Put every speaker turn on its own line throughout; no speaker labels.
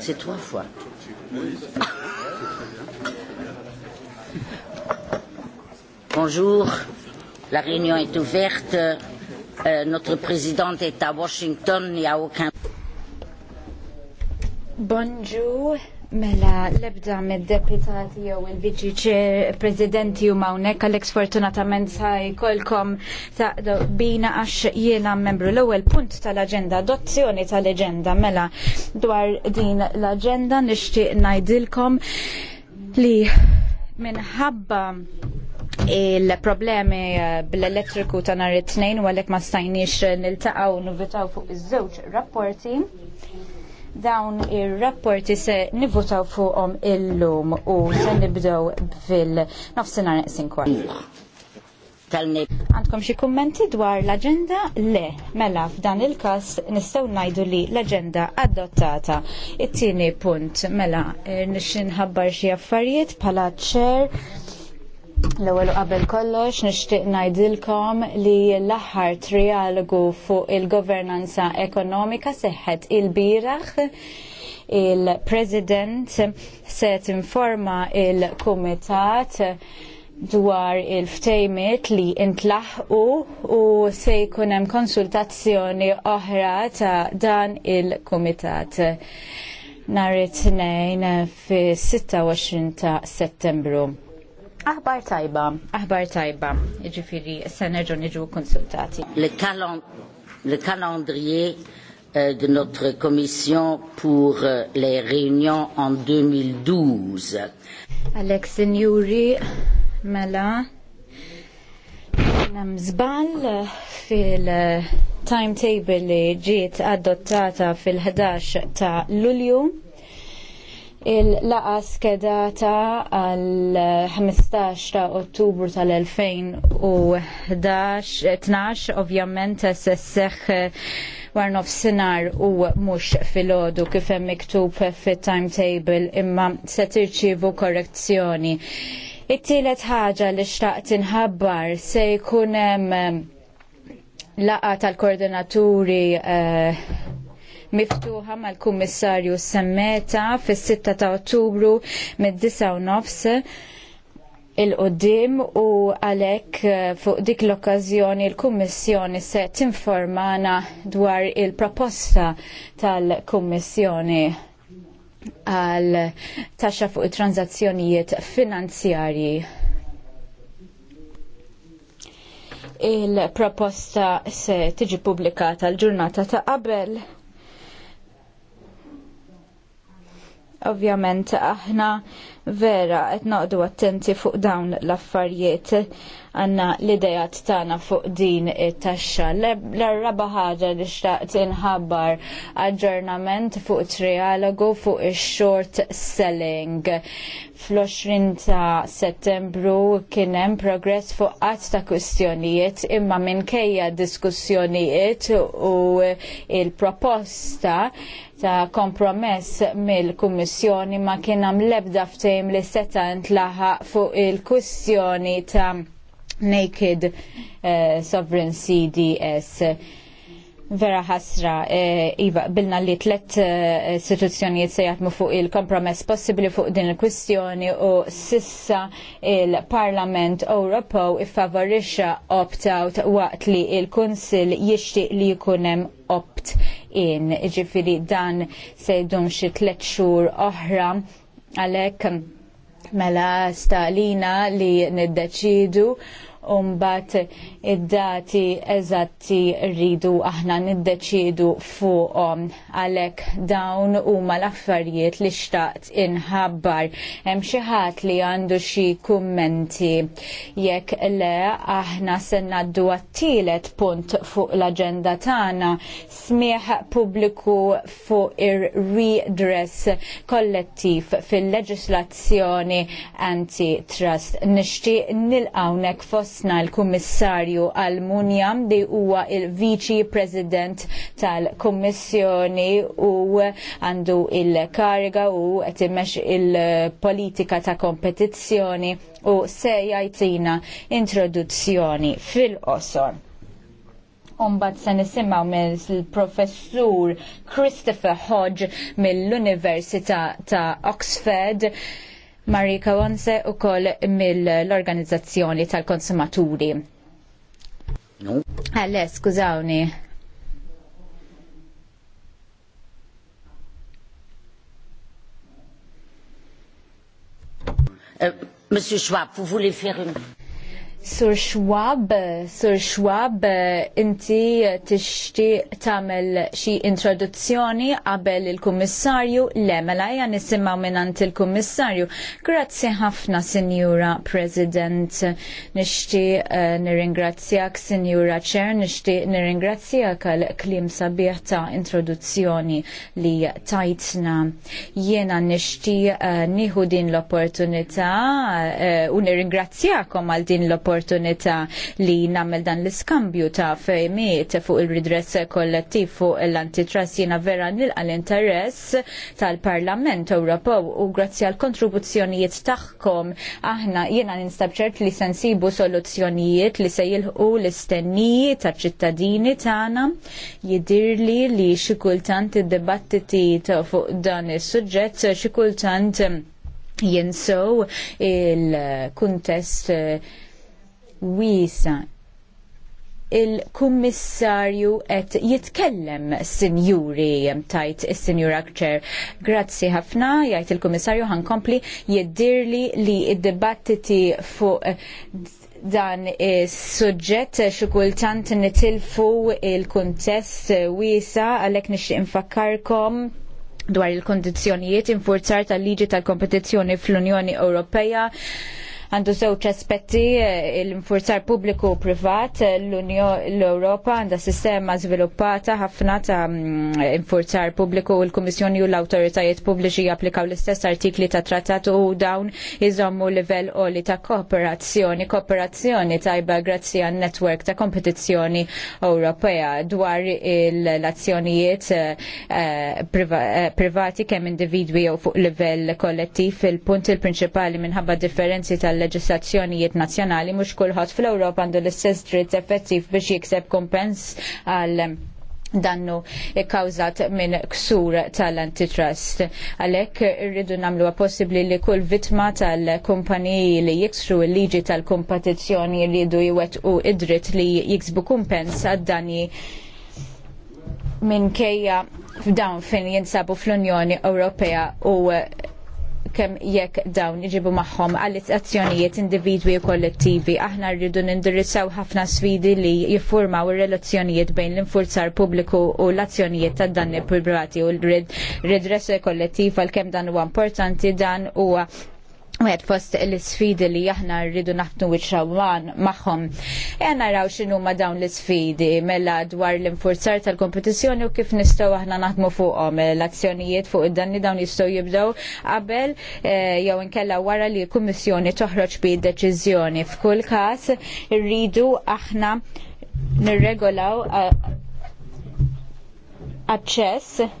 C'est trois fois. Bonjour, la réunion est ouverte. Euh, notre présidente est à Washington, il n'y a aucun.
Bonjour. Mela, lebda mid deputati jew il-Viċi Ċer Presidenti u mawnek, għalek sfortunatament saj kolkom ta' bina għax jiena membru l-ewel punt tal-agenda, adozzjoni tal-agenda. Mela, dwar din l-agenda nishtiq najdilkom li minħabba il-problemi eh, bl-elettriku ta' nhar it-tnejn u għalek ma stajniex niltaqgħu nuvitaw fuq iż-żewġ rapporti dawn ir-rapporti se nivvotaw fuqhom illum u se nibdew fil-nofsinhar neqsin sinkwa. Għandkom xi kummenti dwar l-aġenda? Le, mela f'dan il-każ nistgħu ngħidu li l-aġenda adottata. It-tieni punt mela eh, nixinħabbar xi affarijiet bħala ċer L-ewwel qabel kollox nixtieq ngħidilkom li l-aħħar trialogu fuq il-governanza ekonomika seħħet il-bieraħ il-President se tinforma il-Kumitat dwar il-ftejmit li intlaħqu u se jkun hemm konsultazzjoni oħra ta' dan il-Kumitat nhar it-tnejn fi 26 ta' Settembru. Aħbar tajba, aħbar tajba, ġifiri, s-senerġu nġu konsultati.
Le-calendrier euh, de notre commission pour euh, les réunions en 2012. Alex Signori,
mela, nam zbal euh, fil-timetable li ġiet adottata fil-11 ta' Lulju il-laqa skedata għal 15 ta' ottubru tal-2011 eh, ovvjament eh, se seħħ eh, war nofsinhar u mhux filgħodu kif hemm miktub fit-timetable imma se tirċievu korrezzjoni. It-tielet ħaġa li xtaqt inħabbar se jkun hemm laqa tal-koordinaturi uh, miftuħa mal-Kummissarju Semmeta fis-6 ta' Ottubru mid-9 il-qoddim u għalhekk eh, fuq dik l-okkażjoni l-Kummissjoni se tinformana dwar il-proposta tal-Kummissjoni għal taxxa fuq it-transazzjonijiet finanzjarji il-proposta se tiġi pubblikata l-ġurnata ta' qabel Ovvjament aħna vera qed noqdu attenti fuq dawn l-affarijiet għanna l t tagħna fuq din it-taxxa. L-raba ħaġa li xtaqt inħabbar aġġornament fuq trialogu fuq il short selling fl-20 ta' settembru kien hemm progress fuq qatt ta' kwistjonijiet imma minkejja diskussjonijiet u il-proposta ta' kompromess mill-Kummissjoni ma kien hemm l-ebda ftejm li seta ntlaħaq fuq il-kussjoni ta' Naked uh, Sovereign CDS. Vera ħasra, uh, Iva, bilna li tlet uh, se jatmu fuq il-kompromess possibli fuq din il-kwistjoni u sissa il-Parlament Ewropew iffavorixxa opt-out waqt li il-Kunsil jixtieq li jkunem opt-in. Ġifiri dan se jdum xi tliet xhur oħra Għalhekk mela stalina li niddeċidu umbat id-dati eżatti rridu aħna niddeċidu fuqhom għalhekk dawn huma l-affarijiet li xtaqt inħabbar. Hemm xi ħadd li għandu xi kummenti jekk le aħna se ngħaddu għat-tielet punt fuq l-aġenda tagħna smieħ pubbliku fuq ir-redress kollettiv fil-leġislazzjoni antitrust. Nixtieq nilqawnek fost ħarsna l-Kummissarju munjam li huwa il-Viċi President tal-Kummissjoni u għandu il-kariga u qed il-politika ta' kompetizzjoni u se jajtina introduzzjoni fil-qosor. Umbat se nisimaw mill-professur Christopher Hodge mill-Università ta' Oxford Marika Wonse u koll mill-organizzazzjoni tal-konsumaturi. No. Għalle, skużawni.
Eh, Monsieur Schwab, vous voulez faire une...
Sur Schwab, Sur Schwab, inti tixti tagħmel xi introduzzjoni qabel il-Kummissarju Lemela mela hija nisimgħu il-Kummissarju. Grazzi ħafna, Sinjura President. nixti uh, eh, nirringrazzjak, Sinjura Chair, nixtieq nirringrazzjak għal kliem sabiħ ta' introduzzjoni li tajtna. Jiena nixti uh, eh, nieħu din l-opportunità uh, u nirringrazzjakom għal din l-opportunità l-opportunità li nagħmel dan l-iskambju ta' fejmiet fuq il-ridress kollettiv fuq l-antitrust jiena vera nilqa l-interess tal-Parlament Ewropew u grazzi għal kontribuzzjonijiet taħkom aħna jiena ninstabċert ċert li se nsibu soluzzjonijiet li se jilħqu l-istennijiet taċ ċittadini tagħna jidirli li xi kultant id-dibattiti fuq dan is-suġġett xi kultant jinsow il-kuntest wiesa il-kummissarju et jitkellem sinjuri tajt il-sinjura kċer. Grazzi ħafna, jajt il-kummissarju ħankompli jiddirli li id-debattiti fuq dan is-suġġett xi kultant nitilfu il-kuntest wiesa għalhekk nixtieq infakkarkom dwar il-kondizzjonijiet infurzar tal-liġi tal-kompetizzjoni fl-Unjoni Ewropea għandu żewġ aspetti l-infurzar pubbliku u privat l-Europa għandha sistema żviluppata ħafna ta' mm, infurzar pubbliku u l-Kummissjoni u l-awtoritajiet pubbliċi japplikaw l-istess artikli ta' trattat u dawn iżommu livell oli ta' kooperazzjoni, kooperazzjoni tajba grazzi għan netwerk ta' kompetizzjoni Ewropea dwar l-azzjonijiet eh, eh, eh, privati kemm individwi jew fuq livell kollettiv il-punt il-prinċipali minħabba differenzi tal tal-leġislazzjonijiet nazzjonali mhux kulħadd fl-Ewropa għandu l-istess dritt effettiv biex jikseb kompens għal dannu kkawżat minn ksur tal-antitrust. Għalhekk irridu nagħmluha possibbli li kull vittma tal-kumpaniji li jiksru l-liġi tal-kompetizzjoni jridu jwettqu id-dritt li jiksbu kumpens għad-danji minn kejja f'dawn fin jinsabu fl-Unjoni Ewropea u kemm jekk dawn iġibu magħhom għall-azzjonijiet individwi u kollettivi. Aħna rridu nindirizzaw ħafna sfidi li jiffurmaw ir-relazzjonijiet bejn l-infurzar pubbliku u l-azzjonijiet ta' danni privati u l-redressa kollettiva għal-kem dan huwa importanti dan huwa Għed fost l-sfidi li jahna rridu naħtu wiċċawan maħħom. E għanna raw xinu ma dawn l-sfidi mela dwar l-infurzar tal-kompetizjoni u kif nistaw aħna naħdmu fuqom e l-azzjonijiet fuq id-danni dawn jistaw jibdaw qabel e, jew nkella wara li kummissjoni toħroġ bi deċiżjoni. F'kull każ rridu aħna nirregolaw aċċess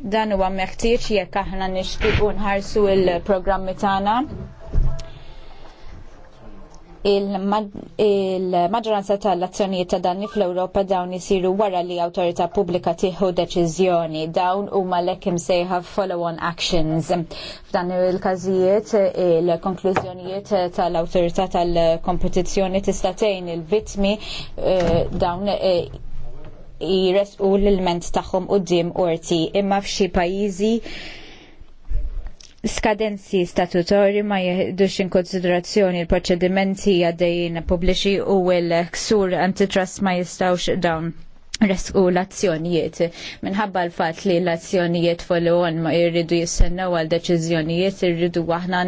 dan huwa meħtieġ jekk aħna nixtiequ nħarsu il-programmi tagħna. Il-maġġoranza il tal-azzjonijiet ta' danni fl-Ewropa dawn isiru wara li awtorità pubblika tieħu deċiżjoni. Dawn huma lekk imsejħa follow-on actions. F'dan il-każijiet il-konklużjonijiet tal-awtorità tal-kompetizzjoni tista' tgħin il-vittmi eh, dawn eh, jiresqu l-ilment tagħhom quddiem qorti imma f'xi pajjiżi skadenzi statutori ma jihdux in konsiderazzjoni il-proċedimenti għaddejjien pubbliċi u l-ksur antitrust ma jistawx dawn resqu l-azzjonijiet. Minħabba l-fat li l-azzjonijiet follow-on ma irridu jissennaw għal deċizjonijiet, irridu għahna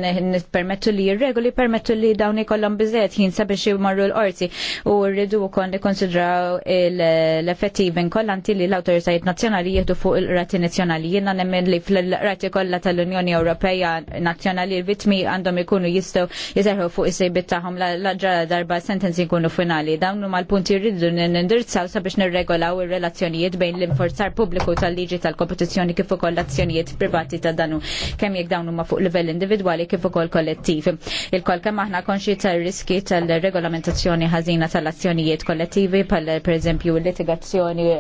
permettu li jirregoli, permettu li dawn kollom bizet, jien sabiex jimmarru l-orti u rridu kon li konsidraw l-effetti kollanti li l-autoritajiet nazjonali jihdu fuq il-rati nazjonali. Jiena nemmen li fl-rati kollha tal-Unjoni Ewropeja nazjonali l-vitmi għandhom ikunu jistaw jizerħu fuq is taħom tagħhom l-ġara darba sentenzi jkunu finali. Dawn huma l-punti rridu nindirizzaw sabiex nirregola nikkontrollaw ir-relazzjonijiet bejn l-inforzar pubbliku tal-liġi tal-kompetizzjoni kif ukoll l-azzjonijiet privati ta' danu kemm jekk dawn huma fuq livell individwali kif ukoll kollettiv. Il-kol kemm aħna konxi tar-riski tal-regolamentazzjoni ħażina tal-azzjonijiet kollettivi bħal pereżempju l-litigazzjoni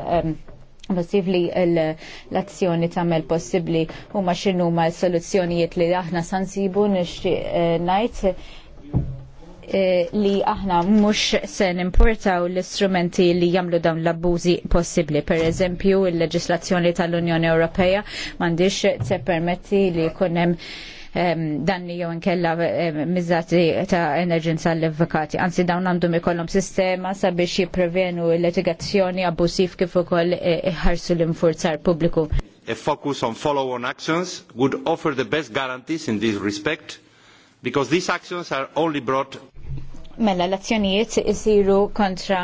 Nasib ehm, li l-azzjoni tamel possibli u ma s ma soluzzjonijiet li aħna sansibu nix eh, najt Eh, li aħna mhux se nimportaw l-istrumenti li jagħmlu dawn l-abbużi possibbli. Pereżempju l leġislazzjoni tal-Unjoni Ewropea m'għandix permetti li jkun hemm dan li jew nkella mizzati ta' emerġenza l-avvokati. Anzi dawn għandhom ikollhom sistema sabiex jipprevenu l-litigazzjoni abbużiv kif ukoll eh, iħarsu l-infurzar pubbliku.
A focus on follow-on actions would offer the best guarantees in this respect because these actions are only brought
mela l-azzjonijiet isiru kontra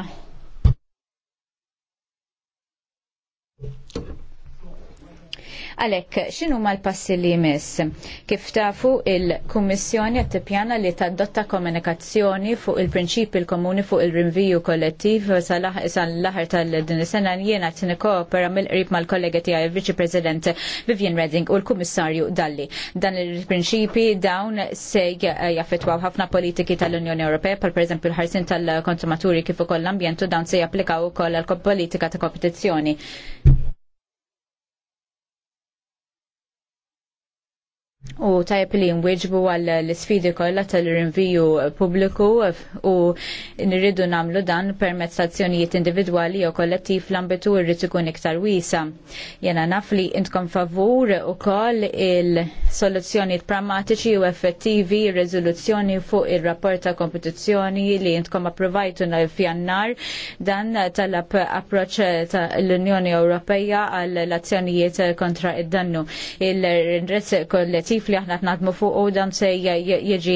Għalek, xinu ma l-passi li jmiss? Kif tafu il-Kummissjoni għat pjana li tadotta komunikazzjoni fuq il-prinċipi l-komuni fuq il-rinviju kollettiv sal-laħar tal-din sena jena t koopera mill-qrib mal-kollega tijaj il-Viċi President Vivian Redding u l-Kummissarju Dalli. Dan il-prinċipi dawn se jaffetwaw ħafna politiki tal-Unjoni Ewropea, pal per l-ħarsin tal-konsumaturi kif ukoll l-ambjentu dawn se japplikaw ukoll għal politika ta' kompetizzjoni. U tajb li nwieġbu għal l-sfidi kollha tal-rinviju pubbliku u nirridu namlu dan permezz azzjonijiet individwali jew kollettiv l-ambitu rrid ikun iktar wiesa. Jena naf li intkom favur ukoll il-soluzzjonijiet pragmatiċi u effettivi riżoluzzjoni fuq ir-rapport ta' kompetizzjoni li intkom approvajtu fjannar dan tal-app approċ ta' l-Unjoni Ewropea għall azzjonijiet kontra id-dannu. Il-rindrezz kollettiv kollettiv li aħna t-nadmu fuq u dan se jieġi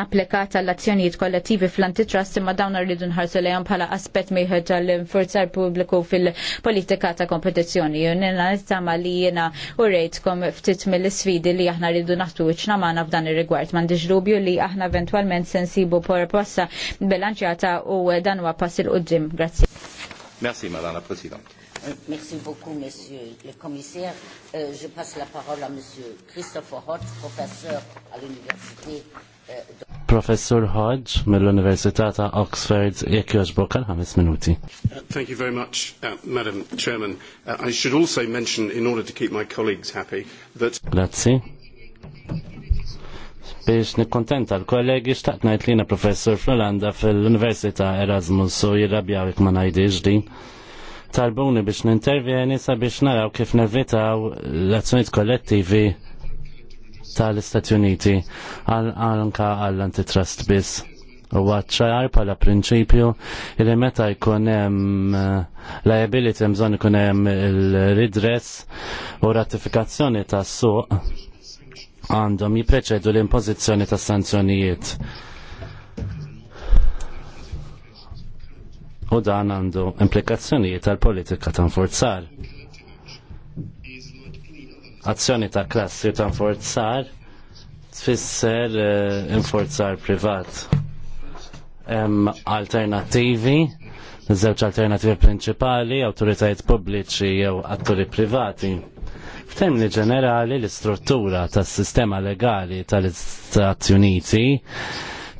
applikata l-azzjonijiet kollettivi fl-antitrust imma dawn rridu nħarsu lejhom bħala aspett mieħed tal-infurzar pubbliku fil-politika ta' kompetizzjoni. Jonina nittama li jena u rejtkom ftit mill-isfidi li aħna rridu naħtu iċna magħna f'dan ir-rigward. M'għandix dubju li aħna eventwalment sensibu nsibu proposta bilanċjata u dan huwa pass il qoddim
Grazie. Merci, la President. Euh, merci beaucoup, Monsieur le Commissaire. Euh, je passe la parole à Monsieur Christopher Hodge, professeur à l'Université euh,
de... Professor Hodge mill-Università ta' Oxford jekk jogħġbok għal ħames minuti.
Uh, thank you very much, uh, Madam Chairman. Uh, I should also mention, in order to keep my colleagues happy, that...
Grazie. Biex nikkontenta l-kollegi xtaqnajt ngħid lina professor fl-Olanda fil-Università Erasmus u jirrabjawik jekk ma ngħidix din talbuni biex nintervjeni sabiex naraw kif nevitaw l-azzjoniet kollettivi tal-Istati Uniti anka għall-antitrust biss. U għadċar pala prinċipju li meta jkun hemm eh, liability bżonn ikun hemm il-redress u ratifikazzjoni tas-suq għandhom jipreċedu l-impożizzjoni tas sanzjonijiet u dan għandu implikazzjonijiet tal-politika ta' nforzar. Azzjoni ta' klassi ta' nforzar tfisser inforzar eh, privat. Hemm alternattivi, żewġ alternattivi prinċipali, awtoritajiet pubbliċi jew atturi privati. li ġenerali l-istruttura tas-sistema legali tal-Istati Uniti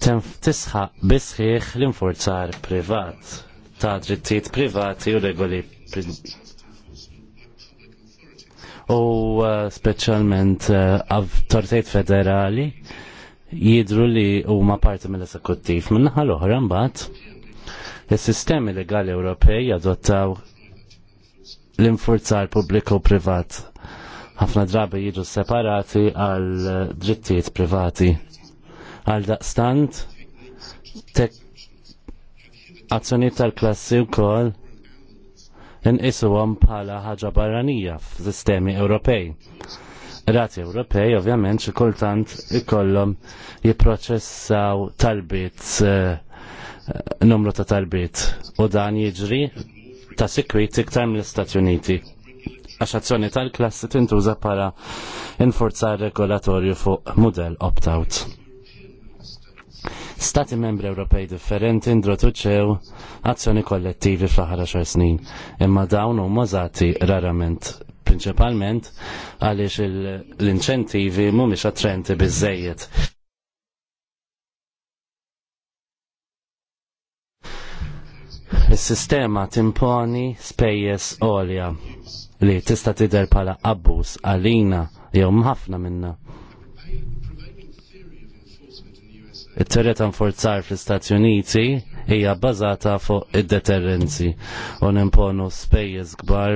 tisħaq bisħiħ l-inforzar privat ta' drittijiet privati u regoli u uh, specialment uh, avtoritet federali jidru li huma parti mill-esekuttiv. Minnaħa l-oħra mbagħad is-sistemi legali Ewropej adottaw l-infurzar publiku u privat. Ħafna drabi jiġu separati għal drittijiet privati. Għal daqstant tek Azzjoni tal-klassi wkoll inqisuhom bħala ħaġa barranija f'sistemi Ewropej. Rati Ewropej ovvjament xi kultant ikollhom jipproċessaw talbit eh, numru ta' talbit u dan jiġri ta' sikwit iktar mill-Istati Uniti għax azzjoni tal-klassi tintuża bħala inforzar regolatorju fuq model opt-out stati membri Ewropej differenti ndrotu azzjoni kollettivi fl-aħħar xar snin. Imma dawn huma żati rarament prinċipalment għaliex l-inċentivi mhumiex attrenti biżejjed. Is-sistema timponi spejjeż għolja li tista' tidher bħala abbuż għalina jew ħafna minna. it-terret nforzar fl-Istati Uniti hija bbażata fuq id-deterrenzi u nimponu spejjeż kbar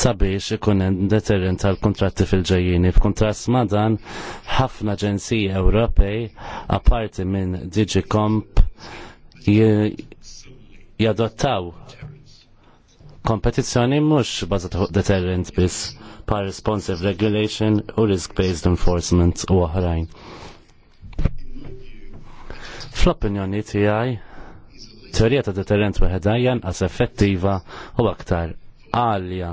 sabiex ikun hemm deterrent tal kuntratti fil-ġejjini. F'kuntrast ma' dan, ħafna ġenziji Ewropej, apparti minn DigiComp, jadottaw kompetizzjoni mhux bażata fuq deterrent biss pa' responsive regulation u risk-based enforcement u oħrajn. Fl-opinjoni ti għaj, teorija ta' deterrent weħedha għas effettiva u aktar għalja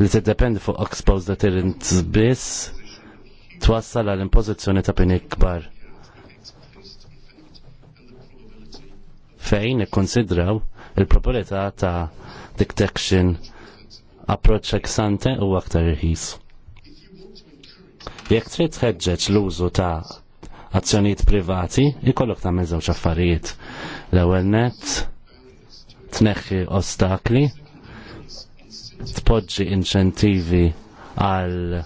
li t-dependi fuq exposed deterrent biss twassal għal impożizzjoni ta' pini kbar. Fejn ikkonsidraw il-proprietà ta' detection approach eksante u aktar irħis. Jekk trid tħeġġeġ l-użu ta' azzjonijiet privati, ikollok tagħmel żewġ affarijiet. L-ewwel net, tneħħi ostakli, tpoġġi inċentivi għal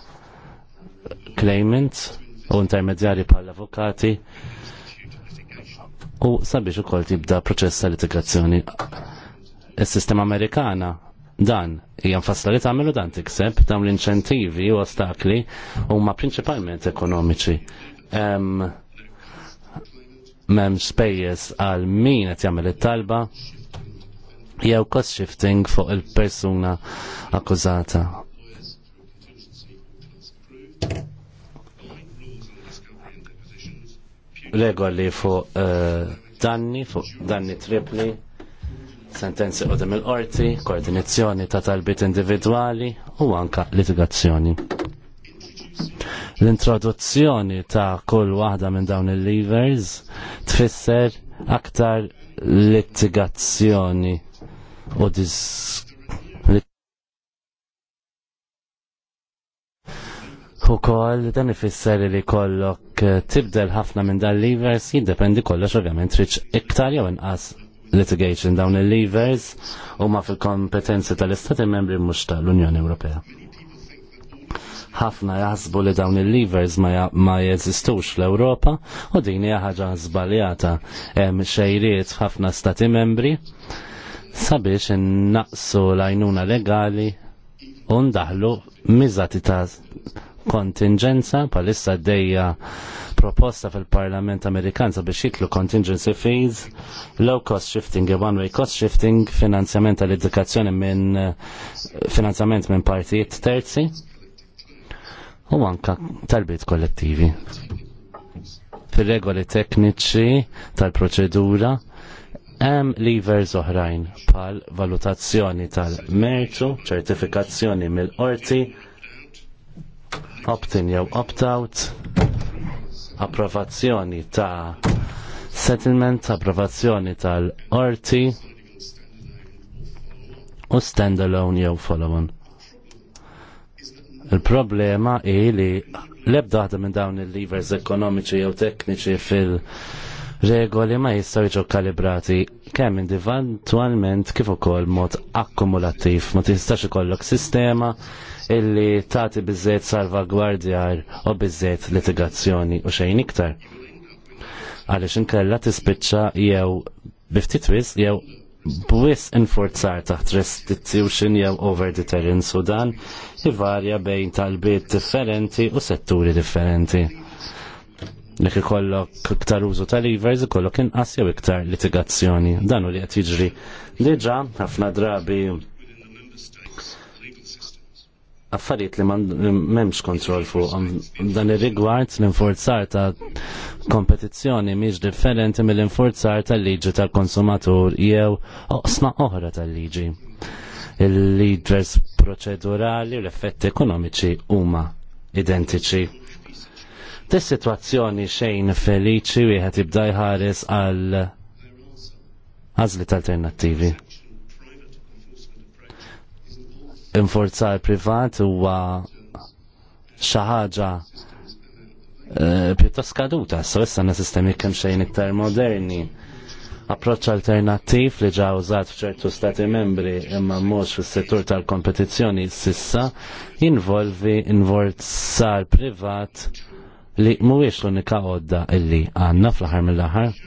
claimant u intermedjari bħal avukati u sabiex ukoll tibda proċess tal litigazzjoni. Is-sistema Amerikana Dan, hija nfassla li tagħmlu dan tikseb dawn l-inċentivi u ostakli huma prinċipalment ekonomiċi. Mem spejjes għal min qed jagħmel it-talba jew cost shifting fuq il-persuna akkużata. Regoli fuq eh, danni, fuq danni tripli sentenzi qodem il-qorti, koordinazzjoni ta' talbit individwali u anka litigazzjoni. L-introduzzjoni ta' kull waħda minn dawn il-levers tfisser aktar litigazzjoni u dis U kol, dan ifisser li kollok tibdel ħafna minn dal-levers, jiddependi kollox ovvjament riċ iktar jew inqas litigation dawn il-levers huma fil-kompetenzi tal-Istati membri mhux tal-Unjoni Ewropea. Ħafna jaħsbu li dawn il-levers ma jeżistux fl-Ewropa u din hija ħaġa żbaljata hemm xejriet f'ħafna stati membri sabiex innaqsu l-għajnuna legali u ndaħlu miżati ta' kontingenza palissa dejja proposta fil-Parlament Amerikan sabiex jitlu contingency fees, low cost shifting e one way cost shifting, finanzjament tal-edukazzjoni minn finanzjament minn partijiet terzi u anka talbiet kollettivi. Fil-regoli tekniċi tal-proċedura hemm levers oħrajn pal valutazzjoni tal merċu ċertifikazzjoni mill-qorti, opt-in jew opt-out, approvazzjoni ta' settlement, approvazzjoni tal-orti u stand-alone jew follow-on. Il-problema hi li l-ebdaħda minn dawn il-levers ekonomiċi jew tekniċi fil-regoli ma jistaw jiġu kalibrati kemm individualment kif ukoll mod akkumulattiv. Ma tistax ikollok sistema illi tati bizzet salvagwardjar u bizzet litigazzjoni u xejn iktar. Għalix inkella tispiċċa jew biftit wis jew bwis inforzar taħt restitution jew over deterrence Sudan jivarja bejn talbiet differenti u setturi differenti. Nek ikollok iktar użu tal-ivers ikollok inqas jew iktar litigazzjoni. Dan u li qed jiġri diġà ħafna drabi affarijiet li m'hemmx kontroll fuq dan ir-rigward l-infurzar ta' kompetizzjoni mhix differenti mill-infurzar tal-liġi tal-konsumatur jew oqsma oħra tal-liġi. Il-leaders proċedurali u l-effetti ekonomiċi huma identiċi. Tis situazzjoni xejn feliċi wieħed jibda jħares għal għażlit alternattivi inforzar privat huwa xi ħaġa eh, pjuttost skaduta, so issa na sistemi kemm xejn iktar moderni. Approċċ alternattiv li ġa użat f'ċertu stati membri imma mhux fis-settur tal-kompetizzjoni sissa jinvolvi invorzar privat li mhuwiex l-unika għodda illi għandna fl-aħħar mill-aħħar.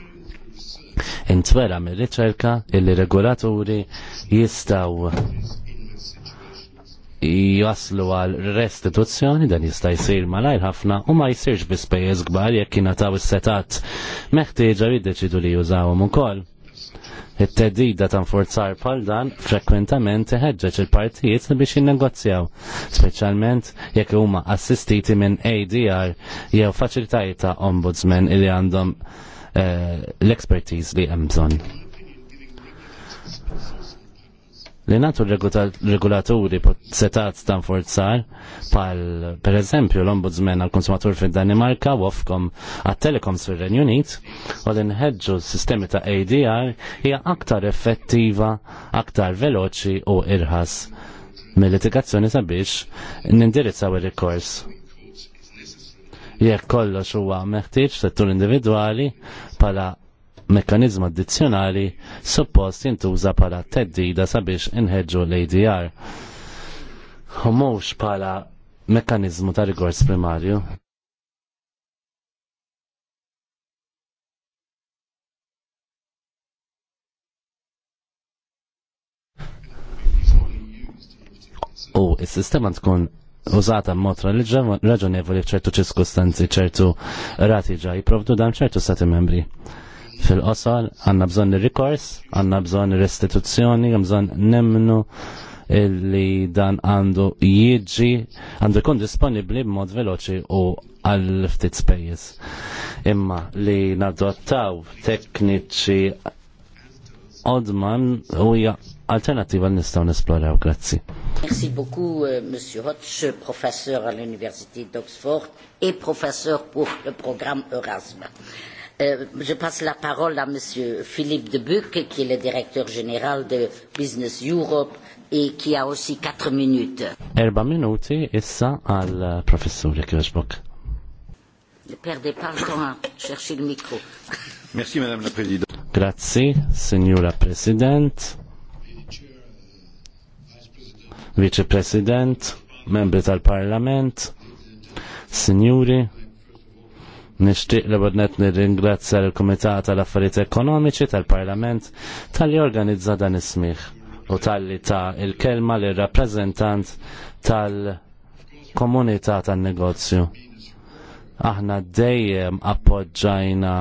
Intwera mir-riċerka illi regolaturi jistaw jaslu għal restituzzjoni dan jista' jsir malajr ħafna u ma jsirx bi spejjeż kbar jekk jingħataw is-setat meħtieġa jiddeċidu li jużawhom ukoll. It-tedida ta' nforzar bħal dan frekwentament iħeġġeġ il-partijiet biex jinnegozjaw, speċjalment jekk huma assistiti minn ADR jew faċilitajiet ta' ombudsman li għandhom eh, l-expertise li hemm bżonn li natu regolaturi setat ta' forzar pal per eżempju l-ombudsman għal konsumatur fid danimarka u ofkom għat telekom sur renju Unit u l nħedġu s-sistemi ta' ADR hija aktar effettiva, aktar veloċi u irħas mill-litigazzjoni sabiex nindirizzaw ir-rikors. Jekk kollox huwa meħtieġ settur individwali pala mekkanizmu addizzjonali suppost jintuża bħala teddida sabiex inħeġġu l-ADR. U mhux bħala mekkanizmu ta' rigors primarju. U s-sistema tkun użata mod raġonevoli f'ċertu ċirkustanzi, ċertu rati ġa jiprovdu dan ċertu stati membri fil qosal għanna bżon il-rikors, għanna bżon il-restituzzjoni, għanna bżon nemnu li dan għandu jieġi, għandu kun disponibli b'mod veloċi u għal ftit spejjes. Imma li nadottaw tekniċi odman u alternativa li nistaw nesploraw, grazzi.
Merci beaucoup, euh, Monsieur Hodge, professeur à l'Université d'Oxford et professeur pour le programme Erasmus. Euh, je passe la parole à Monsieur Philippe de Debuc, qui est le directeur général de Business Europe et qui a aussi 4 minutes.
Erba minuti issa al professeur Kirchbock.
Ne perdez pas le temps à chercher le micro.
Merci Madame la Présidente. Grazie, Signora Presidente. Vice President, membri tal-Parlament, Signori, Nishtiq li bodnet nir-ingrazzja l-Komitat tal-Affarijiet Ekonomiċi tal-Parlament tal-li organizza dan ismiħ u tal-li ta' il-kelma li rappresentant tal-komunità tan-negozju. Aħna dejjem appoġġajna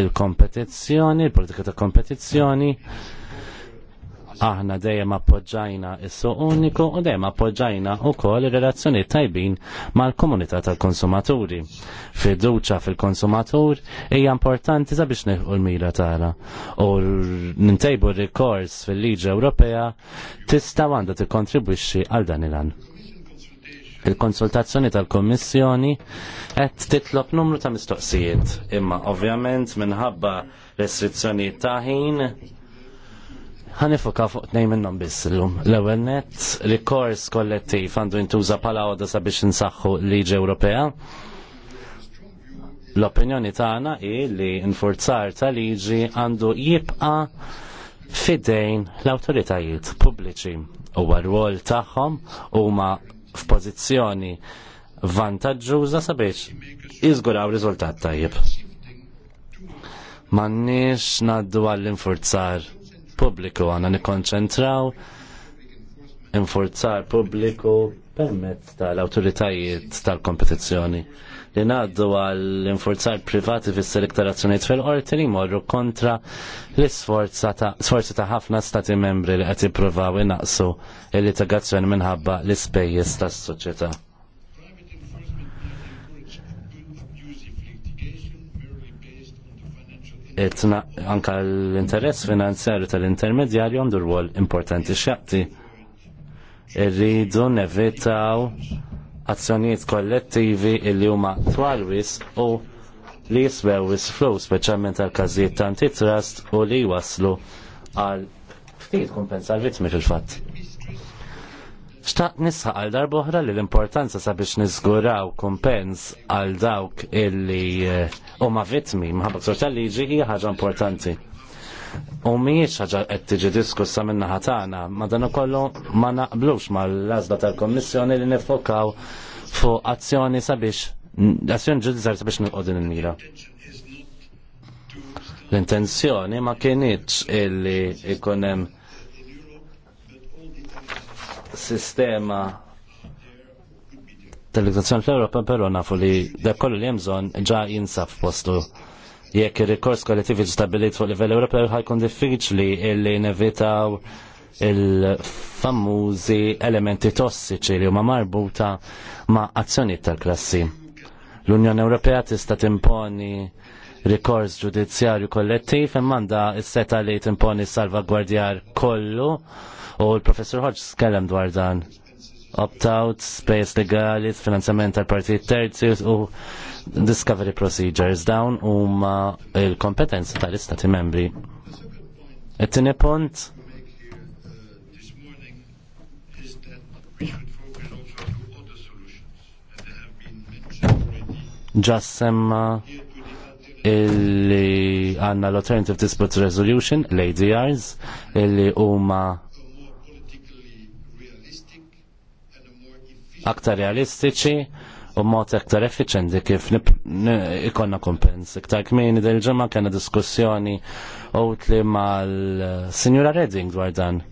il-kompetizzjoni, il-politika ta' kompetizzjoni, il Aħna dejjem appoġġajna is-suq uniku u dejjem appoġġajna wkoll ir-relazzjonijiet tajbin mal-komunità tal-konsumaturi. Fiduċa fil-konsumatur hija importanti sabiex neħu l-mira tagħna. U nintejbu r-rikors fil-liġi Ewropea tista' għandha tikkontribwixxi għal dan il il-konsultazzjoni tal-Kommissjoni qed titlob numru ta' mistoqsijiet. Imma ovvjament minħabba restrizzjonijiet ta' ħin ħanifuka fuq tnejn minnhom biss illum. L-ewwel nett rikors kollettiv għandu intuża bħala għoda sabiex insaħħu l-liġi Ewropea. L-opinjoni tagħna hi li nfurzar ta' liġi għandu jibqa' fidejn l-awtoritajiet pubbliċi u għal-rwol tagħhom huma f'pożizzjoni vantaġġuża sabiex jiżguraw riżultat tajjeb. M'għandniex naddu għall-infurzar pubbliku għana nikonċentraw infurzar pubbliku permezz tal-autoritajiet tal-kompetizzjoni li naddu għall infurzar privati fis selektarazzjoniet fil-qorti li morru kontra l-sforzi ta' ħafna stati membri li qed jippruvaw inaqsu l-litigazzjoni minħabba l-ispejjeż tas-soċjetà. anka l-interess finanzjarju tal-intermedjarju għandu rwol importanti xjaqti. Irridu nevitaw azzjonijiet kollettivi illi huma twalwis u li jiswew is-flow speċjalment għal każijiet ta' antitrust u li waslu għal ftit kompensa l-vittmi fil-fatt. Xtaqt nisħaq għal darboħra li l-importanza sabiex nizguraw kompens għal dawk illi eh, huma vitmi mħabba li liġi hija ħaġa importanti. U mhijiex ħaġa qed tiġi diskussa minna ħatana, ma dan ukollu ma naqblux mal lażba tal-Kommissjoni li nifokaw fuq azzjoni sabiex azzjoni ġudizzar sabiex nilqod din il-mira. L-intenzjoni ma kienieċ illi ikunem sistema tal-legislazzjoni fl-Europa, però nafu li dak kollu li hemm bżonn ġa jinsab f'postu jekk ir-rikors kollettiv stabilit fuq livell Ewropew ħajkun diffiċli illi nevitaw il famużi elementi tossiċi li huma marbuta ma' azzjonijiet tal-klassi. L-Unjoni Ewropea tista' timponi rikors ġudizzjarju kollettiv imma għandha s-seta li timponi salvagwardjar kollu U l-professor Hodge skellem dwar dan. Opt-out, space legali, finanzjament tal-partijiet terzi u discovery procedures dawn ma il-kompetenza tal-istati membri. et punt Just semma illi għanna l-Alternative Dispute Resolution, l-ADRs, illi huma aktar realistiċi u mod aktar effiċenti kif ikonna kompens. Iktar kmini del ġemma kena diskussjoni u tli mal-Signora eh, Redding dwar dan.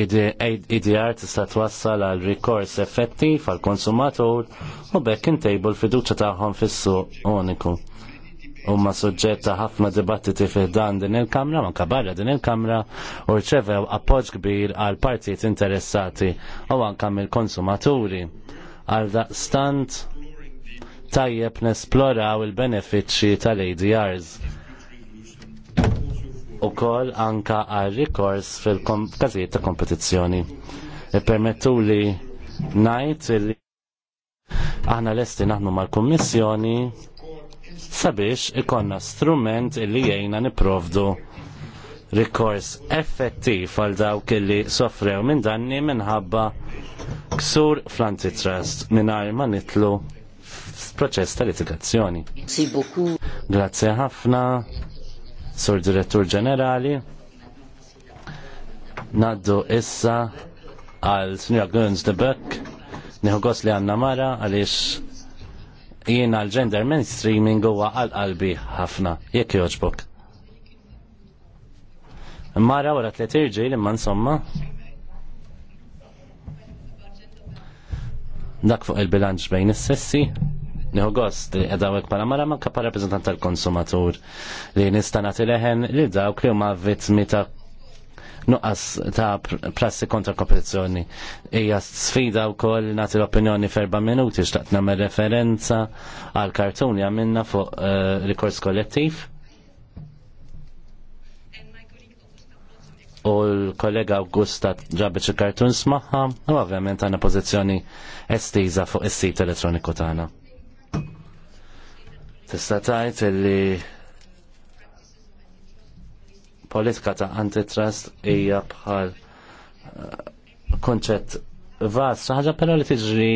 IDR tista' twassal għal rikors effettiv għal konsumatur u bekk intejbu l-fiduċa tagħhom fis-suq uniku huma soġġetta ħafna dibattiti fih dan din il-Kamra, ma barra din il-Kamra, u rċevew appoġġ kbir għal partijiet interessati u anke mill-konsumaturi. Għal daqstant tajjeb nesploraw il-benefiċċji tal-ADRs u kol anka għal rikors fil-kazijiet ta' kompetizzjoni. Permettu li najt li aħna l-esti naħnu mal-Kommissjoni sabiex ikonna strument illi jgħina niprovdu rikors effettiv għal dawk li soffrew minn danni minħabba ksur fl-antitrust mingħajr ma nitlu f'proċess ta' litigazzjoni. Grazie ħafna, Sur Direttur Ġenerali. Naddu issa għal Sr. Guns de Beck, nħu li għanna mara għaliex Jiena l-gender mainstreaming huwa għal-qalbi ħafna, jekk joġbok. Mara wara tliet li man somma. Dak fuq il-bilanċ bejn is-sessi. Nieħu gost edawek bħala mara ma kapa rappreżentant tal-konsumatur li nista' nagħti leħen li dawk li huma vittmi ta' nuqqas ta' prassi kontra kompetizzjoni. Hija sfida wkoll nagħti l-opinjoni ferba minuti xtaqt nagħmel referenza għal kartuni għamilna fuq eh, rikors kollettiv. u l-kollega Augusta ġabbeċ il-kartun smaħħa u ovvjament għanna pozizjoni estiza fuq is-sit elettroniku tagħna. Tista' tgħid li politika ta' antitrust hija bħal eh, konċett vast, ħaġa però li tiġri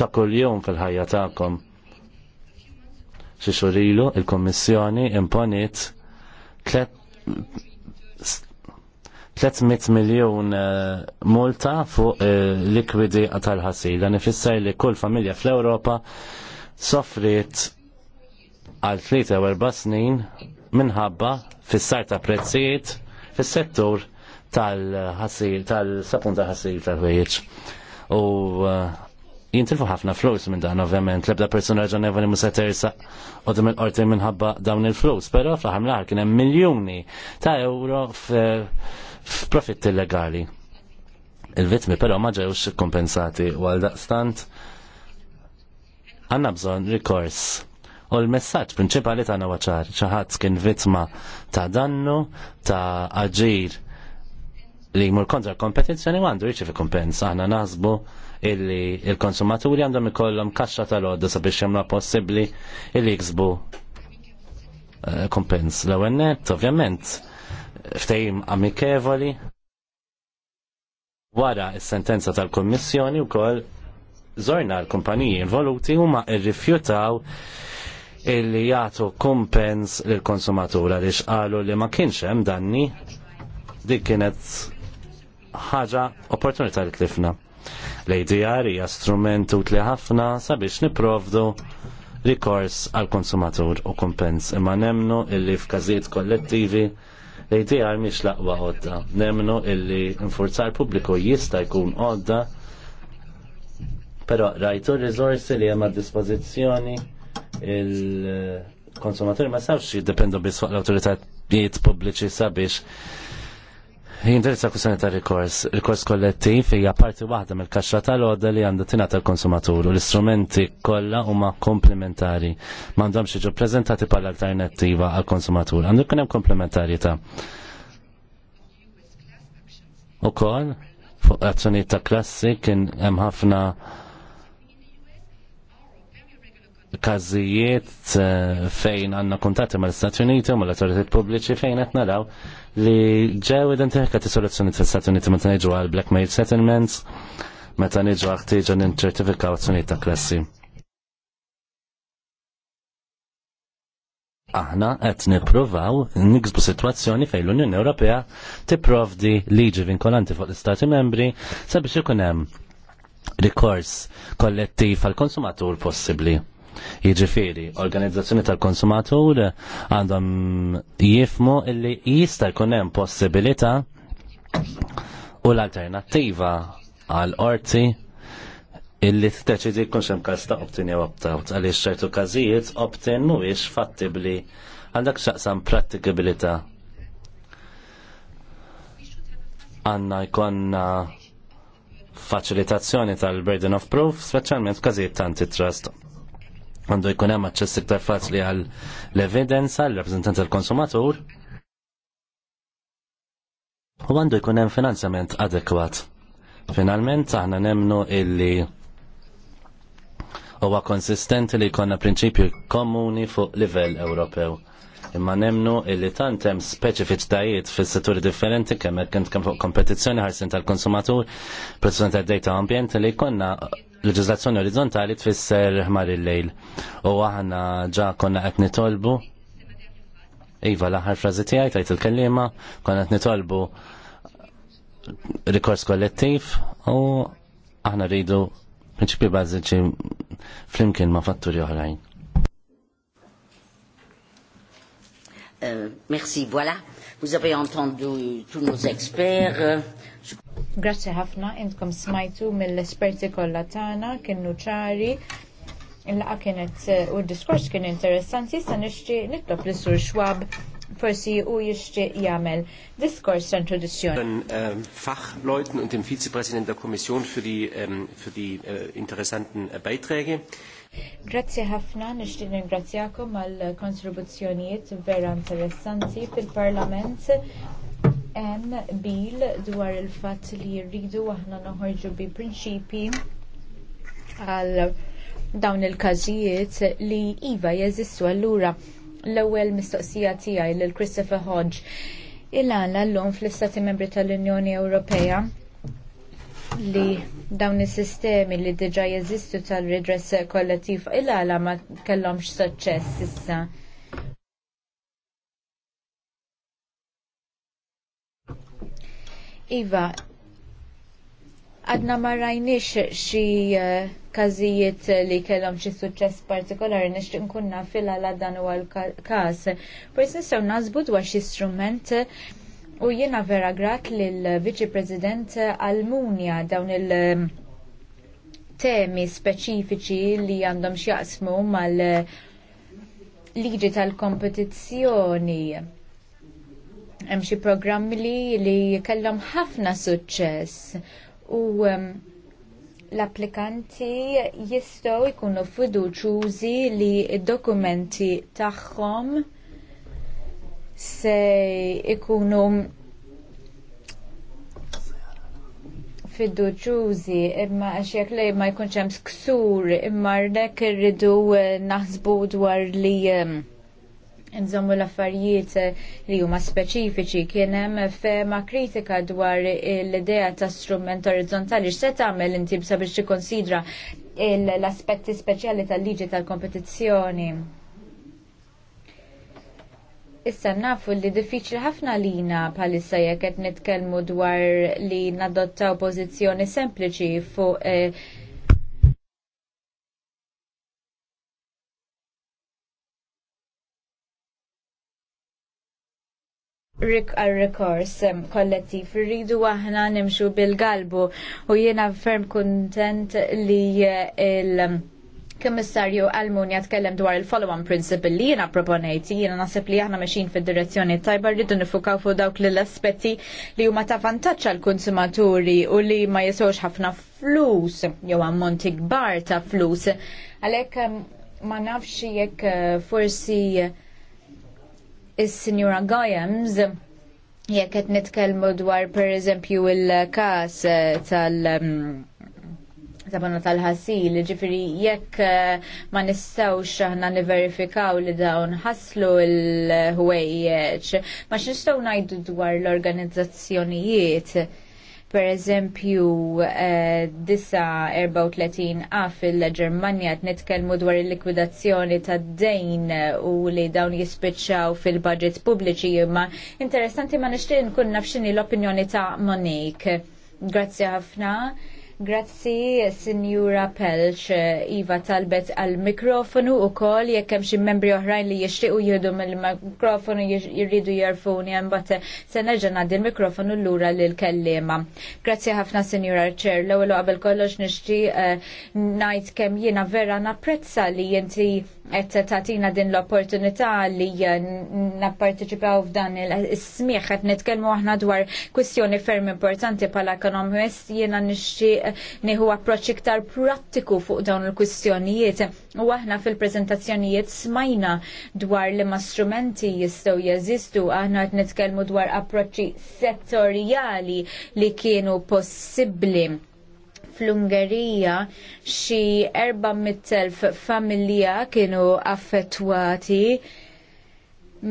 ta' kuljum fil-ħajja tagħkom. Xi xurilu il-Kommissjoni imponiet 300 miljon eh, multa fuq eh, likwidi tal-ħasil. Dan ifisser li kull familja fl-Ewropa soffrit għal 3 u 4 snin minħabba fis-sar ta' prezzijiet fis-settur tal-ħasil, tal-sapun ta' ħasil tal-ħwejjeġ. U uh, jintilfu ħafna flus minn dan ovvjament, lebda persuna raġonevoli musa tersa u dim il-qorti minħabba dawn il-flus, pero fl-ħar mill-ħar kien hemm miljuni ta' euro f'profitt illegali. Il-vitmi però ma ġewx kompensati u għal daqstant għanna bżon rikors U l-messaġġ prinċipali tagħna waċar ċaħat kien vittma ta' dannu, ta' aġir li jmur kontra kompetizzjoni għandu jiġi fi kumpens. Aħna naħsbu illi il-konsumaturi għandhom ikollhom kaxxa tal-għodda sabiex jemla possibbli illi jiksbu eh, kompens L-ewwel ovvjament, ftehim amikevoli wara is-sentenza tal-Kommissjoni wkoll zorna l-kumpaniji involuti huma rrifjutaw illi jagħtu kumpens lill konsumatura li qalu li ma kienx hemm danni dik kienet ħaġa opportunità li tlifna. L-ADR hija strument utli ħafna sabiex niprovdu rikors għal konsumatur u kumpens imma nemnu illi f'każijiet kollettivi li jtijar miex laqwa għodda. Nemnu illi nfurzar pubbliku jista jkun għodda, pero rajtu r-rizorsi li hemm għad dispożizzjoni il-konsumaturi ma sabx jiddependu biss fuq l-autoritajiet pubbliċi sabiex jindirizza kussjoni ta' rikors. Rikors kollettiv hija parti waħda mill-kaxxa tal għodda li għandha tingħata l-konsumatur u l-istrumenti kollha huma komplementari. M'għandhomx jiġu preżentati bħala alternattiva għall-konsumatur. Għandu jkun hemm komplementarjetà. Ukoll fuq azzjonijiet ta' klassi kien hemm ħafna każijiet eh, fejn għandna kuntatti mal-Istati Uniti u mal-autoritet pubbliċi fejn qed naraw li ġew identifikati soluzzjoni tal-Istati Uniti meta niġu għal blackmail settlements meta niġu ħtiġa ninċertifikaw azzjonijiet ta' klassi. Aħna qed nippruvaw niksbu sitwazzjoni fejn l-Unjoni Ewropea tipprovdi liġi vinkolanti fuq l-Istati Membri sabiex ikun hemm rikors kollettiv għal konsumatur possibbli. Jiġifieri, organizzazzjoni tal-konsumatur għandhom jifmu illi jista' jkun hemm possibilità u l-alternattiva għal orti illi t-teċidi kun xem ta' opt-in jew opt-out, għaliex ċertu każijiet opt-in mhuwiex fattibli għandak xaqsam pratikabilità. Għanna jkonna faċilitazzjoni tal-burden of proof, speċjalment f'każijiet ta' antitrust għandu jkun hemm aċċess iktar faċli għal l-evidenza l rappreżentanza tal konsumatur u għandu jkun hemm finanzjament adekwat. Finalment aħna nemnu illi huwa konsistenti li jkollna prinċipju komuni fuq livell Ewropew. Imma nemnu illi tant hemm speċifiċitajiet fis-setturi differenti kemm hekk kemm fuq kompetizzjoni ħarsin tal-konsumatur, protezzjoni tad-data ambjent li jkollna leġizlazzjoni orizzontali tfisser ħmar il-lejl. U għahna ġa konna għet nitolbu Iva l-aħħar tijaj, tiegħi tajt il-kellima, konna qed nitolbu rikors kollettiv u aħna rridu prinċipi bażiċi flimkien ma' fatturi oħrajn.
Euh, merci, voilà. Vous avez entendu tous nos experts.
Grazie ħafna, intkom smajtu mill-esperti kollha tagħna kienu ċari il-laqa kienet eh, u d-diskors kien interessanti, jista' nixtieq nitlob li sur Schwab forsi u jixtieq jagħmel diskors ta' introduzzjoni.
Ehm, Fachleuten und dem Vizepräsident der Kommission für die, ehm, für die eh, interessanten eh, Beiträge.
Grazie ħafna, nixtieq ningrazzjakom għall kontribuzzjonijiet vera interessanti fil-Parlament hemm bil dwar il-fatt li rridu aħna noħorġu bi prinċipji għal dawn il-każijiet li iva jeżistu allura l-ewwel mistoqsija tiegħi lil Christopher Hodge il-għala l-lum fl-istati membri tal-Unjoni Ewropea li dawn is-sistemi li diġa jeżistu tal-redress kollettiv il-għala ma kellhomx suċċess issa. Iva, għadna ma rajniex xi eh, każijiet li kellhom xi suċċess partikolari nixtieq nkunna fila fil u dan huwa l-każ. Forsi nistgħu nażbu dwar xi strument u jiena vera grat lil viċi President Almunja dawn il- eh, temi speċifiċi li għandhom x'jaqsmu mal eh, liġi tal-kompetizzjoni Hemm xi programmi li, li kellhom ħafna suċċess u um, l-applikanti jistgħu jkunu fiduċjużi li d-dokumenti tagħhom se ikunu fiduċjużi imma għax jekk li ma jkunx hemm sksur imma rdek irridu eh, naħsbu dwar li um, nżommu l-affarijiet eh, li huma speċifiċi kien hemm fema kritika dwar l-idea ta' strument orizzontali x'se tagħmel inti sabiex tikkonsidra l-aspetti speċjali tal-liġi tal-kompetizzjoni. Issa nafu li diffiċli ħafna lina bħalissa jekk qed nitkellmu dwar li nadottaw pożizzjoni sempliċi fuq eh, rik għal-rekors kollettiv. Rridu aħna nimxu bil-galbu u jiena ferm kontent li eh, il- Kommissarju Almunja tkellem dwar il-follow-on principle li jiena proponejt, jiena nasib li aħna meċin fil-direzzjoni tajba rridu nifukaw fuq dawk l-aspetti li huma ta' vantaġġ għal konsumaturi u li ma jesoċ ħafna flus jew ammonti kbar ta' flus. Għalhekk ma nafx jekk eh, forsi eh, is-Sinjura Gajems, jekk qed nitkellmu dwar pereżempju il-każ eh, tal- mm, Zabana tal-ħasil, ġifiri jekk eh, ma nistawx aħna niverifikaw li dawn ħaslu l-ħwejjeċ, ma x'nistgħu ngħidu dwar l-organizzazzjonijiet per eżempju eh, tletin a fil-Ġermanja t-netkelmu dwar il-likwidazzjoni ta' dejn u li dawn jispiċċaw fil-budget pubbliċi imma interessanti ma nixtieq nkun nafxini l-opinjoni ta' Monique. Grazzi ħafna. Grazzi, Signora Pelch, Iva talbet għal mikrofonu u kol, jekk hemm xi membri oħrajn li jixtiequ jieħdu mill-mikrofonu jirridu jarfuni hemm bat se nerġa' ngħaddi l-mikrofonu lura lil kellima. Grazzi ħafna Signora Chair, l-ewwel qabel kollox nixtieq eh, ngħid kemm jiena vera napprezza li inti qed tagħtina din l-opportunità li napparteċipaw f'dan is-smieħ qed nitkellmu aħna dwar kwistjoni ferm importanti bħala ekonomist jiena nixtieq eh, nieħu approċċ iktar prattiku fuq dawn il-kwistjonijiet. U aħna fil-preżentazzjonijiet smajna dwar liema ma strumenti jistgħu jeżistu, aħna qed nitkellmu dwar approċċi settorjali li kienu possibbli fl-Ungerija xi 400.000 familja kienu affettwati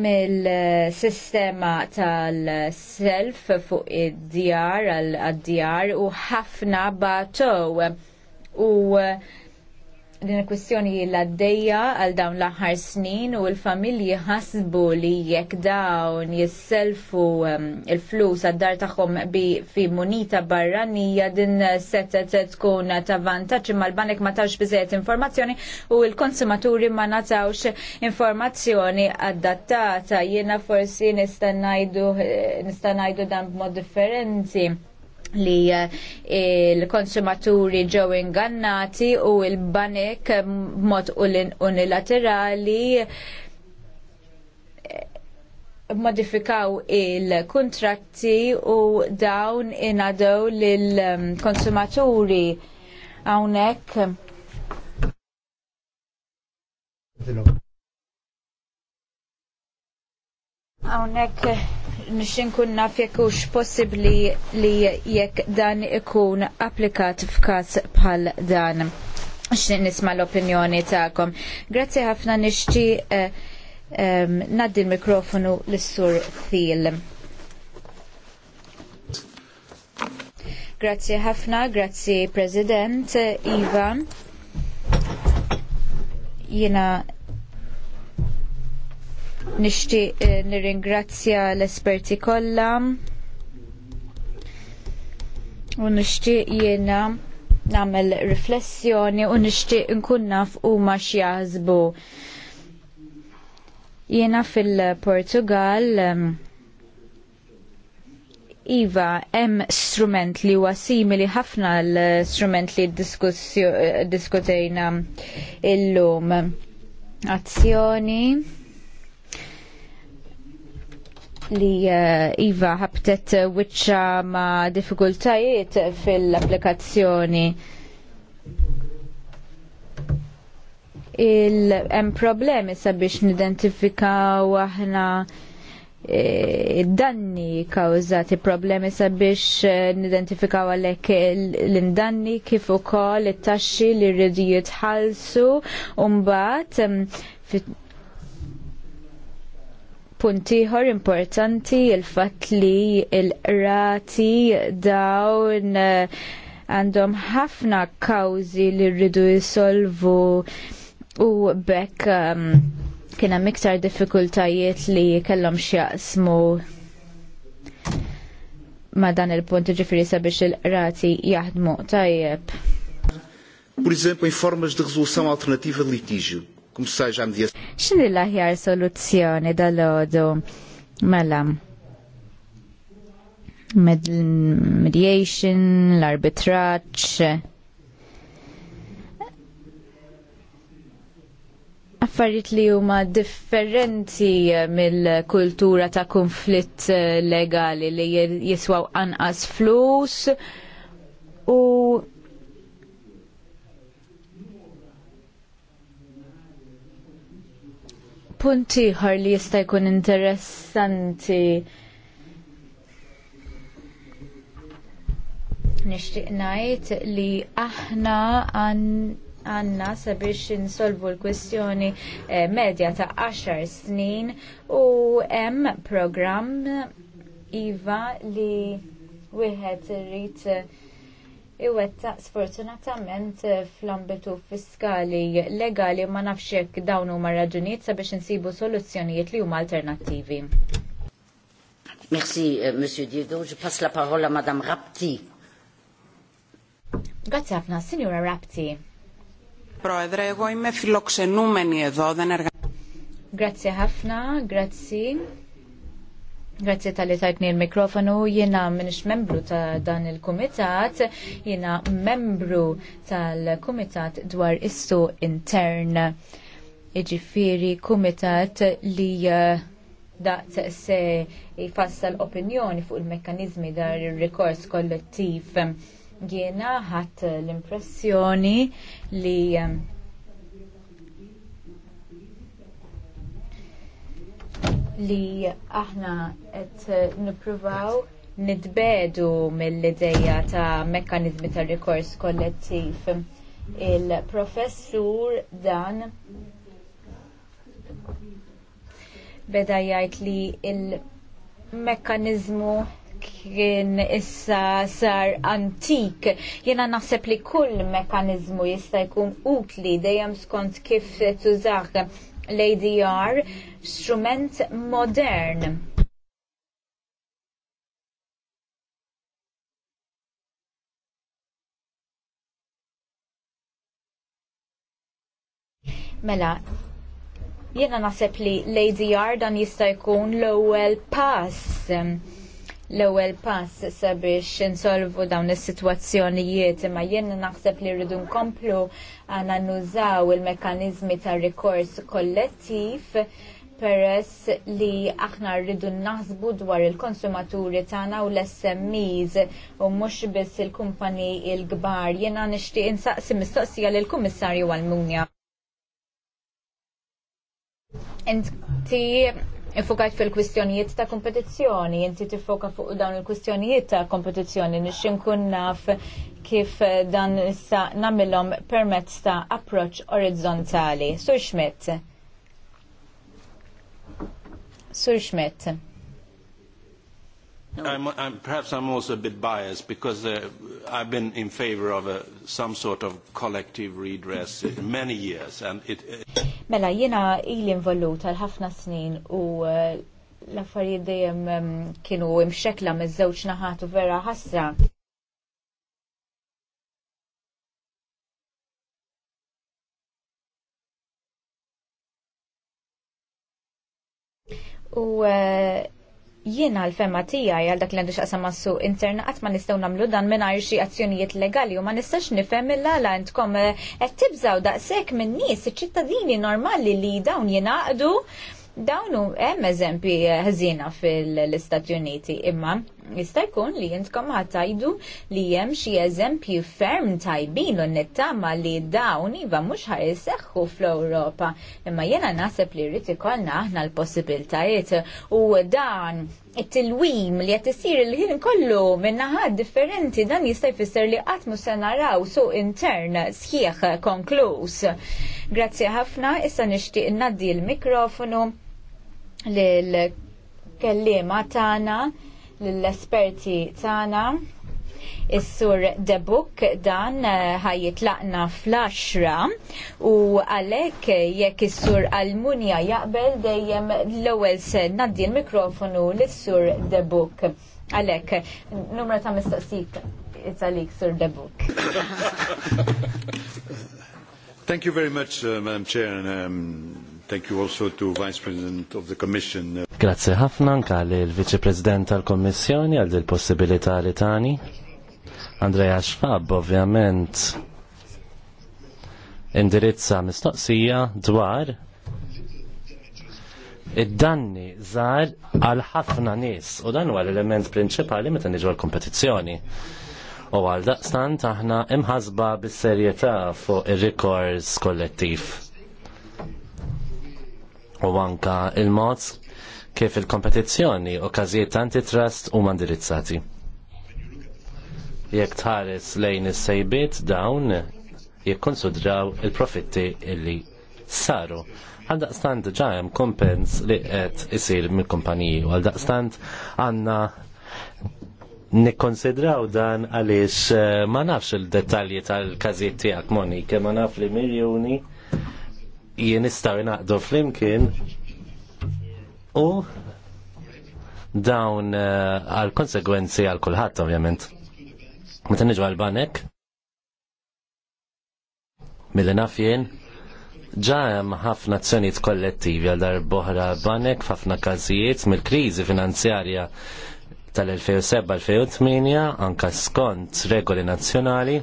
mill-sistema tal-self fuq id-djar għal-djar u ħafna batow u din il-kwistjoni l għaddeja għal dawn l-aħħar snin u l-familji ħasbu li jekk dawn jisselfu um, il-flus għad-dar tagħhom fi munita barranija din setet tkun ta' vantaġġ imma l-banek ma tawx biżejjed informazzjoni u l-konsumaturi ma natawx informazzjoni adattata jiena forsi nista' ngħidu dan b'mod differenti li eh, l-konsumaturi ġew ingannati u l-banek mod unilaterali eh, modifikaw il-kontratti u dawn inadow lill-konsumaturi hawnhekk. Għonek nixin kun naf ux possibli li jekk dan ikun applikat f'kas bħal dan. Xin nisma l-opinjoni ta'kom. Grazzi ħafna nixti eh, eh, naddi l-mikrofonu l-sur Thiel. Grazzi ħafna, grazie President Iva. Jina Nixtieq eh, nirringrazzja l-esperti kollha u nixtieq jiena nagħmel riflessjoni u nixtieq nkun naf huma x'jaħsbu. Jiena fil-Portugal Iva, hemm strument li huwa simili ħafna l-strument li eh, diskutejna illum. Azzjoni li eh, Iva ħabtet eh, wiċċa ma' diffikultajiet fil-applikazzjoni. Il-em problemi sabiex nidentifikaw aħna eh, danni kawżati problemi sabiex nidentifikaw għalek l-indanni kif ukoll it-taxxi li rridu jitħallsu u mbagħad ehm, Punt ieħor importanti il-fatt li l-rati dawn eh, għandhom ħafna kawżi li rridu jisolvu u bekk um, kien hemm iktar diffikultajiet li kellhom x'jaqsmu ma dan il-punt ġifiri sabiex il-rati jaħdmu tajjeb.
Por exemplo,
em formas de resolução alternativa de litígio kum sajġa
l-aħjar soluzzjoni dal-ħodu? Mela, mediation, l-arbitraċ, affarijiet li huma differenti mill-kultura ta' konflitt legali li jiswaw anqas flus u Punt ieħor li jista' jkun interessanti nixtieq ngħid li aħna għandna sabiex insolvu l-kwestjoni eh, medja ta' 10 snin u hemm programm iva li wieħed irid iwettaq sfortunatament eh, fl-ambitu fiskali legali ma nafx hekk dawn huma raġunijiet sabiex insibu soluzzjonijiet li huma alternattivi.
Merci, eh, Monsieur Diego. Je passe la parole à Madame Rapti.
Grazie ħafna, Signora Rapti.
Proedre, εγώ είμαι φιλοξενούμενη εδώ, δεν εργάζομαι.
Grazie ħafna, grazie. Grazie tal-li tajtni il-mikrofonu, jena minix membru ta' dan il-komitat, jena membru tal-komitat dwar issu intern. Iġifiri komitat li uh, daqt se jfassal opinjoni fuq il mekanizmi dar il-rekors kollettiv. Jena ħat l-impressjoni li um, li aħna qed nippruvaw nitbedu mill-ideja ta' mekkanizmi ta' rikors kollettiv. Il-professur dan beda jgħid li il-mekkanizmu kien issa sar antik. Jena naħseb li kull mekkanizmu jista' jkun utli dejjem skont kif tużaħ l-ADR strument modern. Mela, jiena naħseb li l-ADR dan jista' jkun l-ewwel pass l-ewwel pass sabiex insolvu dawn is-sitwazzjonijiet imma jien naħseb li rridu nkomplu għana nużaw il-mekkaniżmi ta' rikors kollettiv peress li aħna rridu naħsbu dwar il-konsumaturi tagħna u l-SMEs u mhux biss il-kumpani il-kbar. Jiena nixtieq insaqsi mistoqsija lill kummissarju għall-Munja. Inti infokajt fil-kwistjonijiet ta' kompetizzjoni, inti tifoka fuq dawn il-kwistjonijiet ta' kompetizzjoni, nix nkun naf kif dan issa namilom permezz ta' approach orizzontali. Sur Schmidt. Sur Schmidt.
No. I'm, I'm, perhaps I'm also a bit biased because uh, I've been in favor of a, uh, some sort of collective redress in many years. And it, uh...
Mela, jena il-involut tal ħafna snin u uh, l-affarijiet dejjem um, kienu imxekla miż-żewġ naħat vera ħasra. U uh, Jiena l-fema tiegħi għal dak li għandu xaqsam massu interna qatt ma nistgħu nagħmlu dan mingħajr xi azzjonijiet legali u ma nistax nifhem il-għala intkom eh, qed tibżaw daqshekk minn nies iċ-ċittadini normali li dawn jingħaqdu dawnu hemm eżempji ħżiena fil-Istati Uniti imma Jista' jkun li jintkom ħatajdu li hemm xi eżempji ferm tajbin u nittama li dawn iva mhux ħajseħħu fl-Ewropa. Imma jiena naħseb li rrid ikollna aħna l-possibiltajiet u dan it-tilwim li qed isir il-ħin kollu minn naħad differenti dan jista' jfisser li qatt mhux se naraw suq intern sħiħ konkluż. Grazzi ħafna, issa nixtieq ngħaddi l-mikrofonu lil kellima tagħna l-esperti tana Is-sur Debuk dan eh, ħajitlaqna fl-10 u għalek jekk is-sur Almunja jaqbel dejjem l-ewwel se naddi l-mikrofonu lis-sur Debuk. Għalek, numra ta' mistaqsik it-għalik sur Debuk.
Thank you very much, uh, Madam Chair. And, um, Thank you also to Vice President of the Commission. Uh,
Grazie ħafna anka l vice President tal-Kommissjoni għal il possibilità li tani. Andrea Schwab ovvjament indirizza mistoqsija dwar id-danni żgħar għal ħafna nies u dan huwa l-element prinċipali meta niġu l-kompetizzjoni. U għal daqstant aħna imħasba bis-serjetà fuq ir rekords kollettiv u anka il-mod kif il-kompetizzjoni u każijiet antitrust huma indirizzati. Jekk tħares lejn is-sejbiet dawn jikkonsidraw il-profitti illi saru. Għaldaqstant ġa hemm kompens li qed isir mill-kumpaniji u għaldaqstant għandna nikkonsidraw dan għaliex eh, ma nafx il-dettalji tal-każijiet tiegħek Monika, ma naf li miljuni jien nistaw naqdu flimkien u dawn eh, għal konsegwenzi għal kulħadd ovvjament. Meta niġu għal banek mill naf jien ġa hemm ħafna azzjonijiet kollettivi għal boħra banek f'ħafna każijiet mill-kriżi finanzjarja tal-2007-2008 anka skont regoli nazzjonali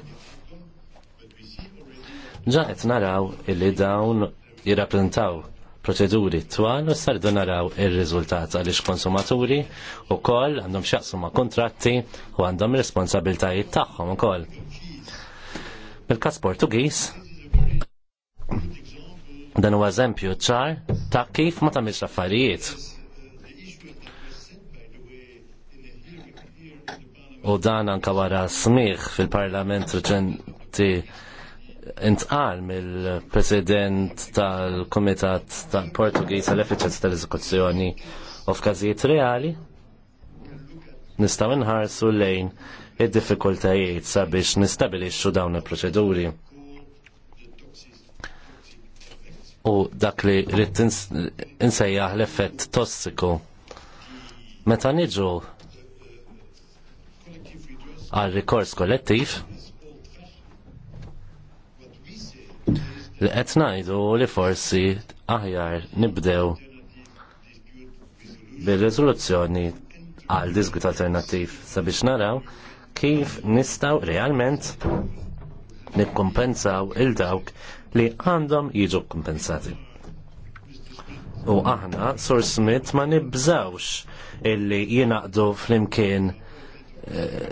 ġa naraw illi dawn jirrapprentaw proċeduri twal u sardu naraw il-rizultat għalix konsumaturi u kol għandhom xaqsu ma' kontratti u għandhom responsabiltajiet tagħhom u kol. Bil-kas Portugis, dan huwa eżempju ċar ta' kif ma tagħmilx affarijiet. U dan anka wara smiħ fil-Parlament reċenti intqal mill-president tal-Komitat tal-Portugiż tal-Efficienza tal-Eżekuzzjoni u f'każijiet reali nistgħu nħarsu lejn id-diffikultajiet sabiex nistabilixxu dawn il-proċeduri. U dak li rrid insejjaħ l-effett tossiku. Meta niġu għal rikors kollettiv, li qed ngħidu li forsi aħjar nibdew bir-riżoluzzjoni għal diskut alternattiv sabiex naraw kif nistgħu realment nikkompensaw il-dawk li għandhom jiġu kompensati. U aħna, Sur Smith, ma nibżawx illi jinaqdu fl-imkien eh,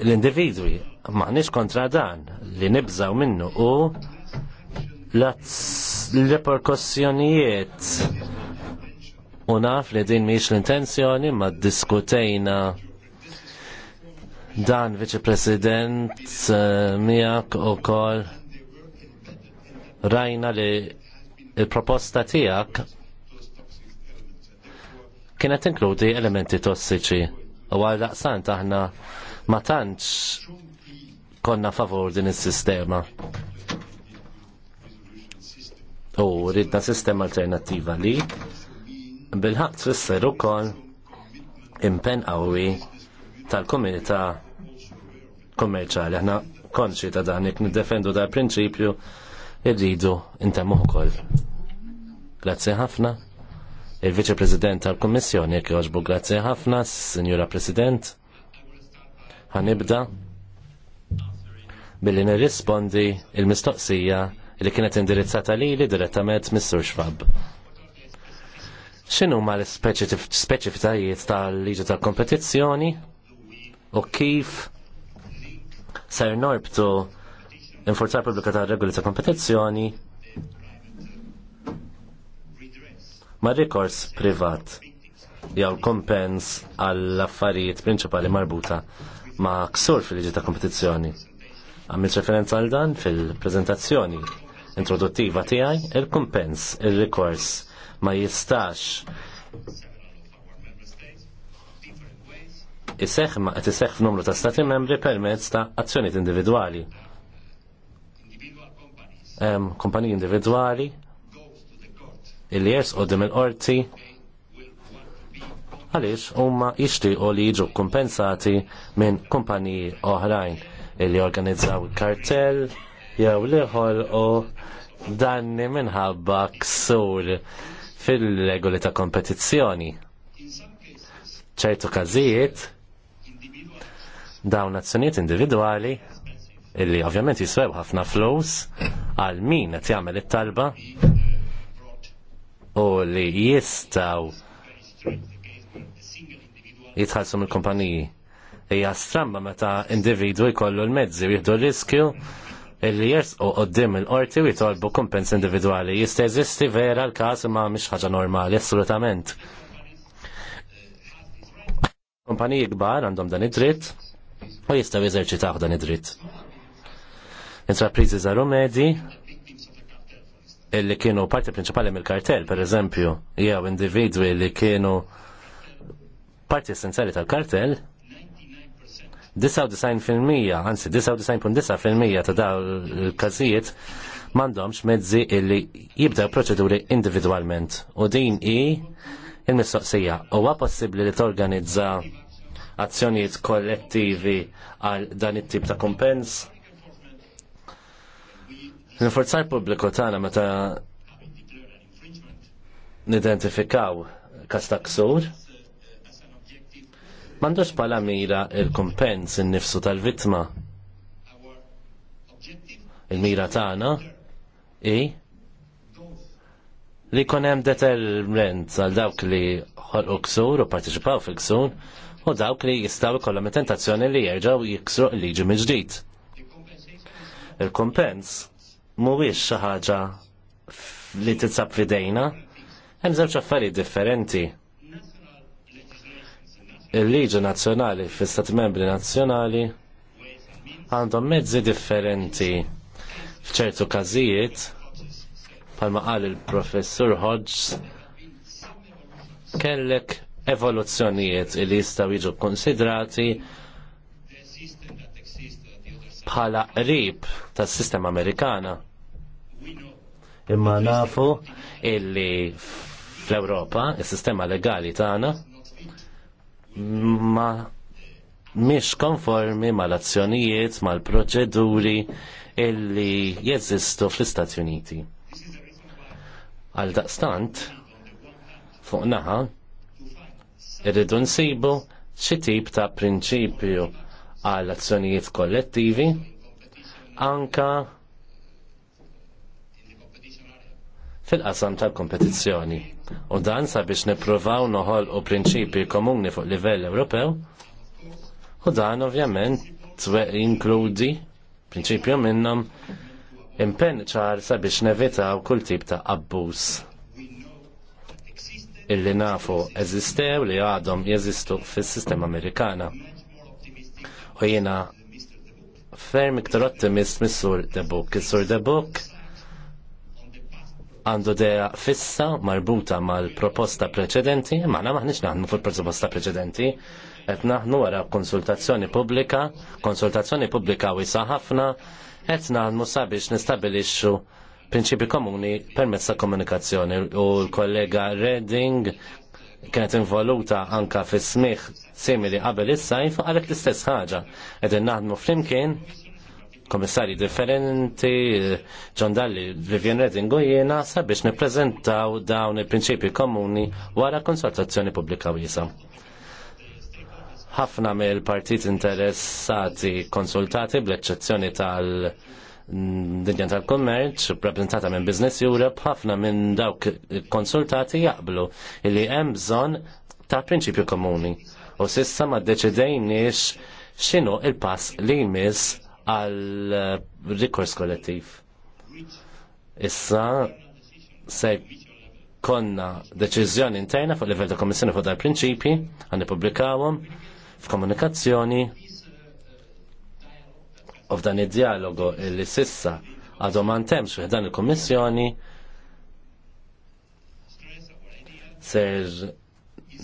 l-individwi. Ma nix kontra dan li nibżaw minnu u l-reperkussjonijiet u naf li din miex l-intenzjoni ma diskutejna dan viċi-president eh, Miak u kol rajna li il-proposta tiegħek kienet inkludi elementi tossiċi u għal daqsant aħna ma tantx konna favor din is-sistema u ridna sistema alternattiva li bil-ħak tfisser ukoll impen qawwi tal-komunità kommerċali. Aħna konxi ta' dan jekk niddefendu dal prinċipju irridu intemmu ukoll. Grazzi ħafna. Il-Viċe President tal-Kommissjoni jekk jogħġbu grazzi ħafna, Sinjura President. Ħanibda billi nirrispondi il-mistoqsija li kienet indirizzata li li direttament Mr. Schwab. X'inhu ma l-speċifitajiet tal-liġi tal-kompetizzjoni u kif ser norbtu infurzar pubblika ta' regoli ta' kompetizzjoni ma' rikors privat jew kompens għall affarijiet prinċipali marbuta ma' ksur fil-liġi ta' kompetizzjoni. Għamilt referenza għal dan fil-prezentazzjoni introduttiva tiegħi, il-kumpens, il-rikors ma jistax iseħ ma qed iseħħ f'numru ta' stati membri permezz ta' azzjonijiet individwali. kumpaniji individwali illi jersqu dim il-qorti għaliex huma jixtiequ li jiġu kompensati minn kumpaniji oħrajn illi organizzaw kartell, jew liħol u danni minħabba ksur fil-regoli ta' kompetizzjoni. ċertu każijiet dawn azzjonijiet individwali illi ovvjament jiswew ħafna flus għal min qed jagħmel it-talba u li jistaw jitħallsu mill-kumpaniji hija stramba meta individwi jkollu l-mezzi jieħdu r-riskju illi jersqu qoddim il-qorti u jitolbu kumpens individwali. Jista' jeżisti vera l-każ imma mhix ħaġa normali assolutament. Kumpaniji kbar għandhom dan id-dritt u jistgħu jeżerċitaw dan id-dritt. Intrapriżi żaru medji illi kienu parti prinċipali mill-kartell, per eżempju, jew individwi li kienu parti essenzjali tal-kartell, 99% anzi 99.9% ta' daw il-każijiet m'għandhomx mezzi illi jibdew proċeduri individwalment. U din hi il-mistoqsija. Huwa possibbli li torganizza azzjonijiet kollettivi għal dan it-tip ta' kompens? L-inforzar pubbliku tagħna meta nidentifikaw kas ksur, m'għandux bħala mira il-kumpens il nifsu tal-vittma. Il-mira tagħna i li jkun hemm għal dawk li ħolqu ksur u parteċipaw fil-ksur u dawk li jistgħu jkollhom tentazzjoni li jerġgħu jiksru l-liġi mill-ġdid. Il-kumpens mhuwiex xi ħaġa li titsab f'idejna, hemm żewġ affarijiet differenti il-liġi nazzjonali fl stat membri nazzjonali għandhom mezzi differenti f'ċertu każijiet bħalma qal il-professur Hodges kellek evoluzzjonijiet li jistaw jiġu konsidrati bħala qrib tas-sistema Amerikana. Imma nafu illi fl-Ewropa is-sistema legali tagħna ma mhix konformi mal-azzjonijiet, mal-proċeduri illi jeżistu fl-Istati Uniti. Għal daqstant, fuq naħa, irridu nsibu xi tip ta' prinċipju għal azzjonijiet kollettivi anka fil-qasam tal-kompetizzjoni u dan sabiex nippruvaw noħol u prinċipi komuni fuq livell Ewropew u dan ovvjament inkludi prinċipju minnhom impenn ċar sabiex nevitaw kull tip ta' abbuż illi nafu eżistew li għadhom jeżistu fis-sistema Amerikana. U jiena ferm iktar ottimist mis-sur Debuk. Is-sur Debuk għandu dea fissa marbuta mal-proposta preċedenti, maħna maħniċ naħnu fuq proposta preċedenti, et naħnu wara konsultazzjoni publika, konsultazzjoni publika wisa ħafna, et naħdmu sabiex nistabilixxu prinċipi komuni permezz ta' komunikazzjoni u l-kollega Redding kienet involuta anka fis simili qabel is-sajf għalek l-istess ħaġa. Qegħdin naħdmu flimkien komissari differenti, John Dalli, Vivian Redding u jiena sabiex nippreżentaw dawn il-prinċipi komuni wara konsultazzjoni pubblika wiesa. Ħafna mill-partit interessati konsultati bl-eċċezzjoni tal- dinja tal-kommerċ, rappresentata minn Business Europe, ħafna minn dawk konsultati jaqblu illi hemm bżonn ta' prinċipju komuni. U sissa ma deċidejniex x'inhu il-pass li jmiss għal eh, rikors kollettiv. Issa se konna deċizjoni interna fuq livell ta' Kommissjoni fuq dal-prinċipi, għan publikawhom f'komunikazzjoni u f'dan id-dialogu li sissa għadhom ma ntemx dan il-Kommissjoni ser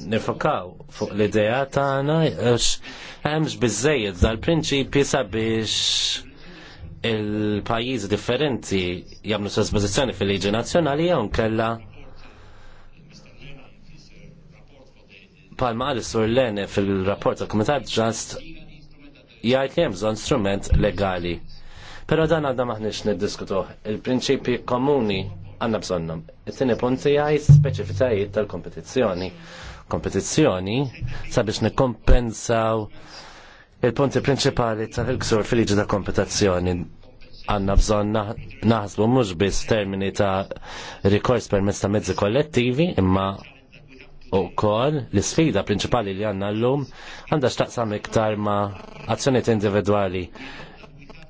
nifokaw fuq l-idea tagħna għax hemmx biżejjed dal-prinċipji sabiex il-pajjiżi differenti jagħmlu sosposizzjoni fil-liġi nazzjonali jew kella palma għal sur Lene fil-rapport għal Komitat Ġast jgħajt li hemm strument legali. Però dan għadna maħniex niddiskutuh. Il-prinċipji komuni għandna bżonnhom. It-tieni punti jgħid speċifitajiet tal-kompetizzjoni kompetizzjoni sabiex nikkompensaw il-punti prinċipali tal-ksur fil-liġi ta' kompetizzjoni. għanna bżon naħsbu mux biss termini ta' rikors permezz ta' mezzi kollettivi imma u kol l-sfida prinċipali li għanna l-lum għanda xtaqsam iktar ma' azzjoniet individuali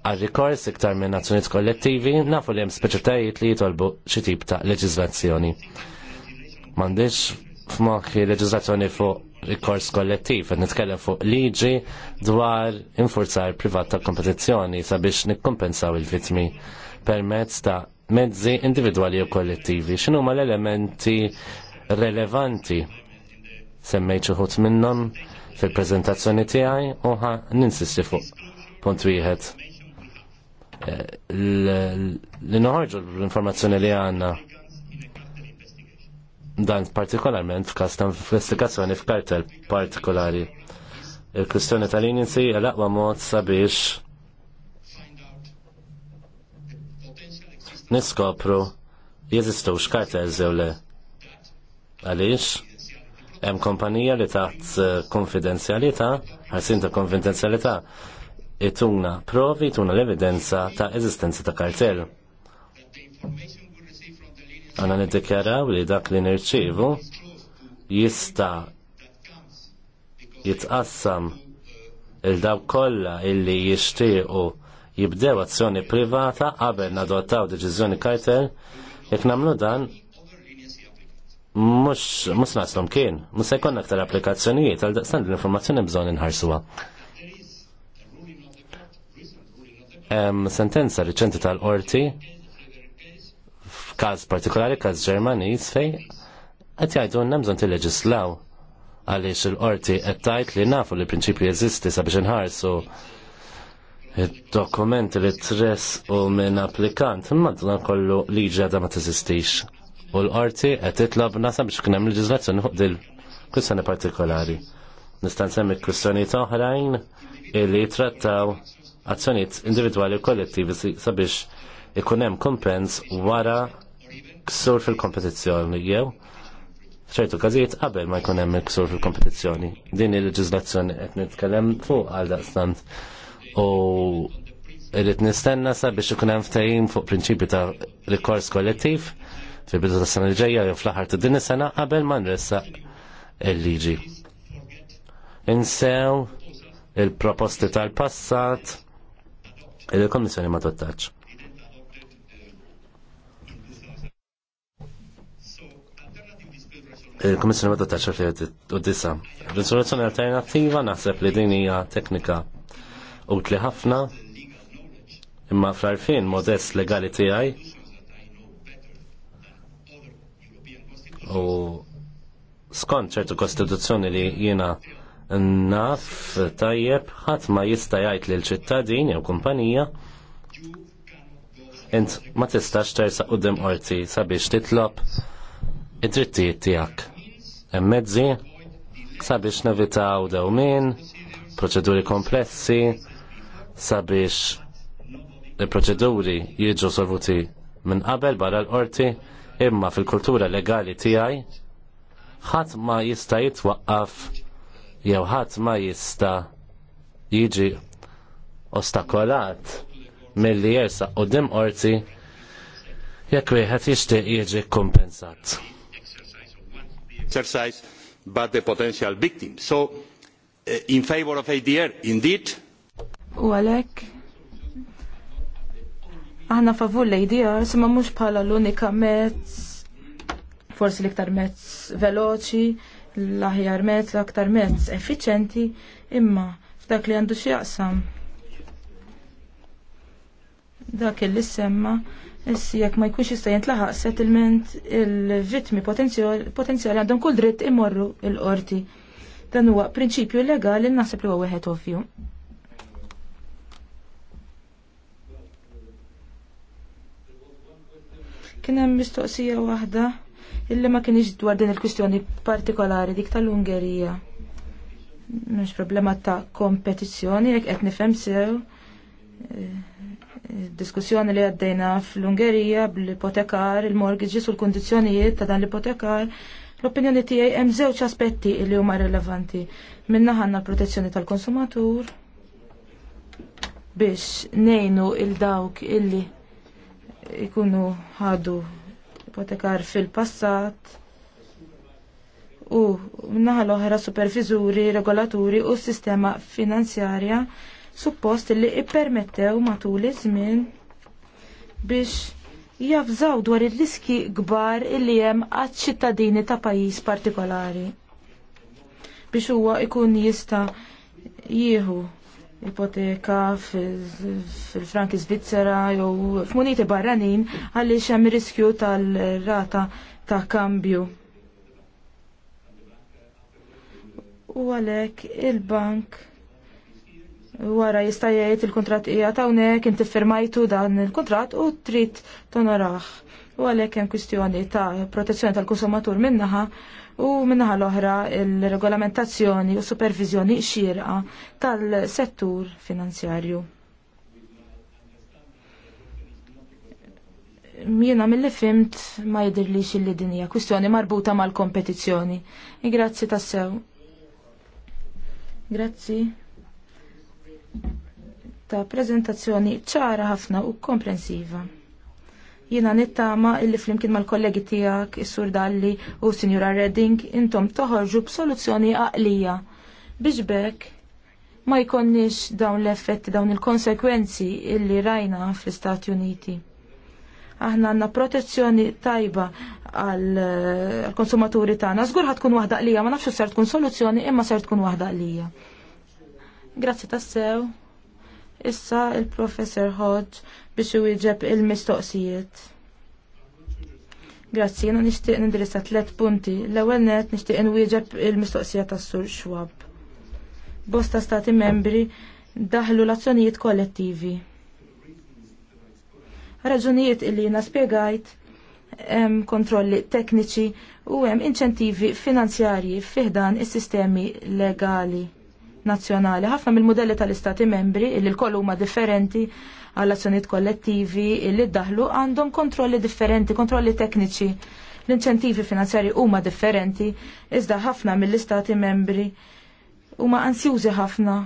għal rikors iktar minn azzjoniet kollettivi nafu li jem speċitajiet li jitolbu xi tip ta' leġizlazzjoni. Mandiġ f'moħħi leġiżlazzjoni fuq il-kors kollettiv, qed nitkellem fuq liġi dwar infurzar privat ta' kompetizzjoni sabiex nikkompensaw il-vitmi permezz ta' mezzi individwali u kollettivi. X'inhu ma l-elementi relevanti semmejt xi minnhom fil prezentazzjoni tiegħi u ħa ninsisti fuq punt wieħed li noħarġu l-informazzjoni li għanna dan partikolarment f'każ ta' investigazzjoni f'kartel partikolari. Il-kwistjoni tal-injenzi l-aqwa mod sabiex niskopru jeżistux kartels jew le. Għaliex? Hemm kompanija li taħt eh, konfidenzjalità, ħarsin ta' konfidenzjalità, ituna provi, ituna l-evidenza ta' eżistenza ta' kartell Għana niddikjaraw li dak li nirċivu jista jitqassam il-daw kolla illi jishtiqu jibdew azzjoni privata qabel nadottaw deċiżjoni kartel, jek namlu dan, mux, mux naslom kien, mux sejkon aktar applikazzjonijiet, għal daqstan l-informazzjoni bżon inħarsuwa. Sentenza riċenti tal orti każ partikolari, każ Ġermaniż fejn qed jgħidu bżonn tilleġislaw għaliex il-qorti qed tgħid li nafu li prinċipju jeżisti sabiex inħarsu id-dokument li tress u minn applikant imma kollu liġi għadha ma teżistix. U l-qorti qed titlob nasa biex kien hemm leġislazzjoni fuq dil kwistjoni partikolari. Nistan semmi kwistjonijiet oħrajn illi trattaw azzjoniet individwali u kollettivi sabiex ikun hemm kompens wara ksur fil-kompetizzjoni jew f'ċertu każijiet qabel ma jkun hemm ksur fil-kompetizzjoni. Din il leġislazzjoni qed nitkellem fuq għal daqstant u irrid nistenna sabiex ikun hemm ftehim fuq prinċipju ta' rikors kollettiv fil-bidu tas sena li ġejja jew fl-aħħar ta' din is-sena qabel ma nressaq il-liġi. Insew il-proposti tal-passat il-Komissjoni ma tottaċ. il-Komissjoni Meta ta' ċerti u disa. Rizoluzzjoni alternativa naħseb li din hija teknika utli ħafna imma fl-arfin modest legali tiegħi u skont ċertu kostituzzjoni li jiena naf tajjeb ħadd ma jista' jgħid lil ċittadin jew kumpanija int ma tistax tersaq qudiem qorti sabiex titlob id-drittijiet tiegħek. Hemm mezzi sabiex nevitaw dewmien, proċeduri komplessi, sabiex il-proċeduri jiġu solvuti minn qabel barra l-qorti imma fil-kultura legali tiegħi ħadd ma jista' jitwaqqaf jew ħadd ma jista' jiġi ostakolat milli jersaq qudiem qorti jekk wieħed jixtieq jiġi kompensat exercise but the potential victim. So, uh, in favor of ADR, indeed.
U għalek, aħna favur l-ADR, sema mux bħala l-unika mezz, forsi l-iktar mezz veloċi, l-aħjar mezz, l-aktar mezz effiċenti, imma f'dak li għandu xieqsam. Dak il-li semma Issi jekk ma jkunx jista' jintlaħaq settlement il-vittmi potenzjali għandhom kull dritt imorru il-qorti. Dan huwa prinċipju legali naħseb li huwa wieħed ovvju. Kien hemm mistoqsija waħda illi ma kienx dwar din il-kwistjoni partikolari dik tal-Ungerija. Mhux problema ta' kompetizzjoni jekk qed nifhem sew eh, diskussjoni li għaddejna fl-Ungerija bl-ipotekar, il-mortgages u l-kondizjonijiet ta' dan l-ipotekar, l-opinjoni tiegħi hemm żewġ aspetti li huma rilevanti. Minna ħanna l-protezzjoni tal-konsumatur biex nejnu il-dawk illi ikunu ħadu ipotekar fil-passat u minnaħa l-oħra supervizuri, regolaturi u s sistema finanzjarja suppost li ippermettew matul iż-żmien biex jafżaw dwar ir riski kbar illi hemm għaċ ċittadini ta' pajjiż partikolari biex huwa ikun jista' jieħu ipoteka fil-franki Svizzera jew f'muniti barranin għaliex hemm riskju tal-rata ta' kambju. U għalhekk il-bank wara jista' jgħid il-kuntratt hija hawnhekk inti firmajtu dan il-kuntratt u trid tonoraħ. U għalhekk hemm kwistjoni ta' protezzjoni tal-konsumatur minnaħa u minnaħa l-oħra il-regolamentazzjoni u supervizjoni xierqa tal-settur finanzjarju. Jiena mill-li fimt ma jidhirlix illi din hija kwistjoni marbuta mal-kompetizzjoni. Grazzi tassew. Grazzi ta' prezentazzjoni ċara ħafna u komprensiva. Jiena nittama illi flimkien mal-kollegi tiegħek is-Sur Dalli u Sinjura Redding, intom toħorġu b'soluzzjoni għaqlija biex bekk ma jkonniex dawn l-effetti, dawn il-konsekwenzi illi rajna fl-Istati Uniti. Aħna għandna protezzjoni tajba għall konsumaturi tagħna. Żgur ħad tkun waħda qlija, ma nafx ser tkun soluzzjoni imma ser tkun waħda qlija. Grazzi tassew. Issa il-professor Hodge biex u jġeb il-mistoqsijiet. Grazzi, jena nishtiq nindirissa tlet punti. L-ewel net nishtiq nwieġeb il-mistoqsija tas sur xwab. Bosta stati membri daħlu l-azzjonijiet kollettivi. Raġunijiet illi jena spiegajt hemm kontrolli tekniċi u hemm inċentivi finanzjarji fiħdan is-sistemi legali nazzjonali. Ħafna mill-modelli tal-istati membri li l-kollu huma differenti għall azzjonijiet kollettivi illi ddaħlu għandhom kontrolli differenti, kontrolli tekniċi. L-inċentivi finanzjari huma differenti, iżda ħafna mill-istati membri huma ansjużi ħafna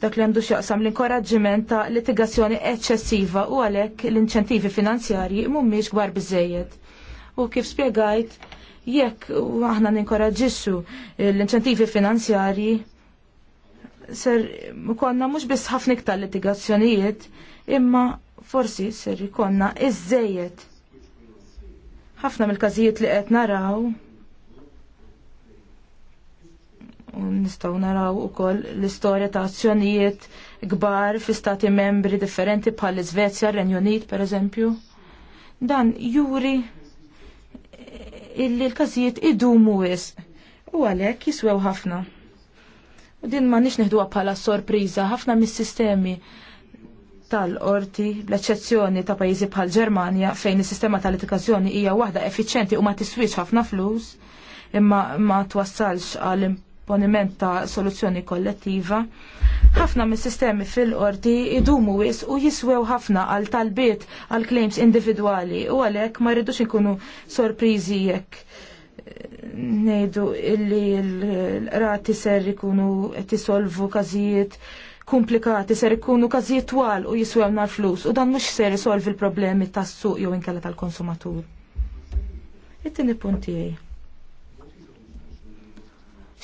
dak li għandu xaqsam l-inkoraġġiment ta' litigazzjoni eċċessiva u għalhekk l-inċentivi finanzjarji mhumiex gwar biżejjed. U kif spjegajt, jekk aħna ninkoraġġixxu l-inċentivi finanzjarji ser konna mhux biss ħafna iktar litigazzjonijiet, imma forsi ser ikonna iżejjed. Ħafna mill-każijiet li qed naraw u nistgħu naraw ukoll l-istorja ta' azzjonijiet kbar fi stati membri differenti bħal iżvezja r-Renju Unit pereżempju. Dan juri illi l-każijiet idumu wisq u għalhekk jiswew ħafna. Din ma nix neħduha bħala sorpriża, ħafna mis-sistemi tal-qorti, l eċezzjoni ta' pajjiżi bħal Ġermanja fejn is-sistema tal edukazzjoni hija waħda effiċenti u ma tiswix ħafna flus, imma ma twassalx għal imponiment ta' soluzzjoni kollettiva. Ħafna mis-sistemi fil-qorti idumu wis u jiswew ħafna għal talbiet għal claims individwali u għalhekk ma rridux inkunu sorpriżi jekk nejdu illi l-rati ser ikunu tisolvu kazijiet komplikati, ser ikunu kazijiet twal u jiswem nar flus u dan mux ser jisolvi l-problemi tas-suq jew inkella tal-konsumatur. It-tini tiegħi.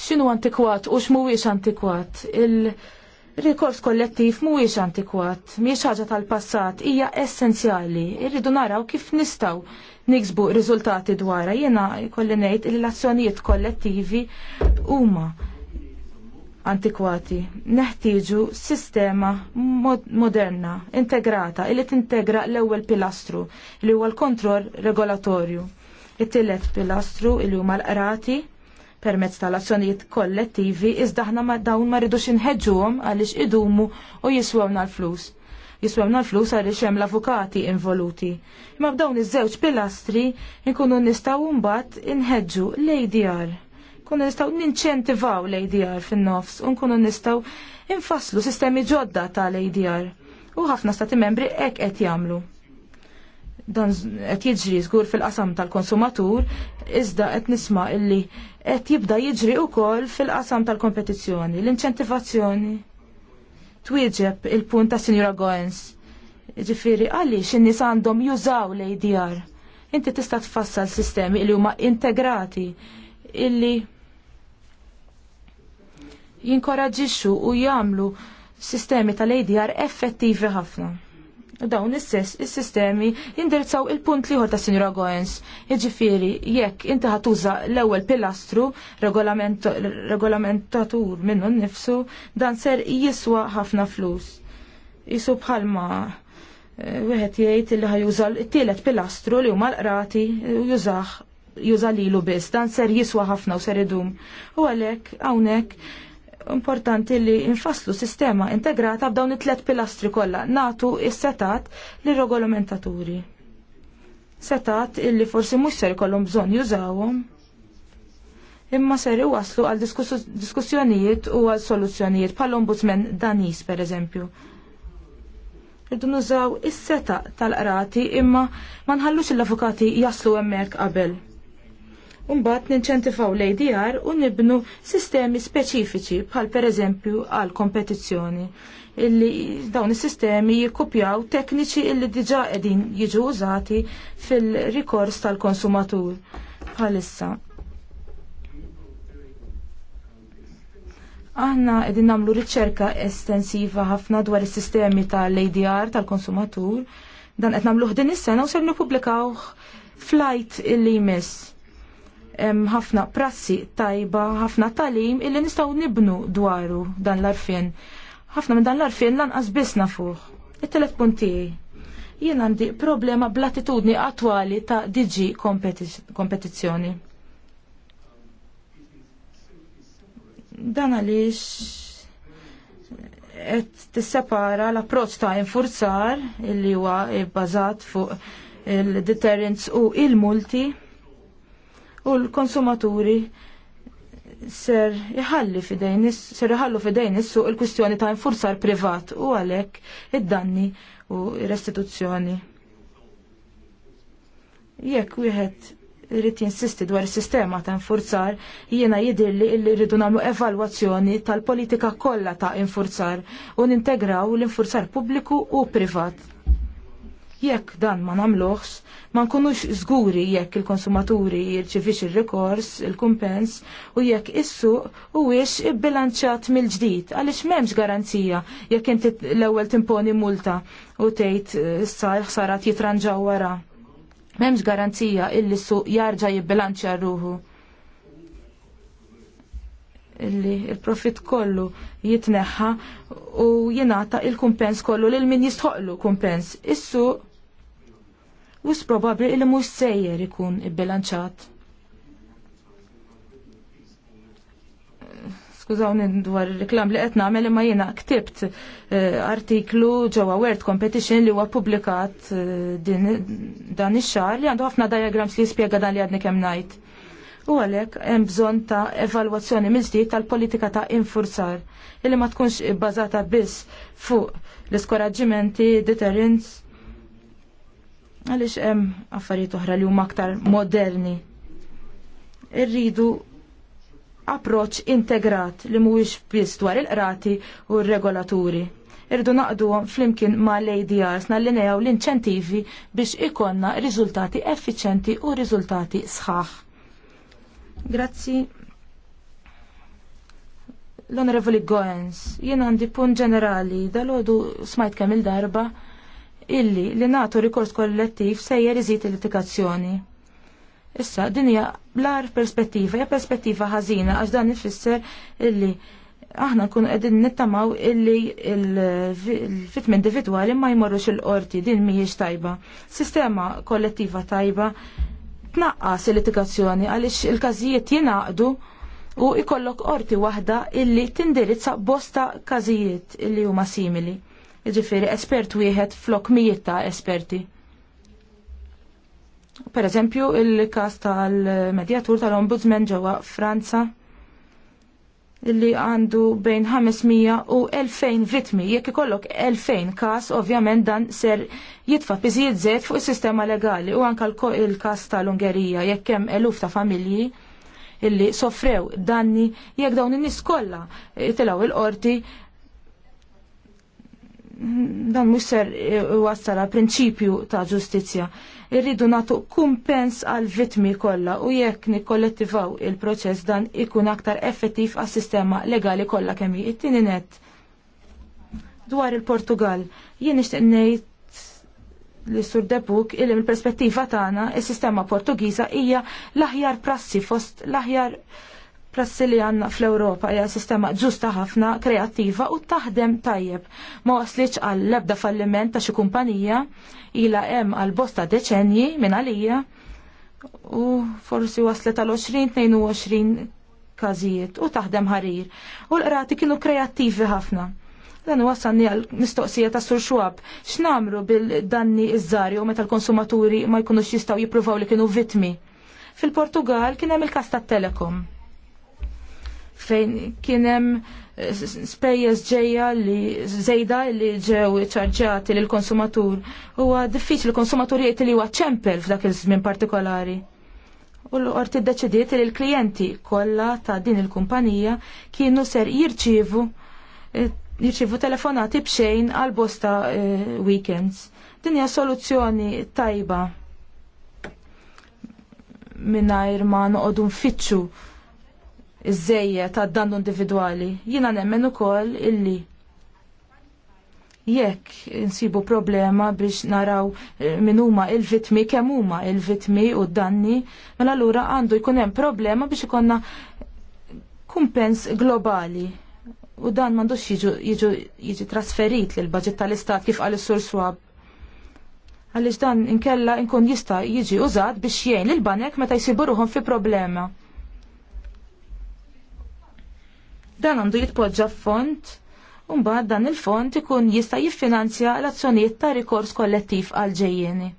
X'inhu antikwat u x'mhuwiex antikwat? Il-rikors kollettiv mhuwiex antikwat, mhijiex ħaġa tal-passat, hija essenzjali. Irridu naraw kif nistgħu niksbu riżultati dwarha. Jiena jkolli ngħid li l-azzjonijiet kollettivi huma antikwati. Neħtieġu sistema moderna, integrata, li tintegra l-ewwel pilastru li huwa l-kontroll regolatorju. It-tielet pilastru li huma l-qrati permezz tal-azzjonijiet kollettivi iżda aħna ma dawn ma rridux inħeġġuhom għaliex idumu u jiswewna l-flus jiswemna l-flus għaliex hemm l-avukati involuti. Imma b'dawn iż-żewġ pilastri nkunu nistgħu mbagħad inħeġġu l-ADR. Kunu nistgħu ninċentivaw l-ADR fin-nofs u nkunu nistgħu infasslu sistemi ġodda tal-ADR. U ħafna stati membri hekk qed jagħmlu dan qed jiġri żgur fil-qasam tal-konsumatur, iżda qed nisma' illi qed jibda jiġri wkoll fil-qasam tal-kompetizzjoni, l-inċentivazzjoni twieġeb il-punt ta' Sinjora Goens. Ġifiri, għaliex in-nies għandhom jużaw l-ADR. Inti tista' tfassal sistemi li huma integrati illi jinkoraġixxu u jagħmlu sistemi tal-ADR effettivi ħafna dawn is-sistemi jindirizzaw il-punt liħor ta' Sinjura Goens. Jiġifieri jekk inti ħatuża l-ewwel pilastru regolamentatur minnu nnifsu dan ser jiswa ħafna flus. Jisu bħalma eh, wieħed jgħid li ħajuża t-tielet pilastru li huma l-qrati u jużah juża lilu biss, dan ser jiswa ħafna u ser idum. U għalhekk hawnhekk importanti li infaslu sistema integrata b'dawn it-tlet pilastri kollha natu is-setat lir regolamentaturi Setat illi forsi mhux ser ikollhom bżonn jużawhom imma ser iwaslu għal diskussjonijiet u għal soluzzjonijiet bħall-ombudsman Danis pereżempju. Irdu nużaw is-seta tal-qrati imma ma nħallux l-avukati jaslu hemmhekk qabel. Umbat ninċentifaw l-ADR u nibnu sistemi speċifiċi bħal per eżempju għal kompetizzjoni illi dawn is-sistemi jikkupjaw tekniċi illi diġa qegħdin jiġu użati fil-rikors tal-konsumatur bħalissa. Aħna qegħdin nagħmlu riċerka estensiva ħafna dwar is-sistemi tal-ADR tal-konsumatur dan qed nagħmluh din is-sena u ser nippublikawh flight illi jmiss Hemm ħafna prassi tajba, ħafna talim illi nistgħu nibnu dwaru dan l-arfien. Ħafna minn dan l-arfien lanqas biss nafuh. It-telet punti jien għandi problema bl-attitudni attwali ta' diġi kompetizzjoni. Dan għaliex qed tissepara l-approċċ ta' infurzar illi huwa bbażat fuq il-deterrence u il-multi u l-konsumaturi ser jħalli fidejn, ser jħallu fidejn su il-kwistjoni ta' infurzar privat u għalek id-danni u restituzzjoni. Jekk wieħed rrit jinsisti dwar is-sistema ta' infurzar, jiena jidilli li rridu nagħmlu evalwazzjoni tal-politika kollha ta' infurzar u nintegraw l-infurzar pubbliku u privat. Jekk dan ma nagħmluhx, ma nkunux żguri jekk il-konsumaturi jirċivix ir-rikors, il-kumpens u jekk issu u huwiex bilanċat mill-ġdid għaliex m'hemmx garanzija jekk inti l-ewwel timponi multa u tgħid issa eh, l-ħsarat jitranġaw wara. M'hemmx garanzija illi su jarġa' jibbilanċja rruħu. illi il-profit kollu jitneħħa u jenata il-kumpens kollu lil min jistħoqlu kumpens. Issu u s-probabli li mux sejjer ikun ibbilanċat. Skużawni dwar reklam li qed nagħmel ma jiena ktibt eh, artiklu ġewwa World Competition li huwa pubblikat eh, dan ix-xahar li għandu ħafna diagrams li jispjega dan li għadni kemm ngħid u għalek hemm bżonn ta' evalwazzjoni minn ġdid tal-politika ta' infurzar illi ma tkunx bbażata biss fuq l-iskoraġġimenti, deterrents. Għaliex hemm affarijiet oħra li huma aktar moderni. Irridu approċ integrat li mhuwiex biss dwar il-qrati u r-regolaturi. Irridu naqduhom flimkien ma' l-ADRs nallinejaw l-inċentivi biex ikonna riżultati effiċenti u riżultati sħaħ. Grazzi. L-Onorevoli Goens, jien għandi punt ġenerali, dal-għodu smajt kemm il-darba illi li nagħtu rikors kollettiv sejjer iżid il-litigazzjoni. Issa, din hija blar perspettiva, hija perspettiva ħażina għax dan ifisser illi aħna nkunu qegħdin nittamaw illi il-fitm individuali ma jmorrux il-qorti din mhijiex tajba. Sistema kollettiva tajba tnaqqas il-litigazzjoni għaliex il-każijiet jingħaqdu u ikollok qorti waħda illi tindirizza bosta każijiet illi huma simili. Ġifiri, espert wieħed flok mijiet ta' esperti. Per eżempju, il-kas tal-medjatur tal-ombudsman ġewwa Franza li għandu bejn 500 u 2000 vitmi. Jekk ikollok 2000 kas, ovvjament dan ser jitfa' biżijiet żejt fuq is-sistema legali u anka l-kas tal-Ungerija jekk hemm eluf ta' familji illi soffrew danni jekk dawn in-nies kollha tilgħu il-qorti dan mhux ser wassara prinċipju ta' ġustizzja. Irridu nagħtu kumpens għal vittmi kollha u jekk nikkollettivaw il-proċess dan ikun aktar effettiv għas sistema legali kollha kemm it-tieni net. Dwar il-Portugal, jien nixtieq ngħid li sur debuk il perspettiva tagħna is-sistema Portugiża hija l-aħjar prassi fost l-aħjar prassi li għanna fl-Europa hija sistema ġusta ħafna, kreattiva u taħdem tajjeb. Ma waslitx għal lebda falliment ta' xi kumpanija ila hemm għal bosta deċenji minn għalija u forsi waslet għal 20-22 każijiet u taħdem ħarir. U l-qrati kienu kreattivi ħafna. Dan wasanni għal mistoqsija ta' Sur Xwab. X'namru bil-danni iż-żari u meta l-konsumaturi ma jkunux jistgħu jippruvaw li kienu vitmi. Fil-Portugal kien hemm il kasta tat-Telekom fejn kienem eh, spejjeż ġejja li zejda li ġew ċarġati lil konsumatur. Huwa diffiċli l-konsumatur jgħid li huwa ċempel f'dak iż-żmien partikolari. U l-qorti ddeċidiet li l-klijenti kollha ta' din il-kumpanija kienu ser jirċievu eh, jirċievu telefonati bxejn għal bosta eh, weekends. Din hija soluzzjoni tajba mingħajr ma noqogħdu nfittxu iż-żejje ta' dannu individwali. Jiena nemmen ukoll illi jekk insibu problema biex naraw eh, min huma il-vitmi kemm huma il-vitmi u d-danni, mela allura għandu jkun hemm problema biex ikonna kumpens globali u dan m'għandux jiġu jiġi trasferit lil budget tal-istat kif għal sur swab. għaliex dan inkella nkun jista jiġi użat biex jgħin lil banek meta jsibu ruħom fi problema. Dan għandu jitpoġġa f'fond Umbagħad dan il-fond ikun jista' jiffinanzja l-azzjonijiet ta' rikors kollettiv għal ġejjeni.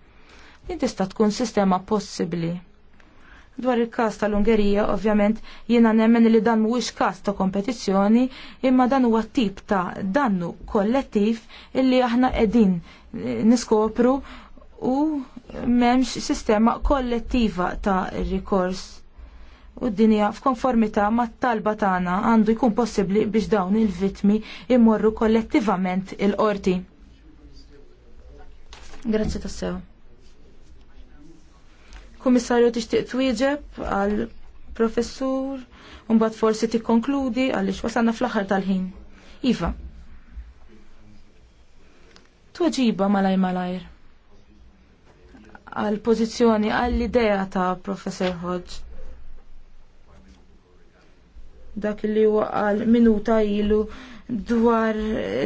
Din tista' tkun sistema possibbli. Dwar il-każ tal-Ungerija, ovvjament, jiena nemmen li dan mhuwiex każ ta' kompetizzjoni, imma dan huwa tip ta' dannu kollettiv illi aħna qegħdin eh, niskopru u m'hemmx sistema kollettiva ta' rikors u d-dinja f'konformità mat talba tagħna għandu jkun possibbli biex dawn il-vitmi immorru kollettivament il-qorti. Grazzi tassew. Kummissarju tixtieq twieġeb għal professur mbagħad forsi tikkonkludi għaliex wasalna fl-aħħar tal-ħin. Iva. Tuġiba malaj malajr għal pożizzjoni għall idea ta' professor Hodge dak li waqal minuta ilu dwar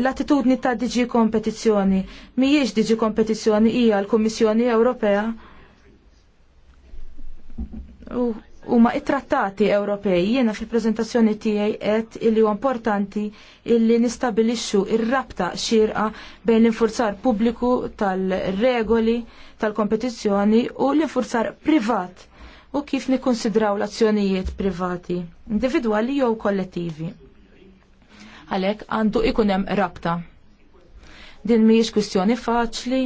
l-attitudni ta' diġi kompetizzjoni. Mijiex diġi kompetizzjoni hija l-Kummissjoni Ewropea u huma it-trattati Ewropej. Jiena fil-preżentazzjoni tiegħi qed illi huwa importanti illi nistabilixxu ir-rabta xirqa bejn l-infurzar pubbliku tal-regoli tal-kompetizzjoni u l-infurzar privat u kif nikkonsidraw l-azzjonijiet privati, individwali jew kollettivi. Għalhekk għandu ikun hemm rabta. Din mhijiex kwistjoni faċli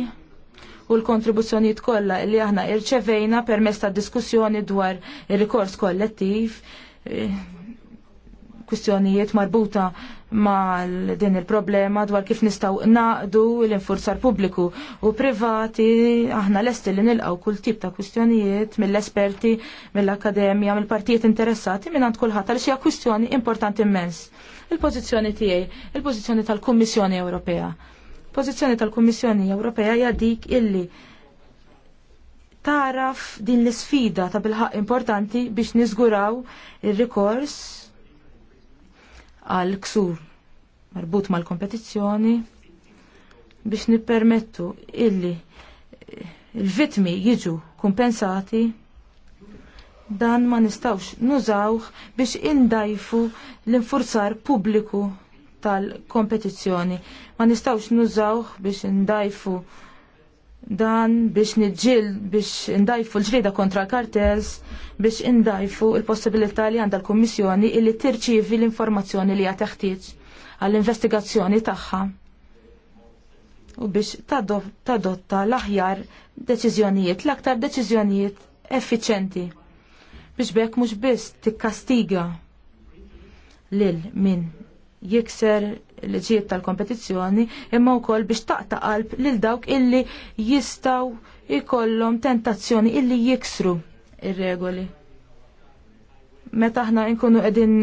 u l-kontribuzzjonijiet kollha li aħna irċevejna permezz ta' diskussjoni dwar ir-rikors kollettiv, eh, kwistjonijiet marbuta ma din il-problema dwar kif nistaw naqdu l-infurzar pubbliku u privati aħna lesti li nilqaw kull tip ta' kwistjonijiet mill-esperti, mill-akademja, mill-partijiet interessati minn għand kulħadd għal xi kwistjoni importanti immens. Il-pożizzjoni tiegħi, il-pożizzjoni tal-Kummissjoni Ewropea. Pożizzjoni tal-Kummissjoni Ewropea hija dik illi taraf din l-sfida ta' bilħaq importanti biex niżguraw ir-rikors għal ksur marbut mal-kompetizzjoni biex nippermettu illi il-vitmi jiġu kompensati dan ma nistawx nużawh biex indajfu l-infurzar pubbliku tal-kompetizzjoni. Ma nistawx nużawh biex indajfu dan biex nidġil biex indajfu l-ġrida kontra l-kartels biex indajfu il-possibilità li għanda l-Kommissjoni illi tirċivi l-informazzjoni li għateħtieġ għall-investigazzjoni tagħha u biex tadotta l-aħjar deċiżjonijiet, l-aktar deċiżjonijiet effiċenti biex bekk mhux biss tikkastiga lil min jikser l-ġiet tal-kompetizzjoni imma wkoll biex taqta qalb lil dawk illi jistaw ikollom tentazzjoni illi jiksru il regoli Meta aħna nkunu qegħdin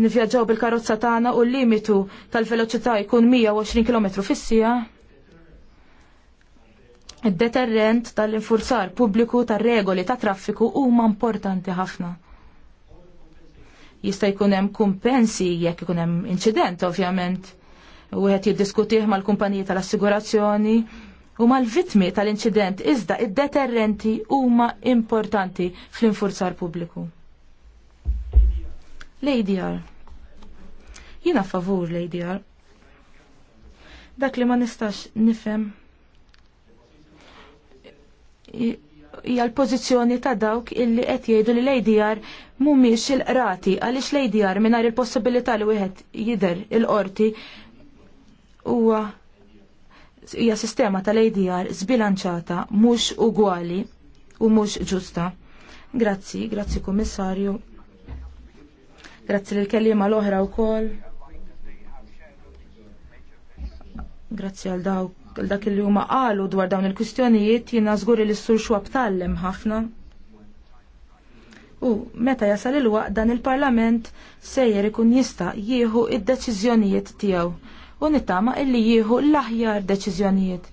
nivvjaġġaw bil-karozza tagħna u l-limitu tal-veloċità jkun 120 km fis-sija, id-deterrent tal-infurzar pubbliku tar-regoli ta' traffiku huma importanti ħafna jista' jkun hemm kumpensi jekk ikun hemm inċident ovvjament. u Wieħed jiddiskutih mal-kumpaniji tal-assigurazzjoni u mal-vittmi tal-inċident iżda id-deterrenti huma importanti fl-infurzar pubbliku. L-ADR. Jiena favur l-ADR. Dak li ma nistax nifhem hija l-pożizzjoni ta' dawk illi qed jgħidu li l-ADR mhumiex il-qrati għaliex l-ADR mingħajr il-possibilità li wieħed jidher il-qorti huwa hija sistema tal-ADR zbilanċata mhux ugwali u mhux ġusta. Grazzi, grazzi kummissarju. Grazzi lil kelliema l-oħra wkoll. Grazzi għal dawk dak li huma qalu dwar dawn il-kwistjonijiet jiena żgur li s-sur xwab tallem ħafna. U meta jasal il-waqt dan il-Parlament sejjer ikun jista' jieħu id-deċiżjonijiet tiegħu u nittama illi jieħu l-aħjar deċiżjonijiet.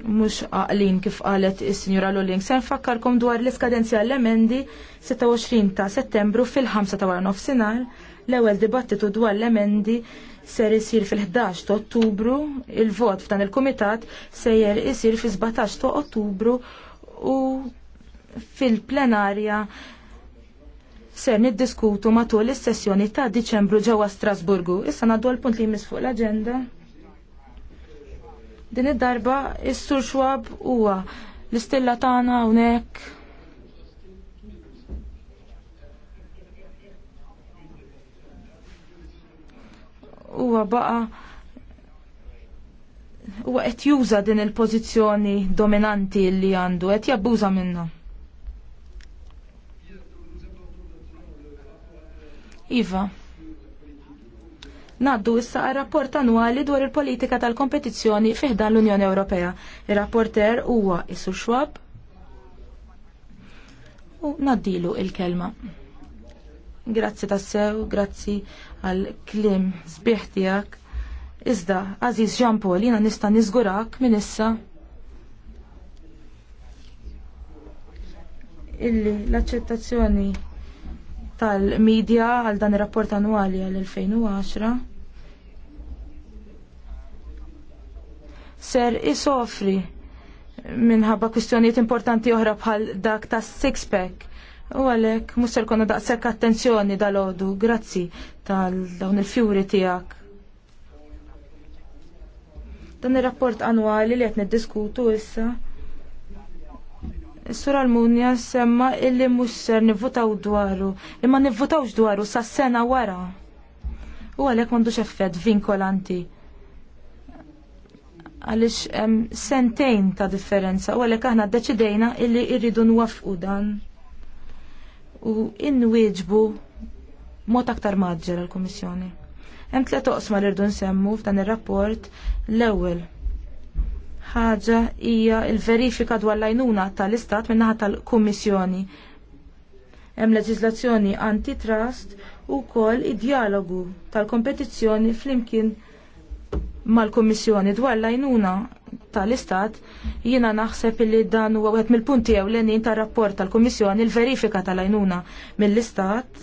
Mhux għaqlin kif qalet is-Sinjura Lulling. Se nfakkarkom dwar l-iskadenzja l-emendi 26 ta' settembru fil-5 ta' wara nofsinhar l-ewwel dibattitu dwar l-emendi ser isir fil-11 ta' Ottubru, il-vot f'dan il-Kumitat sejjer isir fil-17 ta' Ottubru u fil-plenarja ser niddiskutu matul is-sessjoni ta' Diċembru ġewwa Strasburgu. Issa ngħaddu l-punt li jmiss fuq l-aġenda. Din id-darba is-Sur Schwab huwa l-istilla tagħna hawnhekk huwa baqa huwa qed juża din il-pożizzjoni dominanti li għandu qed jabbuża minnha. Iva. Naddu issa rapport annwali dwar il-politika tal-kompetizzjoni fiħdan l-Unjoni Ewropea. Ir-rapporter huwa Isu Schwab. U naddilu il-kelma. Grazzi tassew, grazzi għal klim sbieħ tiegħek. Iżda, Aziz Jean Paul, nista niżgurak minn issa. Illi l-aċċettazzjoni tal-medja għal dan ir-rapport annwali għal 2010 ser isofri minħabba kwistjonijiet importanti oħra bħal dak ta' six pack U għalek, musser konna daqsek attenzjoni dal-ħodu, grazzi tal-dawn il-fjuri tijak. Dan il-rapport annuali li għetni diskutu issa. Is-sur munja semma illi musser nivvutaw dwaru, imma nivvutawx dwaru sa' sena wara. U għalek mandux effett vinkolanti. Għalix sentejn ta' differenza, u għalek aħna deċidejna illi irridu nwafqu dan u inwieġbu mod aktar maġġer għal kummissjoni Hemm tliet oqsma li rridu nsemmu f'dan ir-rapport l-ewwel. Ħaġa hija l-verifika dwar l-għajnuna tal-Istat min-naħa tal-Kummissjoni. Hemm leġiżlazzjoni antitrust u wkoll id-dialogu tal-kompetizzjoni flimkien mal-Kummissjoni dwar l-għajnuna tal-Istat, jiena naħseb li dan huwa wieħed mill-punti ewlenin tar-rapport tal-Kummissjoni l-verifika tal-għajnuna mill-Istat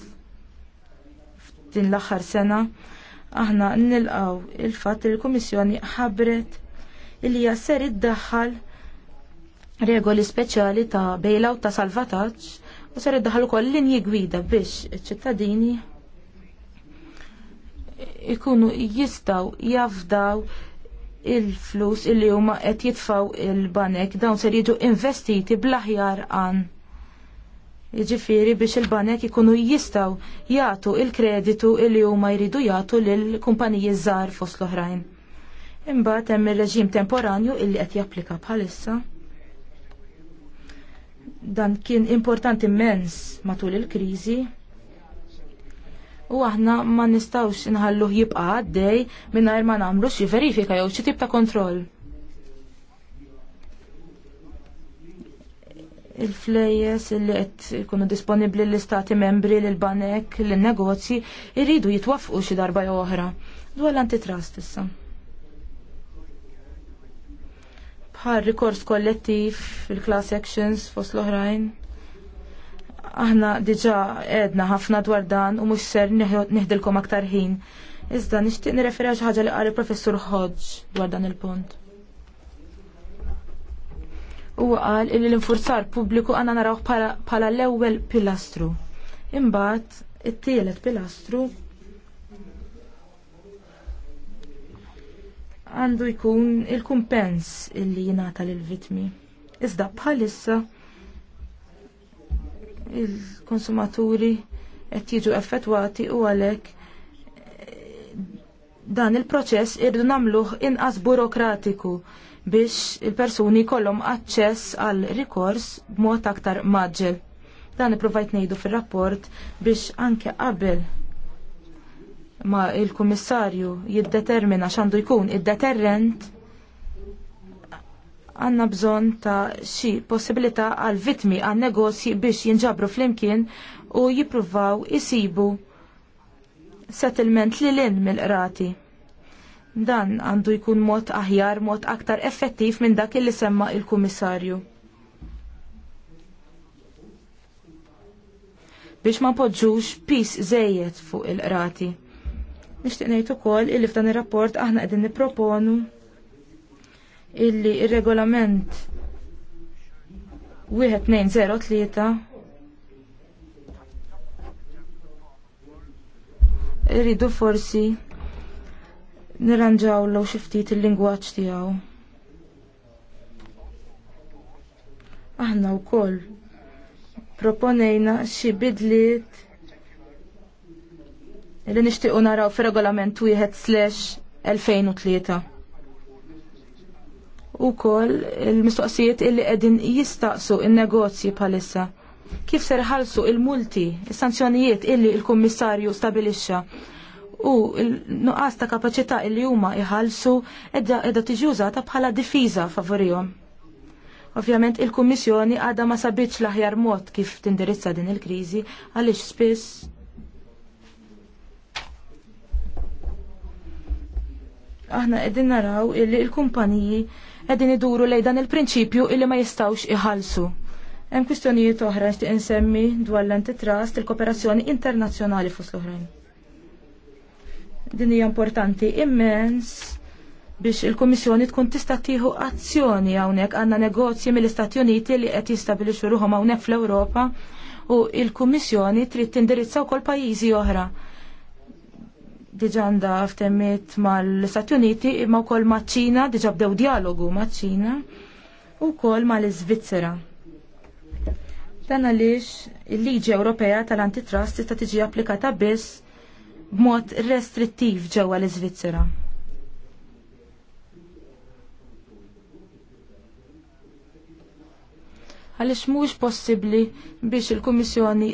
din l-aħħar sena. Aħna nilqaw il-fatt li l-Kummissjoni ħabret li jasser id iddaħħal regoli speċjali ta' bejlaw ta' salvataġġ u ser iddaħħal ukoll linji gwida biex ċittadini ikunu jistaw jafdaw il-flus illi huma qed jitfaw il-banek dawn ser jidu investiti bl-aħjar għan. Jiġifieri biex il-banek ikunu jistaw jagħtu il-kreditu illi huma jridu jagħtu lil kumpaniji żgħar fost l-oħrajn. Imbagħad hemm ir-reġim temporanju illi qed japplika bħalissa. Dan kien importanti immens matul il-kriżi u aħna ma nistawx inħalluh jibqa' għaddej mingħajr ma nagħmlu xi verifika jew xi tip ta' kontroll. il-flejes li qed ikunu disponibbli l-istati membri lil banek lin negozji irridu jitwaffqu xi darba jew oħra. Dwar l-antitrust issa. Bħal rikors kollettiv fil-class actions fost l-oħrajn. Aħna diġa edna ħafna dwar dan u mhux ser neħdilkom aktar ħin. Iżda nixtieq nirreferi xi ħaġa li qari professur Hodge dwar dan il-punt. Huwa qal li l-infurzar pubbliku għandna narawh bħala l-ewwel pilastru. Imbagħad it-tielet pilastru għandu jkun il-kumpens illi jingħata lill-vittmi. Iżda bħalissa il-konsumaturi qed jiġu effettwati u għalhekk eh, dan il-proċess irdu nagħmluh inqas burokratiku biex il-persuni kollhom aċċess għal rikors b'mod aktar maġġel. Dan ippruvajt ngħidu fir-rapport biex anke qabel ma il-kummissarju jiddetermina x'għandu jkun id-deterrent għanna bżon ta' xi possibilità għal vitmi għal negozji biex jinġabru flimkien u jippruvaw isibu settlement li l-in mill-qrati. Dan għandu jkun mod aħjar, mod aktar effettiv minn dak li semma il-kummissarju. Biex ma podġuġ pis żejjed fuq il-qrati. Nixtieq ngħid ukoll li f'dan ir-rapport aħna qegħdin nipproponu illi il-regolament 1203 irridu forsi nirranġaw l xi ftit il-lingwaġġ tiegħu. Aħna wkoll proponejna xi bidliet li nixtiequ naraw fi regolament wieħed slash 2003 u kol il-mistoqsijiet illi qegħdin jistaqsu il negozji bħalissa. Kif ser ħalsu il-multi, il sanzjonijiet illi il-Kummissarju stabilixxa u l-nuqqas ta' kapaċità illi huma iħallsu edda tiġi ta' bħala difiża favorihom. Ovvjament il-Kummissjoni għadha ma sabitx l-aħjar mod kif tindirizza din il-kriżi għaliex spiss aħna qegħdin naraw illi l-kumpaniji il kumpaniji qegħdin iduru lejn dan il-prinċipju illi ma jistgħux iħallsu. Hemm kwistjonijiet oħra nixtieq insemmi dwar l-antitrust il-kooperazzjoni internazzjonali fost l-oħrajn. Din hija importanti immens biex il-Kummissjoni tkun tista' tieħu azzjoni hawnhekk għandna negozji mill-Istati Uniti li qed jistabilixxu ruhom hawnhekk fl-Ewropa u l-Kummissjoni trid tindirizza wkoll pajjiżi oħra diġanda f'temmiet mal-Stati Uniti imma wkoll maċ-Ċina diġa bdew dialogu maċ-Ċina u wkoll mal-Iżvizzera. Dan għaliex il-liġi Ewropea tal-antitrust tista' tiġi applikata biss b'mod restrittiv ġewwa l-Iżvizzera. għalix mux possibli biex il kummissjoni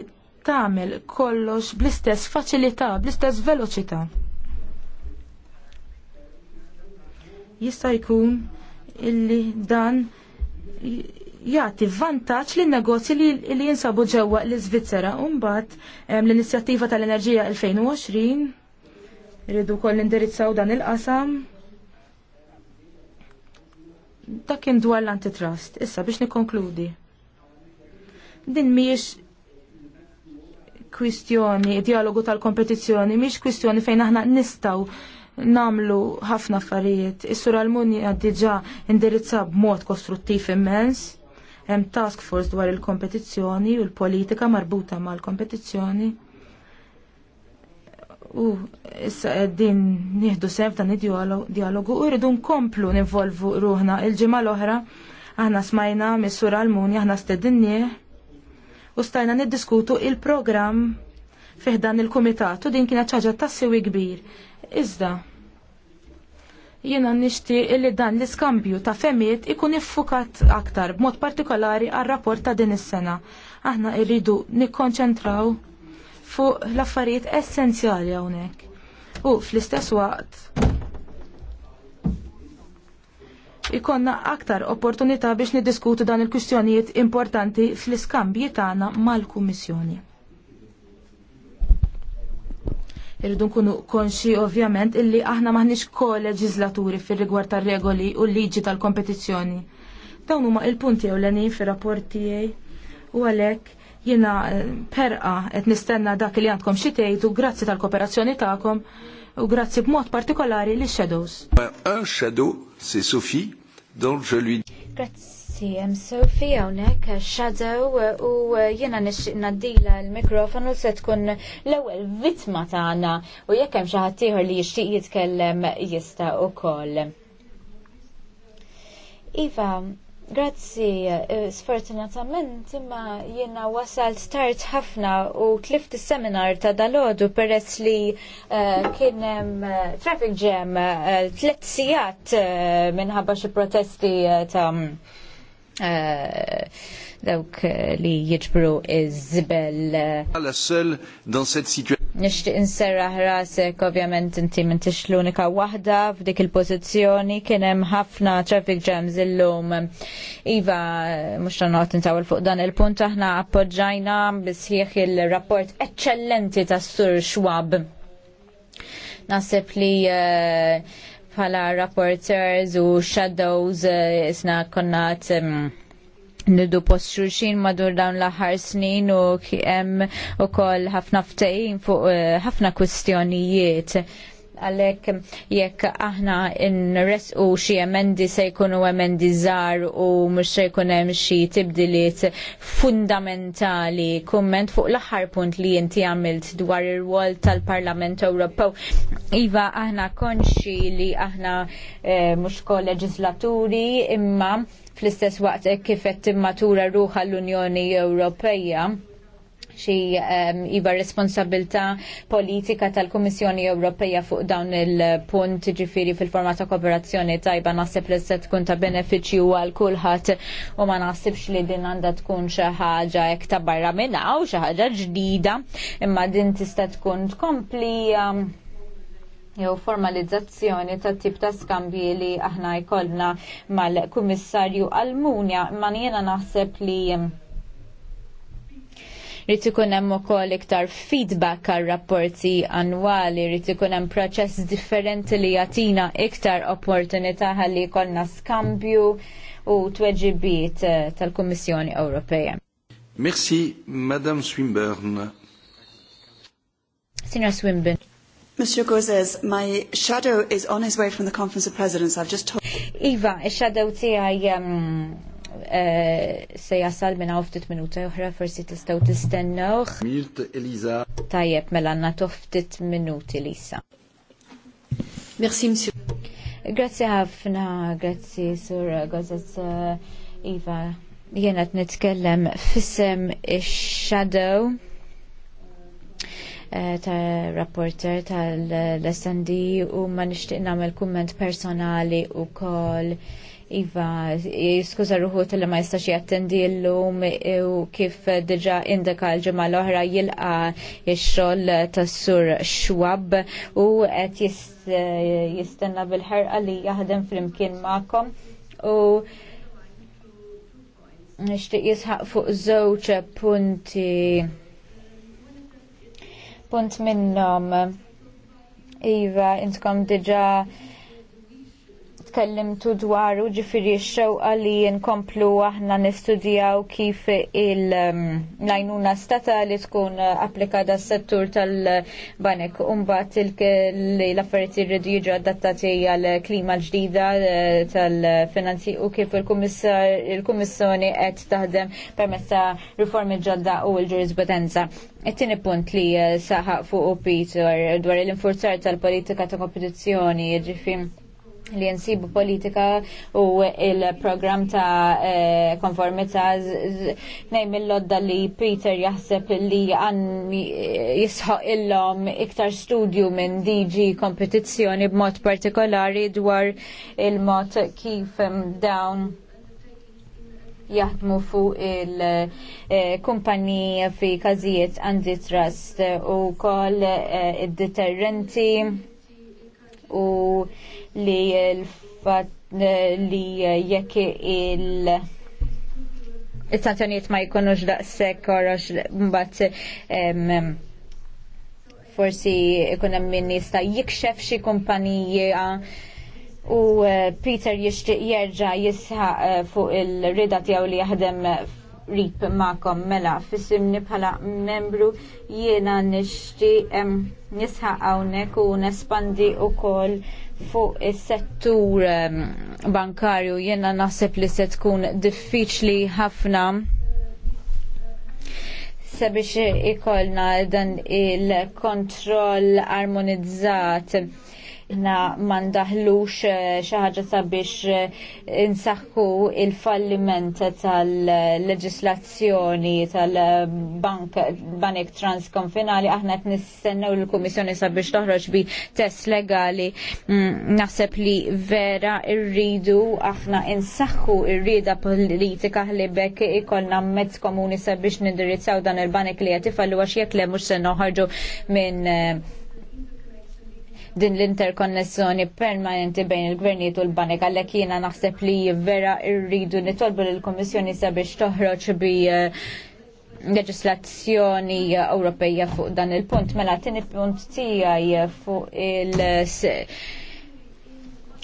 tagħmel kollox bl-istess faċilità, bl-istess veloċità. Jista' jkun illi dan jagħti vantaġġ lin negozji li, li jinsabu ġewwa l-Iżvizzera u mbagħad l-Inizjattiva tal-Enerġija 2020 irridu wkoll indirizzaw dan il-qasam dak kien dwar l-antitrust. Issa biex nikkonkludi. Din miex kwistjoni, dialogu tal-kompetizzjoni, miex kwistjoni fejn aħna nistaw namlu ħafna affarijiet. Is-sur Almunja diġà indirizza b'mod kostruttiv immens, hemm task force dwar il-kompetizzjoni u l-politika marbuta mal-kompetizzjoni. U issa din nieħdu sem dan id-dialogu u rridu nkomplu nivolvu ruħna il-ġimgħa l-oħra aħna smajna mis-sur Almunja aħna stedinnieh u stajna niddiskutu il-programm fiħdan il komitatu u din kienet ċaġa tassiwi kbir. Iżda, jiena nishti illi dan l-iskambju ta' femiet ikun iffukat aktar b'mod partikolari għal rapport ta' din is-sena. Aħna irridu nikkonċentraw fuq l-affarijiet essenzjali hawnhekk. U fl-istess waqt ikonna aktar opportunità biex niddiskutu dan il-kwistjonijiet importanti fl-iskambji tagħna mal-Kummissjoni. Irridu nkunu konxi ovvjament illi aħna maħniex ko-leġislaturi fir-rigward tar-regoli u l-liġi tal-kompetizzjoni. Dawn huma il-punti ewlenin fir-rapport tiegħi u għalhekk jiena eh, perqa qed nistenna dak li għandkom xi tgħidu grazzi tal-kooperazzjoni tagħkom u grazzi b'mod partikolari li
shadows. Un shadow, se Sophie, donc je lui
Grazzi, I'm Sophie għonek, shadow u uh, jena naddila l-mikrofonu se tkun l-ewel vitma tagħna u jekk hemm xi ħaddieħor li jixtieq jitkellem jista' koll. Iva, Grazzi, eh, sfortunatament imma jiena wasal start ħafna u tlift is-seminar ta' dalodu peress li uh, kien hemm uh, traffic jam uh, tliet sigħat minħabba xi protesti ta' Eh, dawk eh, li jiġbru iż-żibel.
għal eh. dan set situazzjoni.
Nixtieq inserraħ rasek ovvjament inti m'intix l-unika waħda f'dik il-pożizzjoni kien hemm ħafna traffic jams illum. Iva mhux noqgħod intawel fuq dan il-punt aħna appoġġajna bisħieħ il-rapport eċċellenti tas-Sur Schwab. Naħseb li uh, bħala rapporters u shadows eh, isna konnat nidu post xurxin madur dawn l snin u hemm ukoll ħafna ftejn fuq eh, ħafna kustjonijiet għalhekk jekk aħna nresqu xi emendi se jkunu emendi żgħar u mhux se jkun hemm xi tibdiliet fundamentali kumment fuq l-aħħar punt li inti għamilt dwar ir wol tal-Parlament Ewropew. Iva aħna konxi li aħna mux eh, mhux leġislaturi imma fl-istess waqt kif qed timmatura ruħa l-Unjoni Ewropea xi ehm, iva responsabilta politika tal-Kummissjoni Ewropea fuq dawn il-punt ġifiri fil format ta' kooperazzjoni tajba naħseb li se tkun ta' benefiċċju għal kulħadd u ma naħsibx li din għandha tkun xi ħaġa hekk ta' barra minn hawn xi ħaġa ġdida imma din tista' tkun tkompli ehm, jew formalizzazzjoni ta' tip ta' skambji li aħna jkollna mal-Kummissarju Almunja imma jiena naħseb li ehm, rrid ikun hemm ukoll iktar feedback għal rapporti annwali, rrid ikun hemm proċess differenti li jagħtina iktar opportunità ħalli jkollna skambju u tweġibiet eh, tal-Kummissjoni Ewropea.
Merci, Madame Swinburne.
Signor Swinburne. Mr. Gozes, my shadow is on his way from the Conference of Presidents. I've just told... Iva, il-shadow tijaj Eh, se jasal minna uftit minuta uħra forsi tistaw tistennuħ.
Mirt Elisa.
Tajjeb, mela għanna ftit minuti Elisa. Merci, monsieur. Grazie ħafna, grazie sur għazaz eh, Iva. Jena t-nitkellem fissem ix-shadow eh, ta' rapporter tal-SND u ma nishtiq namel kumment personali u kol Iva, jiskuza ruħu tal ma jistax jattendi l-lum u kif diġa indika l-ġemma l-oħra jilqa il-xol tas-sur xwab u għet jistenna bil-ħerqa li jahdem fl-imkien ma'kom u nishtiq jisħaq fuq zewċ punti punt minnom Iva, intkom diġa tkellimtu dwar u ġifiri xewqa li nkomplu aħna nistudjaw kif il-lajnuna um, stata li tkun applikata s-settur tal-banek umbat l-affariet irridu jiġu adattati għal-klima ġdida eh, tal-finanzi u kif il-Kummissjoni qed taħdem permezz ta' riformi ġodda u l-ġurisprudenza. It-tieni punt li eh, saħaq fuq Peter dwar l-infurzar tal-politika ta' kompetizzjoni ġifim li nsibu politika u il-program ta' eh, konformita nej mill-lodda li Peter jaħseb li għan jisħoq illom iktar studju minn DG kompetizzjoni b'mod partikolari dwar il-mod kif dawn jaħdmu fuq il-kumpanija eh, fi kazijiet antitrust u kol eh, id-deterrenti u li l li jekk il- il-sanzjoniet ma jkunux daqsek korox mbagħad forsi ikun hemm min jista' jikxef xi kumpaniji u eh, Peter jixtieq jerġa' jisħaq eh, fuq il-rida tiegħu li jaħdem rip ma'kom mela fissimni bħala membru jiena nixtieq nisħaq hawnhekk u nespandi wkoll fuq is-settur ehm, bankarju jiena naħseb li se tkun diffiċli ħafna sabiex ikollna dan il-kontroll armonizzat aħna ma ndaħlux eh, xi ħaġa sabiex eh, insaħħu il-falliment tal-leġislazzjoni tal-bank banek transkonfinali aħna qed nistennew l-Kummissjoni sabiex toħroġ bi test legali mm, naħseb li vera rridu aħna insaħħu r-rieda politika ħlibek ikollna mezz komuni sabiex nindirizzaw dan il-banek li qed ifallu għax jekk le mhux se noħarġu minn eh, din l-interkonnessjoni permanenti bejn il-gvernijiet u l-banek għallek jiena naħseb li vera irridu nitolbu l-Komissjoni sabiex toħroġ bi eh, leġislazzjoni Ewropejja fuq dan il-punt. Mela, tini punt tijaj fuq il- se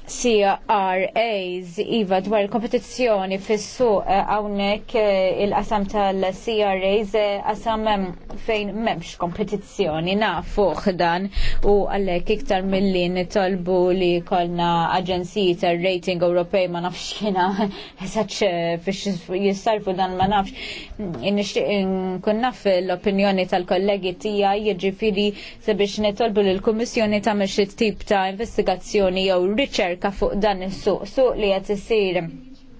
CRAs iva dwar kompetizzjoni fis-suq eh, hawnhekk eh, il-qasam tal-CRAs eh, qasam fejn m'hemmx kompetizzjoni nafuh dan u għalhekk iktar milli nitolbu li kolna aġenziji tar-rating Ewropej ma nafx kina esaċ fiex jistarfu dan ma nafx. Nixtieq nkun naf l-opinjoni tal-kollegi tiegħi jiġifieri sabiex nitolbu lill-Kummissjoni tagħmel xi tip ta' investigazzjoni jew riċerka riċerka fuq dan is-suq, suq li qed isir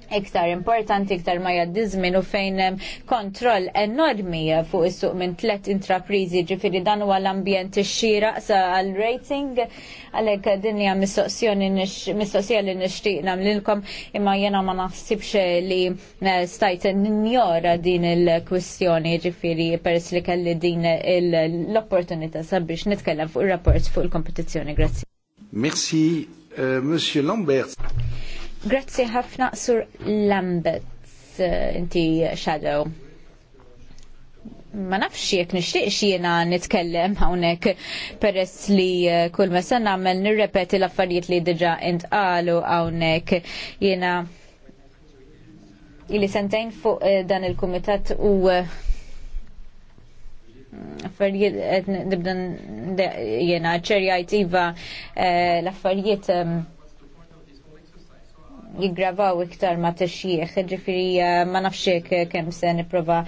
iktar importanti, iktar ma jaddizmin u fejn kontroll enormi fuq is-suq minn tlet intraprizi ġifiri dan huwa l-ambjent xira sa għal-rating għalek dinja mistoqsija li nishtiq namlilkom imma jena ma naħsibx li eh, stajt n-njora din il-kwistjoni ġifiri pers li kelli din l-opportunita sabiex nitkellem fuq il-rapport fuq il-kompetizjoni. Grazie.
Merci Euh, Monsieur Lambert.
Grazzi ħafna sur Lambert, eh, inti Shadow. Ma nafx jekk nixtieq jiena nitkellem hawnhekk peress li eh, kull ma se nagħmel nirrepeti l-affarijiet li diġà intqalu hawnhekk jiena ili sentejn fuq eh, dan il-kumitat u affarijiet nibda jena ċerjajt iva eh, l-affarijiet jigravaw iktar ma t-xieħ, ġifiri eh, ma nafxiek eh, kem se niprofa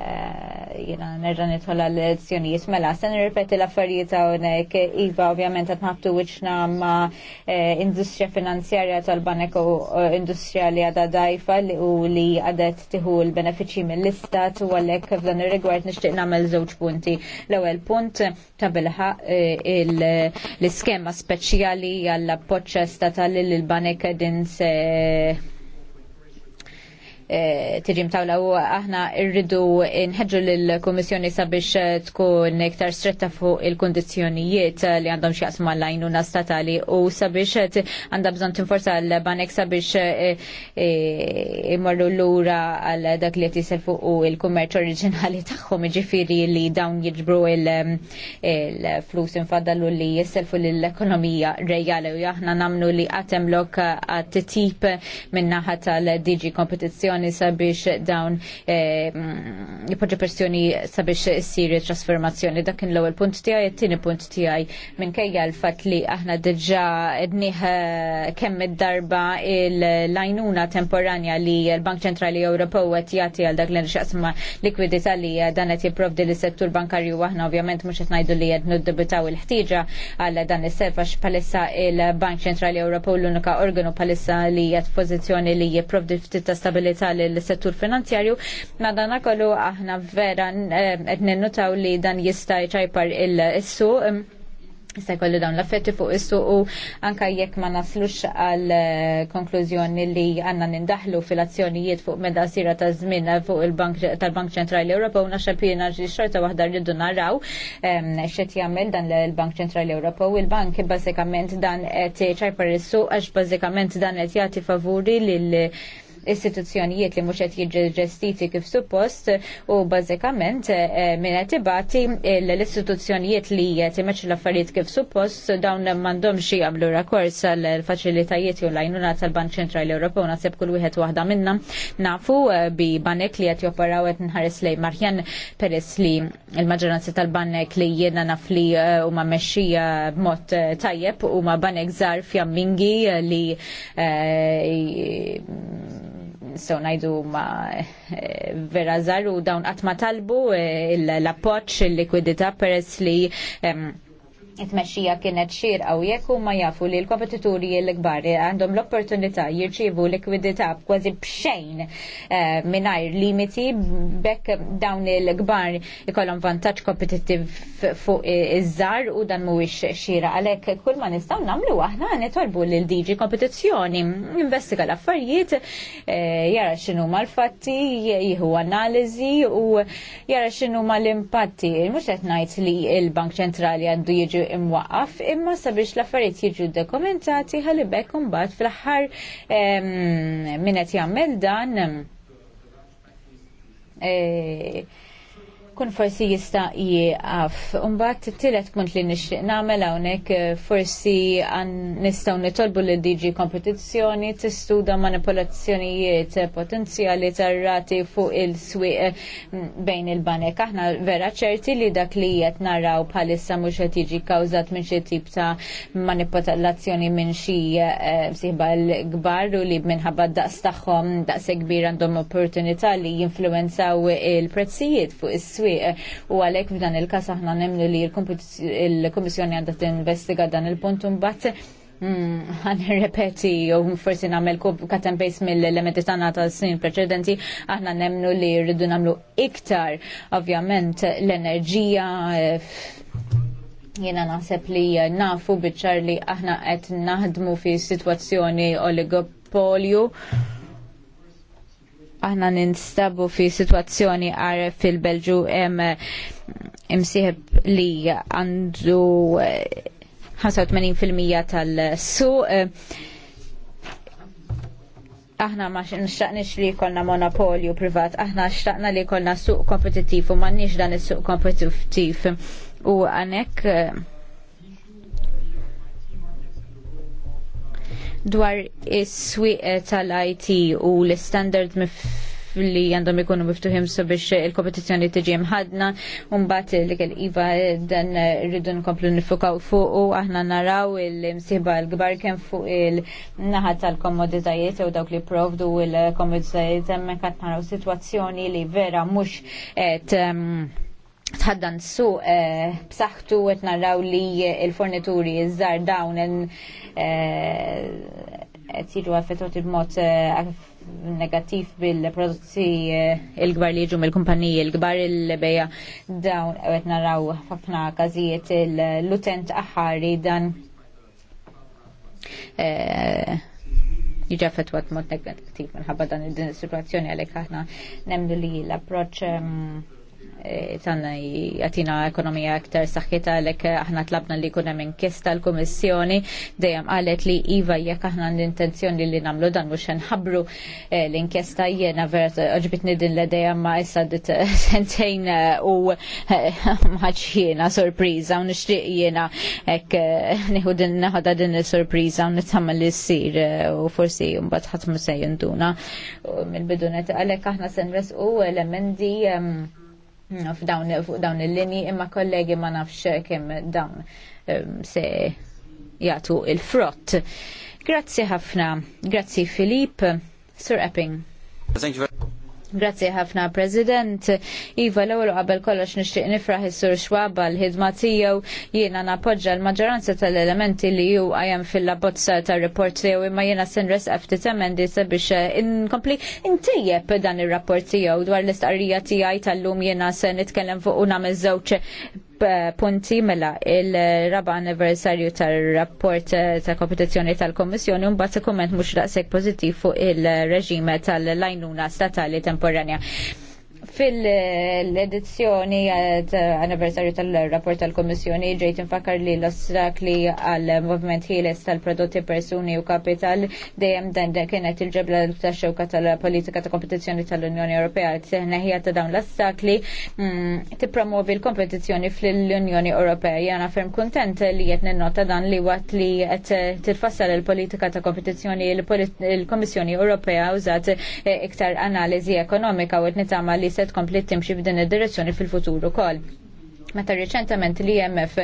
Eh, jina nerġa' nitħolla l-lezzjonijiet mela, sen nirrepeti l-affarijiet għonek, Iva ovvjament għat nħabtu wiċna ma eh, industrija finanzjarja tal-banek u eh, industrija li għada dajfa u li għadet tiħu l-benefiċi mill-istat u għalek f'dan ir-rigward nishtiq namel żewġ punti. L-ewwel punt ta' bilħa l-iskema speċjali għall-appoċċa statali l-banek din se Eh, tawla u aħna rridu nħedġu l-Komissjoni sabiex eh, tkun iktar stretta fuq il-kondizjonijiet eh, li għandhom għasma l-għajnuna statali u sabiex għandha bżon tinforza l-banek sabiex imorru l-ura għal dak li jtiselfu u il-kummerċ oriġinali tagħhom ġifiri li dawn jiġbru il-flus infaddalu li jisselfu l-ekonomija rejali u aħna namnu li għatem lok għat-tip minnaħat tal-DG kompetizzjoni Kummissjoni sabiex dawn eh, jipoġġi pressjoni sabiex siri trasformazzjoni. Dak kien l-ewwel punt tiegħi, t tieni punt tiegħi minkejja l-fatt li aħna diġà dnieħ eh, kemm id-darba l-lajnuna temporanja li l-Bank Ċentrali Ewropew qed jagħti għal dak l-inxaqsma likwidita li dan qed jipprovdi lis-settur bankarju aħna ovvjament mhux qed ngħidu li qed niddubitaw il-ħtieġa għal dan il-sef għax palissa il-Bank Ċentrali Ewropew l-unika organu palissa li qed pozizjoni li jipprovdi ftit ta' stabilità tal-settur finanzjarju, madana kollu aħna vera eh, qed ninnutaw li dan jista' jċajpar il-su. Um, Issa jkollu dawn l-affetti fuq issu u anka jekk ma naslux għal eh, konklużjoni li għanna nindaħlu fil-azzjonijiet fuq meda sira ta' żmien fuq il-Bank tal-Bank Ċentrali Ewropa u naxxapina ġi xorta waħda rridu naraw x'qed jagħmel dan il-Bank Ċentrali u Il-bank bażikament dan qed ċajpar is-suq għax bażikament dan qed jagħti favuri lil istituzzjonijiet li mhux qed jiġi ġestiti kif suppost u bażikament eh, minn qed ibati l-istituzzjonijiet li jtimeċ l-affarijiet kif suppost dawn m'għandhomx għamlu rakors għall-faċilitajiet u lajnuna tal-Bank Ċentrali Ewropew nasib kull wieħed waħda minnha nafu eh, bi banek li qed joperaw qed nħares lej Marjan peress li l-maġġoranza tal-banek li jiena naf li eh, huma mexxija b'mod tajjeb huma banek zar fjammingi li So ngħidu ma eh, vera zaru dawn qatt ma talbu eh, l-appoġġ il-likwidità peress li it-mexxija kienet xirqa u jekk huma jafu li l-kompetituri l-kbar għandhom l-opportunità jirċievu likwidità kważi bxejn eh, mingħajr limiti bekk dawn il-kbar ikollhom vantaġġ kompetittiv fuq iż-żar u dan mhuwiex xira għalhekk kull ma nistgħu nagħmlu aħna nitolbu lil diġi kompetizzjoni investiga l-affarijiet eh, jara x'inhu mal-fatti jieħu analiżi u jara x'inhu mal-impatti. Mhux qed ngħid li l-Bank Ċentrali għandu jiġi jiġu imwaqaf imma sabiex l-affarijiet jiġu dokumentati ħalibek mbagħad fl-aħħar ehm, min qed jagħmel dan eh, kun forsi jista jieqaf. Umbat t-tilet punt li nixtieq nagħmel hawnhekk eh, forsi nistgħu nitolbu li diġi kompetizzjoni tistuda manipolazzjonijiet potenzjali tarrati fuq il-swieq mm, bejn il-banek. Aħna vera ċerti li dak li jiet naraw bħalissa mhux qed jiġi kawżat minn xi tip ta' manipolazzjoni minn xi eh, l-kbar u li minħabba daqs tagħhom daqs kbir għandhom opportunità li jinfluenzaw il-prezzijiet fuq is-swieq swieq u għalhekk f'dan il-każ aħna nemmnu li l-Kummissjoni għandha tinvestiga dan il-punt u mbagħad għan hmm, repeti u forsi namel katem bejs mill-elementi tana ta' snin preċedenti aħna nemnu li rridu namlu iktar ovvjament l-enerġija eh, jena naħseb li nafu biċar li aħna qed naħdmu fi situazzjoni oligopolju aħna ninstabu fi situazzjoni għar fil-Belġu hemm imsieħeb li għandu 85% eh, tal-suq. Eh, aħna ma nxtaqnix li kolna monopolju privat, aħna xtaqna li kolna suq kompetitiv u nix dan is-suq kompetittiv u għanek eh, dwar is-swieq tal-IT u l-standard li għandhom ikunu miftuħim sabiex il-kompetizjoni tiġi mħadna, unbat li kell Iva dan rridu nkomplu nifukaw fuq u aħna naraw il-msiba l-gbar kem fuq il-naħat tal-komoditajiet u dawk li provdu il-komoditajiet emmek naraw situazzjoni li vera mux et tħaddan su eh, b'saħħtu qed naraw li l-fornituri iż dawn eh, qed jiġu affettwati b'mod eh, negattiv bil-prodotti il-gbar li jiġu mill-kumpaniji il-gbar il-beja dawn qed naraw ħafna każijiet l-utent aħari dan jiġi affettwat b'mod negattiv minħabba dan id-situazzjoni għalhekk aħna nemdu li l-approċċ mm, tanna jatina ekonomija aktar saħħita lek aħna tlabna li kuna minn kista l-Komissjoni dejjem qalet li iva jekk aħna l-intenzjoni li namlu dan mhux nħabbru eh, l-inkjesta jiena vert oġbitni din l dejjem ma issa dit eh, sentejn eh, u maħġ jiena sorpriża u nishtiq jiena hekk nieħu din naħada din is u nittama li s-sir u forsi mbagħad ħatmu se jinduna mill-bidunet għalhekk aħna se nresqu l-emendi f'dawn fuq dawn il-linji imma kollegi ma nafx kemm dawn ehm, se jagħtu il-frott. Grazzi ħafna, grazzi Filip, Sir Epping.
Thank you very
Grazzi ħafna, President. Iva, l-ewwel qabel kollox nixtieq nifraħ is-sur Xwaba l-ħidma tiegħu jiena napoġġa l-maġġoranza tal-elementi li ju għajam fil labozza tar-rapport tiegħu imma jiena sinres ftit emendi sabiex eh, inkompli intejjeb dan ir-rapport tiegħu dwar l-istqarrija tiegħi tal-lum jiena se nitkellem fuq u nagħmel żewġ punti mela il-raba anniversarju tal-rapport eh, ta' kompetizzjoni tal-Kommissjoni un bat komment mux daqseg pozittiv fuq il-reġime tal-lajnuna statali temporanja. Fil-edizzjoni anniversarju tal-rapport tal-Komissjoni ġejt infakar li l-ostakli għal movement ħieles tal-prodotti persuni u kapital dejjem dan kienet il-ġebla tax xewka tal-politika ta' kompetizzjoni tal-Unjoni Ewropea t-seħneħija ta' dawn l-ostakli mm, tippromovi l-kompetizzjoni fl-Unjoni Ewropea. Jana ferm kontent li jett nota dan li wat li qed tirfassal il-politika ta' kompetizzjoni il-Komissjoni Ewropea użat eh, iktar analizi ekonomika u jett nitama li se tkompli timxi f'din id-direzzjoni fil-futur ukoll. Meta riċentement l-IMF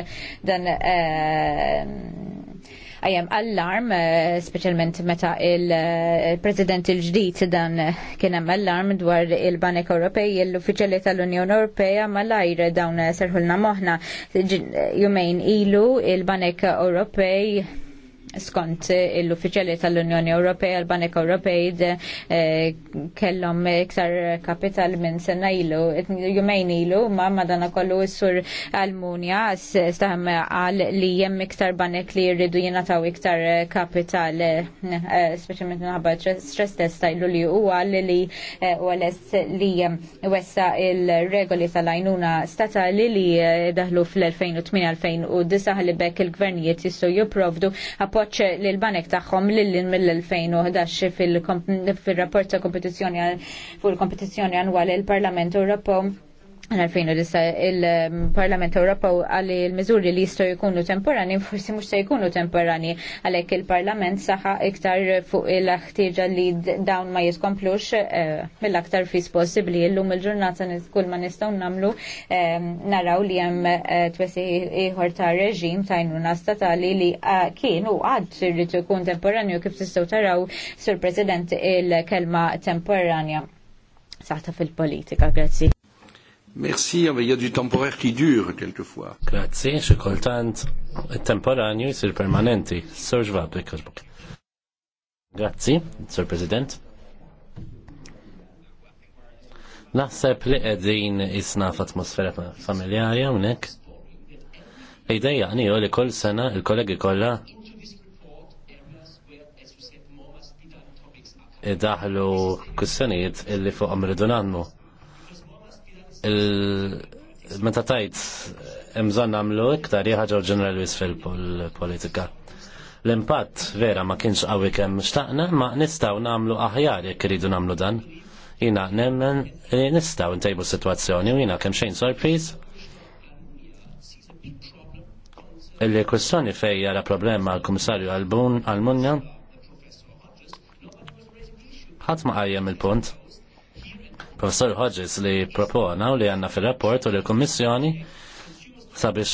dan għajem eh, allarm, eh, specialment meta eh, il-President il-ġdijt dan kienem allarm dwar il-Banek Ewropej, l uffiċali tal-Unjoni ma lajre dawn serħulna moħna jumejn ilu il-Banek Ewropej skont l-uffiċjali tal-Unjoni Ewropea, l-Banek Ewropej eh, kellhom iktar kapital minn sena ilu, jumejn ilu, ma madana kollu s-sur Almunja staħem għal li jem iktar banek li jridu jenataw iktar kapital, eh, speċjalment minħabba stress test ilu li u għal li eh, u għaless li wessa il-regoli tal ajnuna statali li daħlu fl-2008-2009 li bekk il-gvernijiet jistgħu jipprovdu appoġġ appoċ li l-banek tagħhom lil mill-2011 fil-rapport ta' kompetizzjoni fuq il-kompetizzjoni annwali il-Parlament Ewropew Għarfejn li sa il-Parlament Ewropew għalli l-mizuri li jistgħu jkunu temporani, forsi mhux se jkunu temporani, għalhekk il-Parlament saħa iktar fuq il-ħtieġa li dawn ma jiskomplux eh, mill-aktar fis possibbli. lum il-ġurnata kull ma nistgħu nagħmlu eh, naraw li hemm eh, twesi ieħor ta' reġim ta' jnuna statali li kien u għad kun temporani u kif tistgħu taraw sur President il-kelma temporanja saħta fil-politika. Grazzi.
Merci, il y a du temporaire qui dure quelquefois. Grazie,
je suis content. xi kultant temporanju jsir permanenti. Sir Ġvab, Grazie, monsieur le président. Naħseb li qegħdin isna f'atmosfera familjarja hawnhekk. Idejja għaniju li kull sena il-kollegi kollha daħlu kussanijiet illi fuq amridu nannu meta tajt imżon namlu iktar jħagġa ġenerali fil-politika. L-impatt vera ma kienx qawwi kemm xtaqna, ma nistgħu namlu aħjar jekk iridu namlu dan. Jina nemmen li nistgħu ntejbu situazzjoni u jina kemm xejn sorpriz. Il-kwestjoni fejn jara problema għal-Kummissarju għal-Munja ħadd ma qajjem il-punt professor Hodges li proponaw li għanna fil-rapport u li l-Kommissjoni sabiex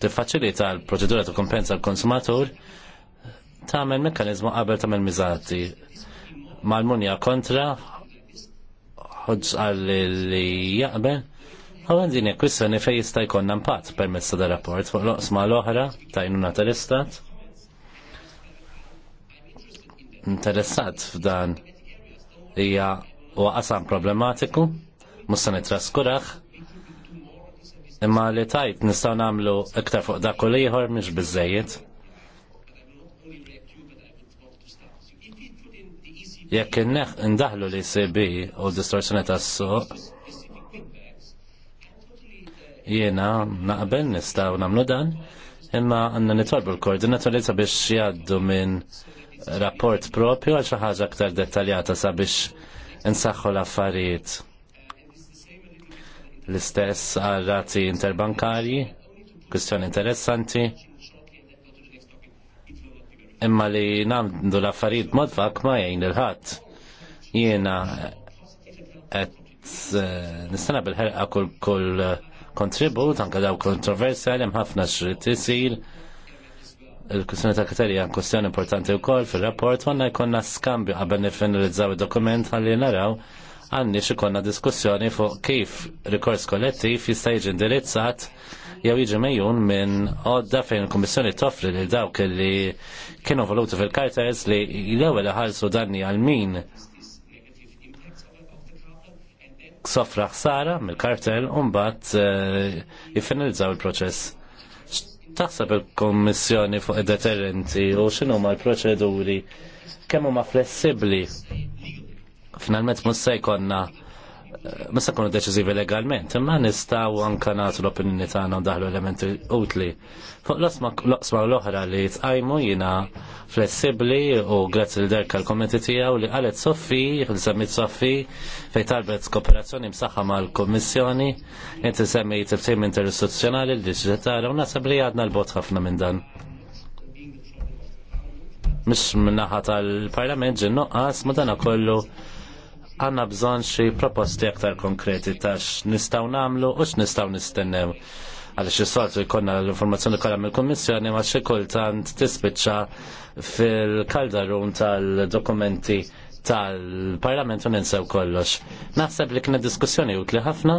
t-facilita l-proċedura ta' kompensa l-konsumatur ta' tagħmel mekkanizmu qabel tagħmel miżati. Mal-munja kontra ħodġ għal li jaqbel Għawan dini kwissjoni fej jista' jkollna impatt permezz ta' rapport fuq l loqsma l-oħra tajnuna tal-istat. Interessat f'dan hija u qasam problematiku, musta nitraskurax, imma li tajt nistaw namlu iktar fuq dak u liħor miex bizzejiet. Jekk indaħlu li CB u distorsjoni tas-suq, jiena naqbel nistaw namlu dan, imma għanna nitolbu l-koordinator li sabiex jaddu minn rapport propju għal xi ħaġa aktar dettaljata sabiex nsaħħu l-affarijiet. L-istess għal rati interbankarji, kustjoni interessanti. Imma li namdu l-affarijiet mod vak ma jgħin il ħat Jiena qed eh, nistana bil-ħerqa kull kontribut anka daw kontroversja li ħafna xrid isir il kustjoni ta' għan kustjoni importanti wkoll fir-rapport għanna jkollna skambju qabel nifinalizzaw id-dokument ħalli naraw għandni ikonna diskussjoni fuq kif rikors kollettiv jista' jiġi indirizzat jew jiġi mejjun minn għodda fejn il-Kummissjoni toffri lil dawk li kienu voluti fil-karters li l-ewwel ħalsu danni għal min sofra ħsara mill-kartel un mbagħad eh, jiffinalizzaw il-proċess taħseb il-Kommissjoni fuq id-deterrenti u xinu ma l-proċeduri kemm huma flessibbli. Finalment mhux se jkollna ma sa kunu deċiżivi legalment, imma nistaw anke nagħtu l-opinjoni tagħna daħlu elementi utli. Fuq l-osma l-oħra li tqajmu jiena flessibbli u grazzi l derka l-kommenti tiegħu li qalet Soffi, li semmit Soffi, fejn talbet kooperazzjoni msaħħa mal-Kummissjoni, inti semmejt il-tim interistituzzjonali l-diġitali u nasab li għadna l-bot ħafna minn dan. Mish naħa tal-parlament ġinnoqqas, ma dana kollu għanna bżon xi proposti aktar konkreti ta' x'nistgħu nagħmlu u x'nistgħu nistennew. Għaliex is-soltu jkollna l-informazzjoni kollha mill-Kummissjoni ma xi kultant tispiċċa fil kaldarum tal-dokumenti tal-Parlament u ninsew kollox. Naħseb li kienet diskussjoni utli ħafna.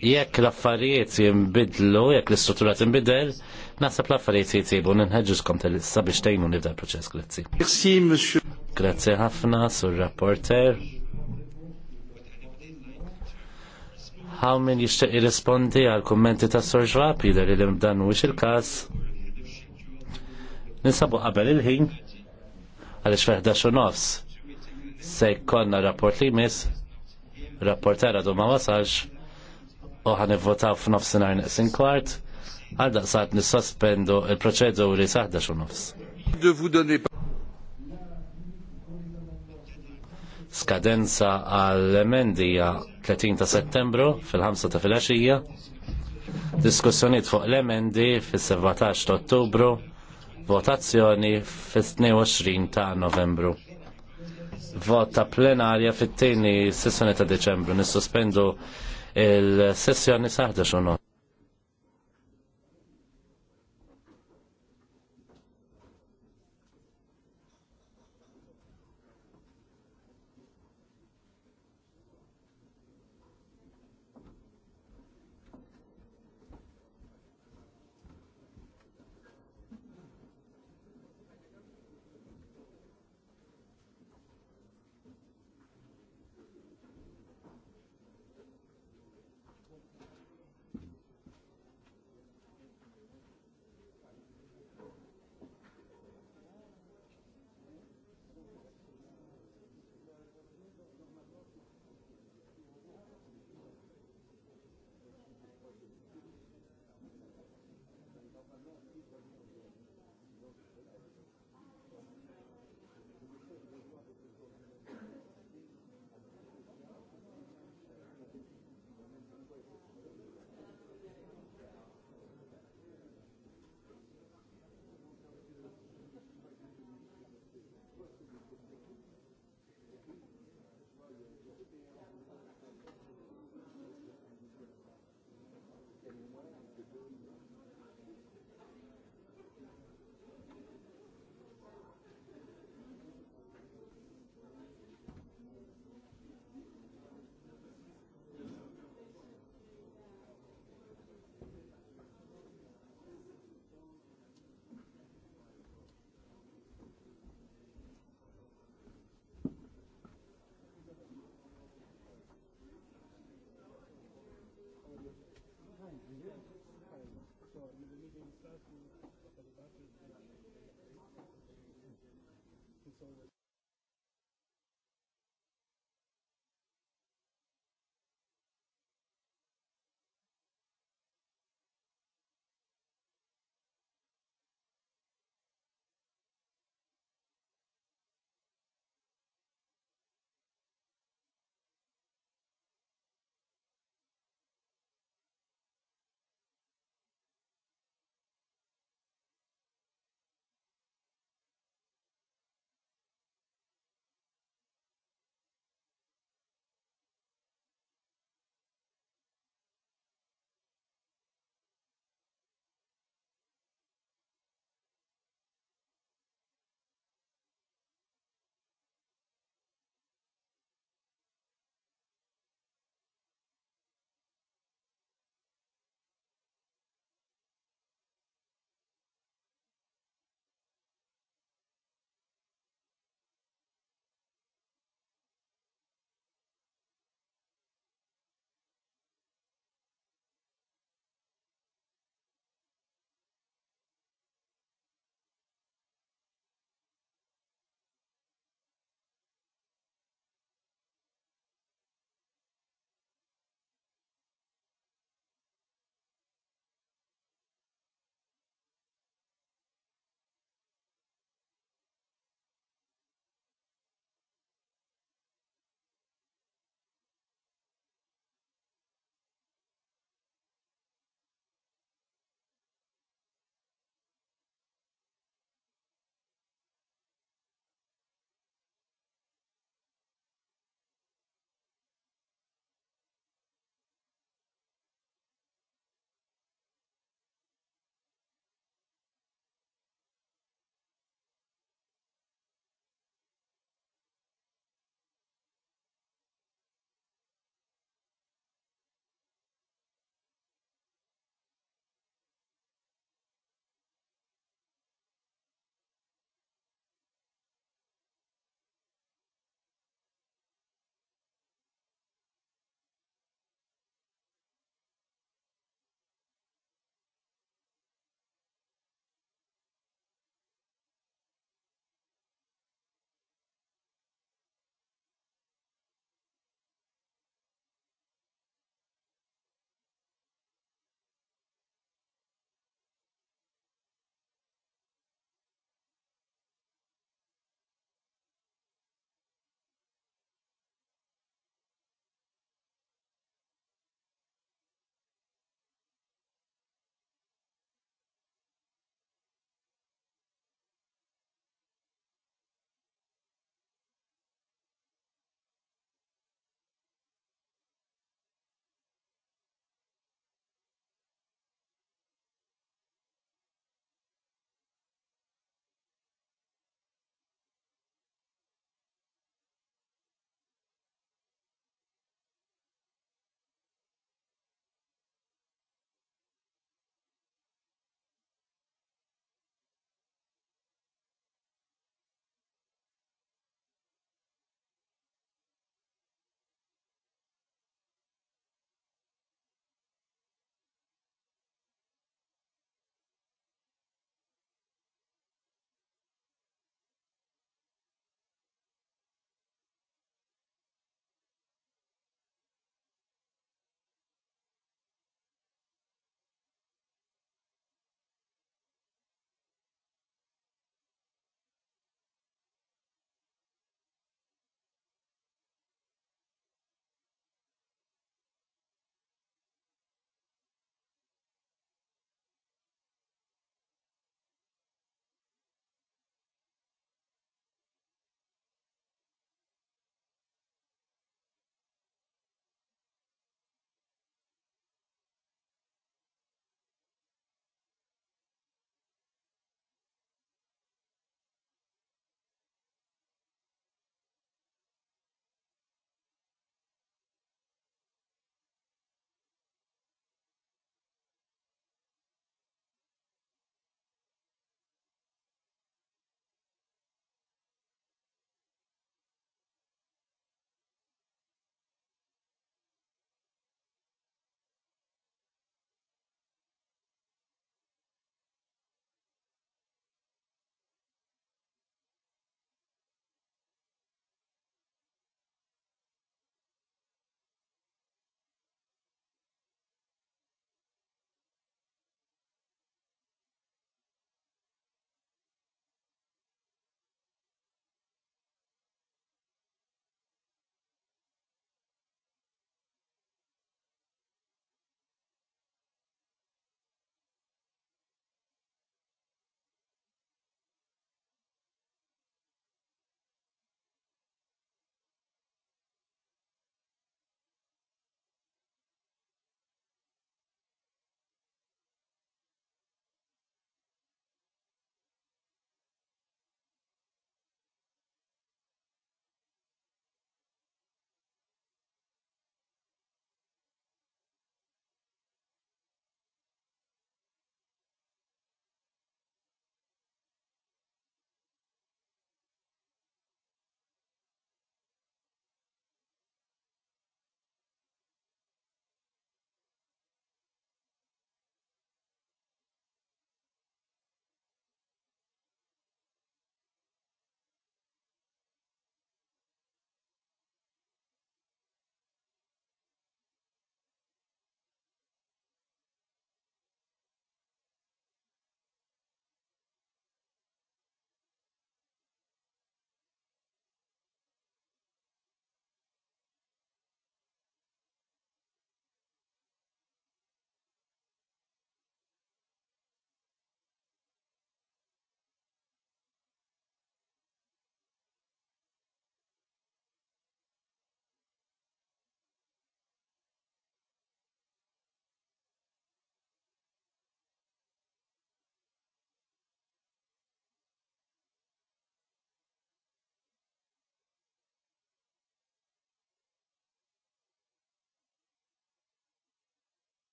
Jekk l-affarijiet jinbidlu, jekk l-istruttura tinbidel, Nasab l-affarijiet li jtibu ninħeġġużkom tal sabiex biex tgħinu nibda l-proċess grazzi. Grazzi ħafna sur rapporter. How min jixtieq jirrespondi għal kummenti ta' Sor Ġwab jidher li mdan mhuwiex il-każ. Ninsabu qabel il-ħin għaliex feħda xo nofs se jkollna rapport li jmiss rapportera du ma wasax, u i votaw f'nofsinhar neqsin kwart Għal saħt nissospendu il-proċeduri saħda nofs. Skadenza għall-emendija 30 ta' settembru fil-5 ta' filgħaxija. Diskussjoniet fuq l-emendi fil-17 ta' ottubru. Votazzjoni fil-22 ta' novembru vota plenarja fit-tieni sessjoni ta' Deċembru nissospendu il-sessjoni saħda nofs.
So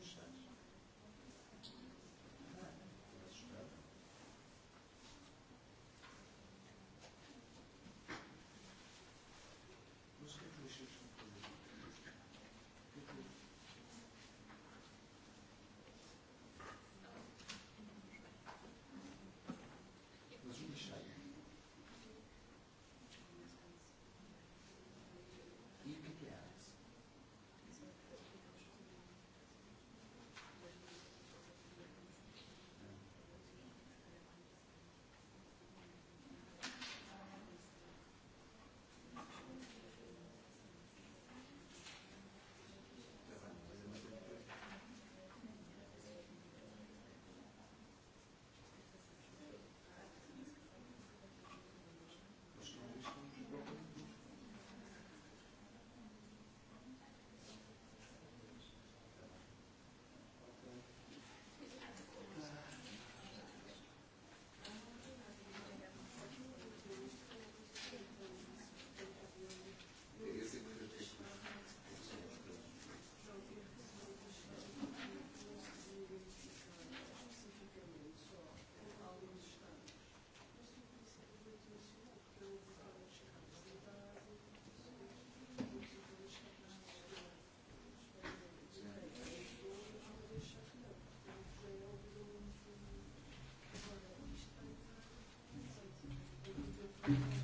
mux tal Thank you.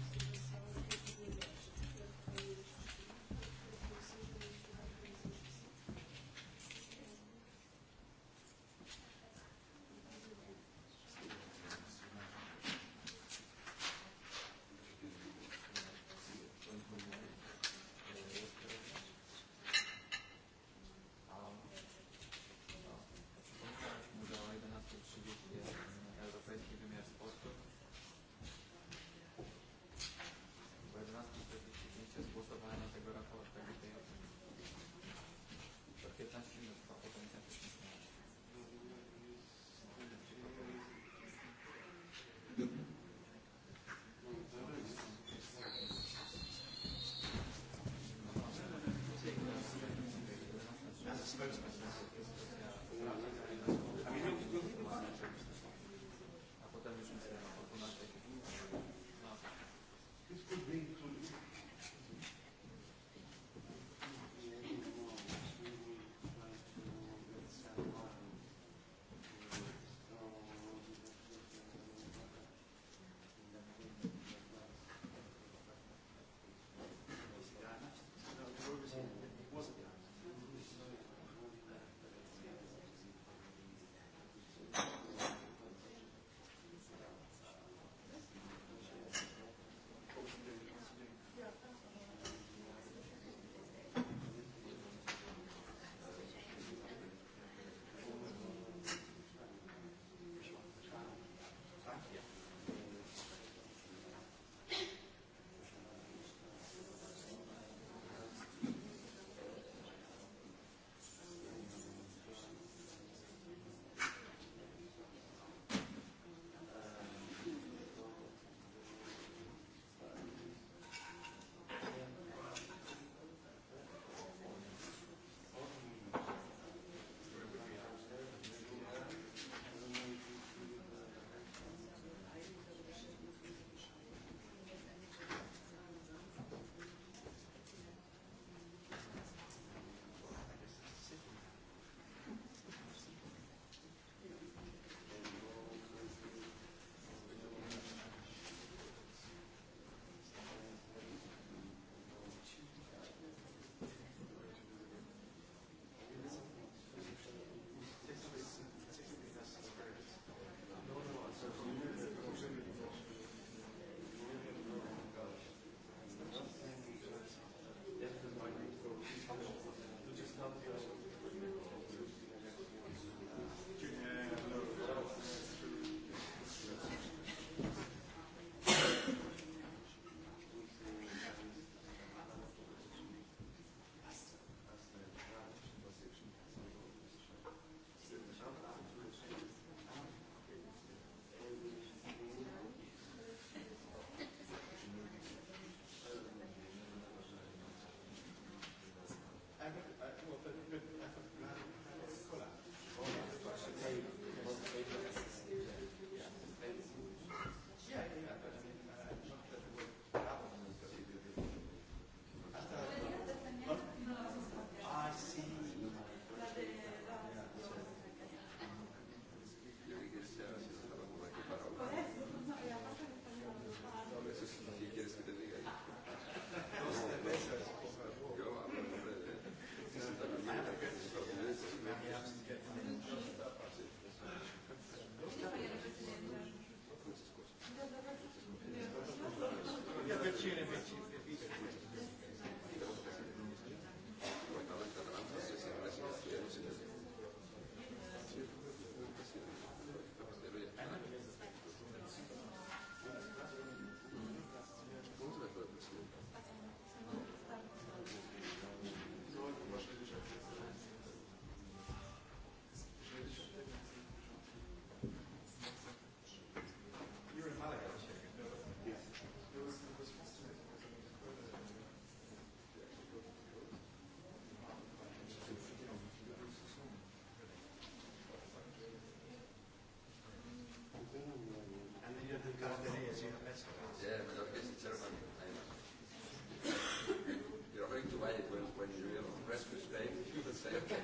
You're going to buy it when, when you have rescue you will say, okay.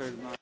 record.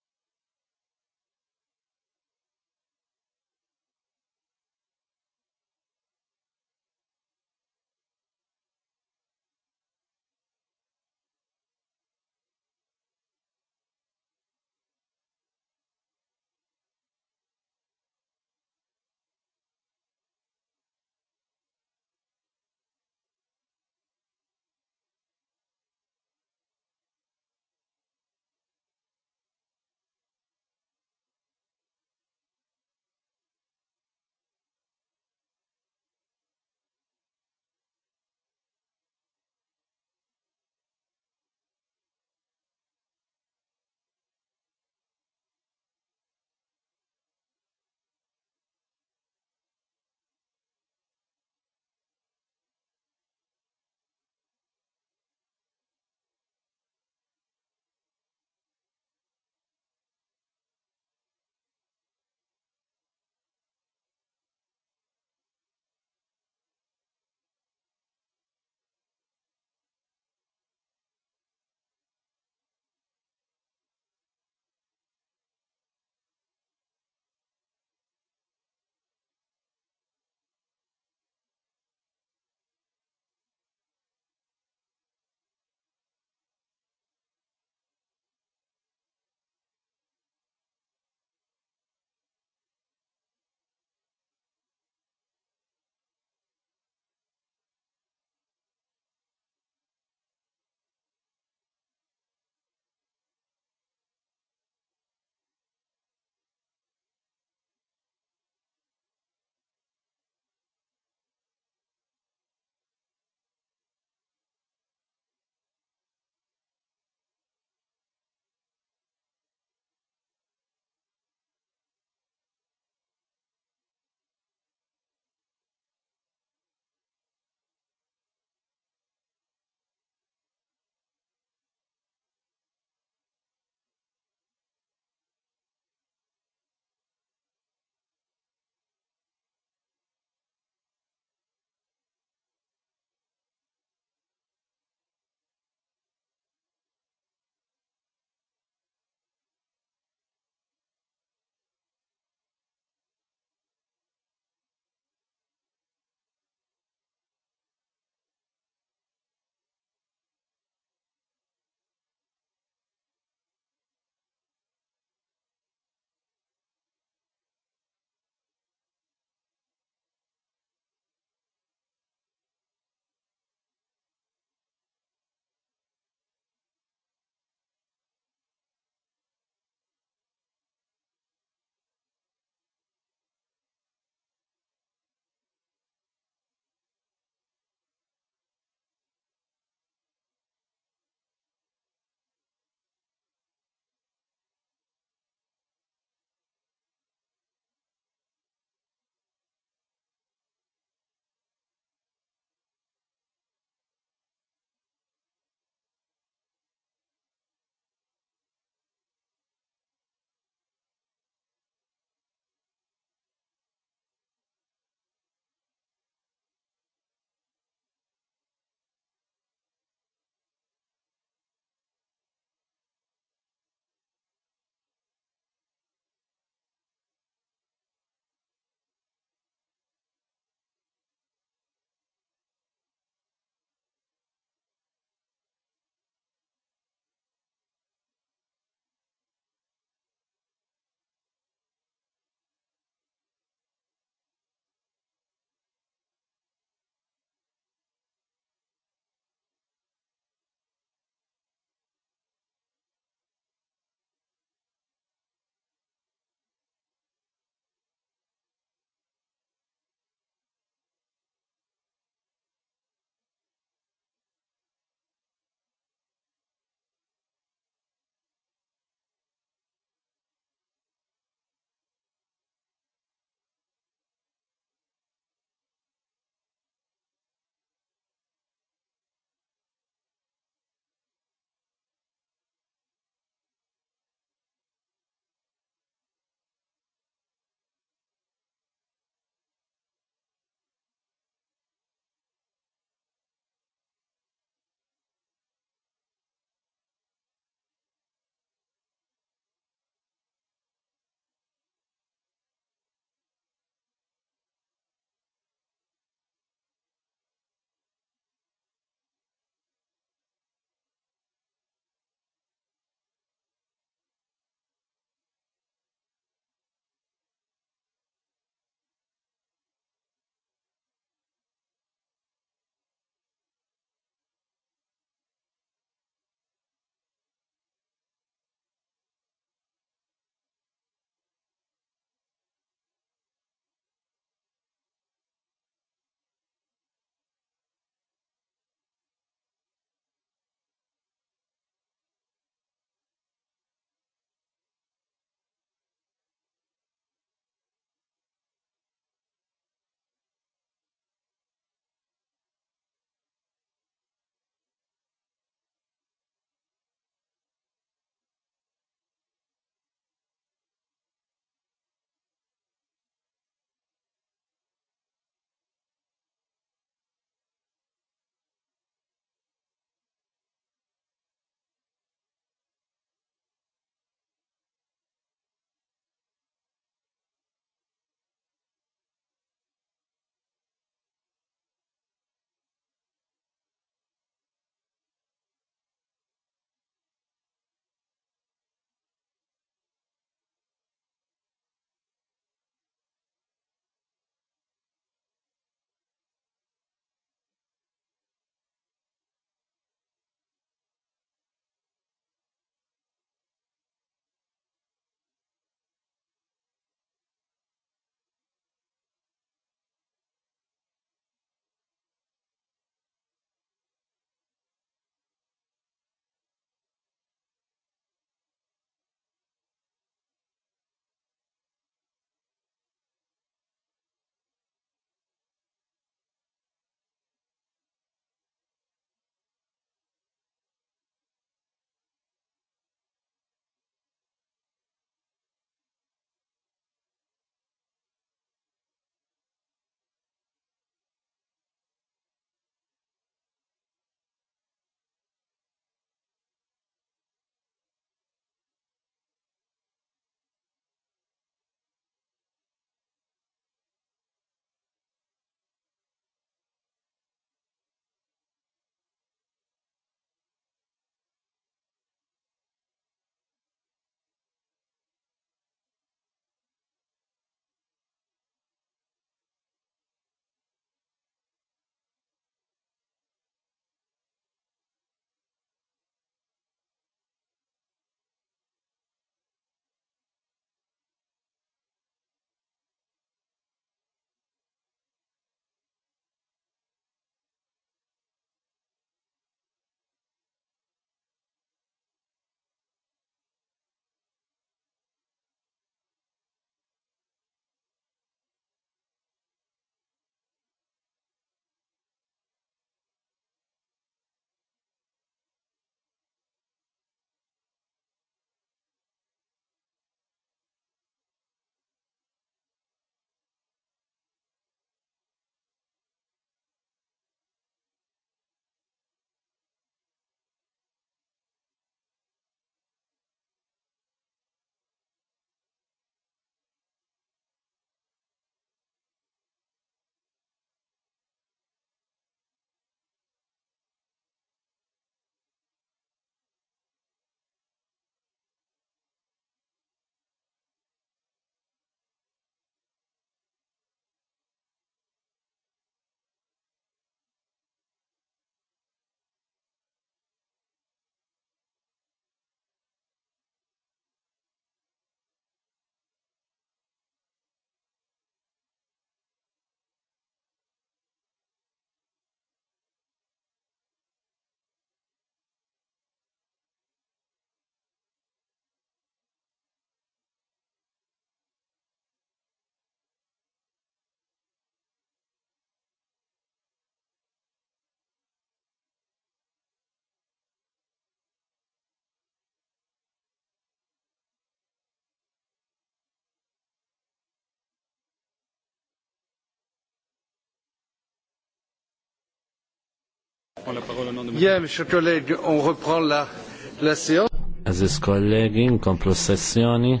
Aziz kollegi, nkomplu sessjoni.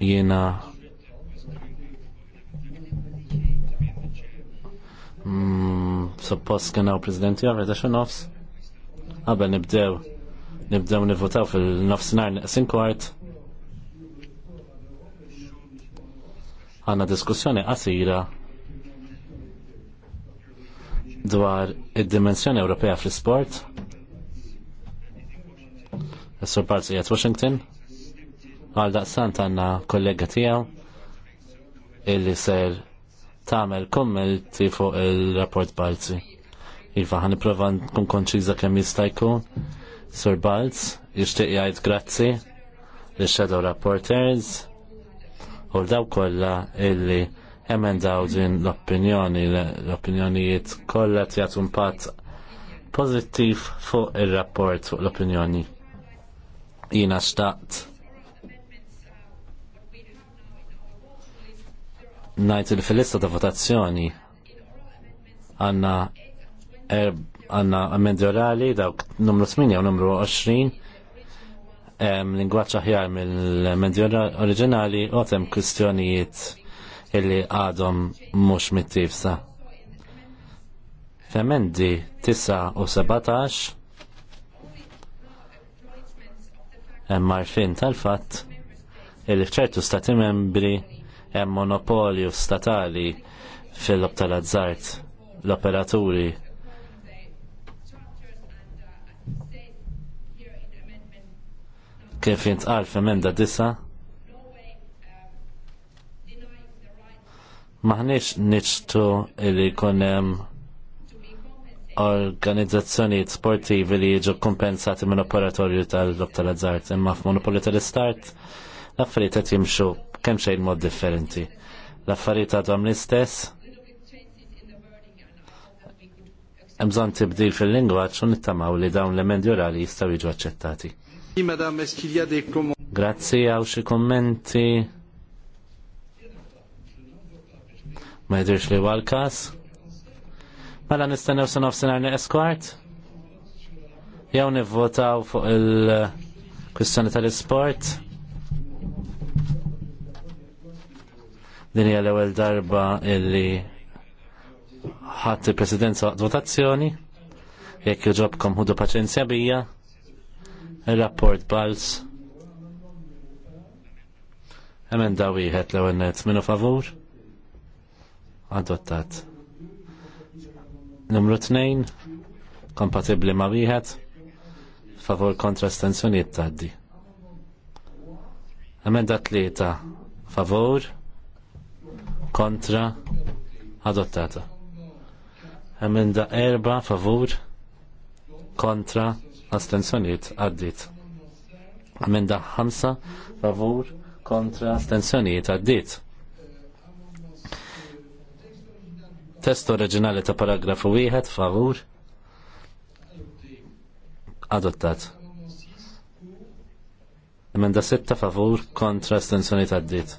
Jena mm, suppost kena u prezidenti għavri ta' nofs. Għabba nibdew, nibdew nivvotaw fil nofs nar nesin kwart. Għanna diskussjoni għasira dwar id-dimensjoni Ewropea fl-sport. Sur Parzi għat Washington. Għal daqsant għanna kollega tijaw illi ser tamel kommenti fuq il-rapport Balzi. Iva għan iprovan nkun konċiza kemm jista' jkun. Sur Balz, jixtieq jgħid grazzi li shadow rapporters u l-daw kollha illi emendaw din l-opinjoni, l-opinjonijiet kollha jagħtu impatt pożittiv fuq ir-rapport fuq l-opinjoni. Jina xtaqt ngħid il filista ta' votazzjoni għandna er-, għanna emendi orali dawk numru 8 u numru 20 lingwaċ ħjar mill-emendi oriġinali u għatem kwistjonijiet illi għadhom mhux mittifsa. Femendi 9 u 17 hemm marfin tal-fatt illi f'ċertu stati membri hemm monopolju statali fil-lob tal-azzart l-operaturi kif jintqal f'emenda disa' Maħniex niċtu li konem organizzazzjonijiet sportivi li jiġu kompensati minn operatorju tal-lob tal-azzart imma f-monopoli tal-istart l-affarijiet qed jimxu kemm xejn mod differenti. L-affarijiet għadhom l-istess. Hemm bżonn tibdil fil-lingwaġġ u nittamaw li dawn l-emendi orali jistgħu jiġu aċċettati. Grazzi għaw xi kommenti. Ma jidirx li għal kas. Mela nistennew sa nofsinhar escort. Jew nivvotaw fuq il-kwistjoni tal-isport. Din hija l-ewwel darba illi ħadd il-presidenza votazzjoni. Jekk joġobkom ħudu paċenzja bija. Il-rapport Bals. Emenda wieħed l-ewwel nett minu favur adottat. Numru 2 kompatibbli ma' wieħed favor kontra stenzjoniet taddi. Emenda tlieta favor kontra adottata. Emenda erba favor kontra astenzjoniet għaddit. Emenda ħamsa favor kontra astenzjoniet għaddit. test oriġinali ta' paragrafu wieħed favur adottat. Emenda 6 favur kontra estensjoni ta' d-dit.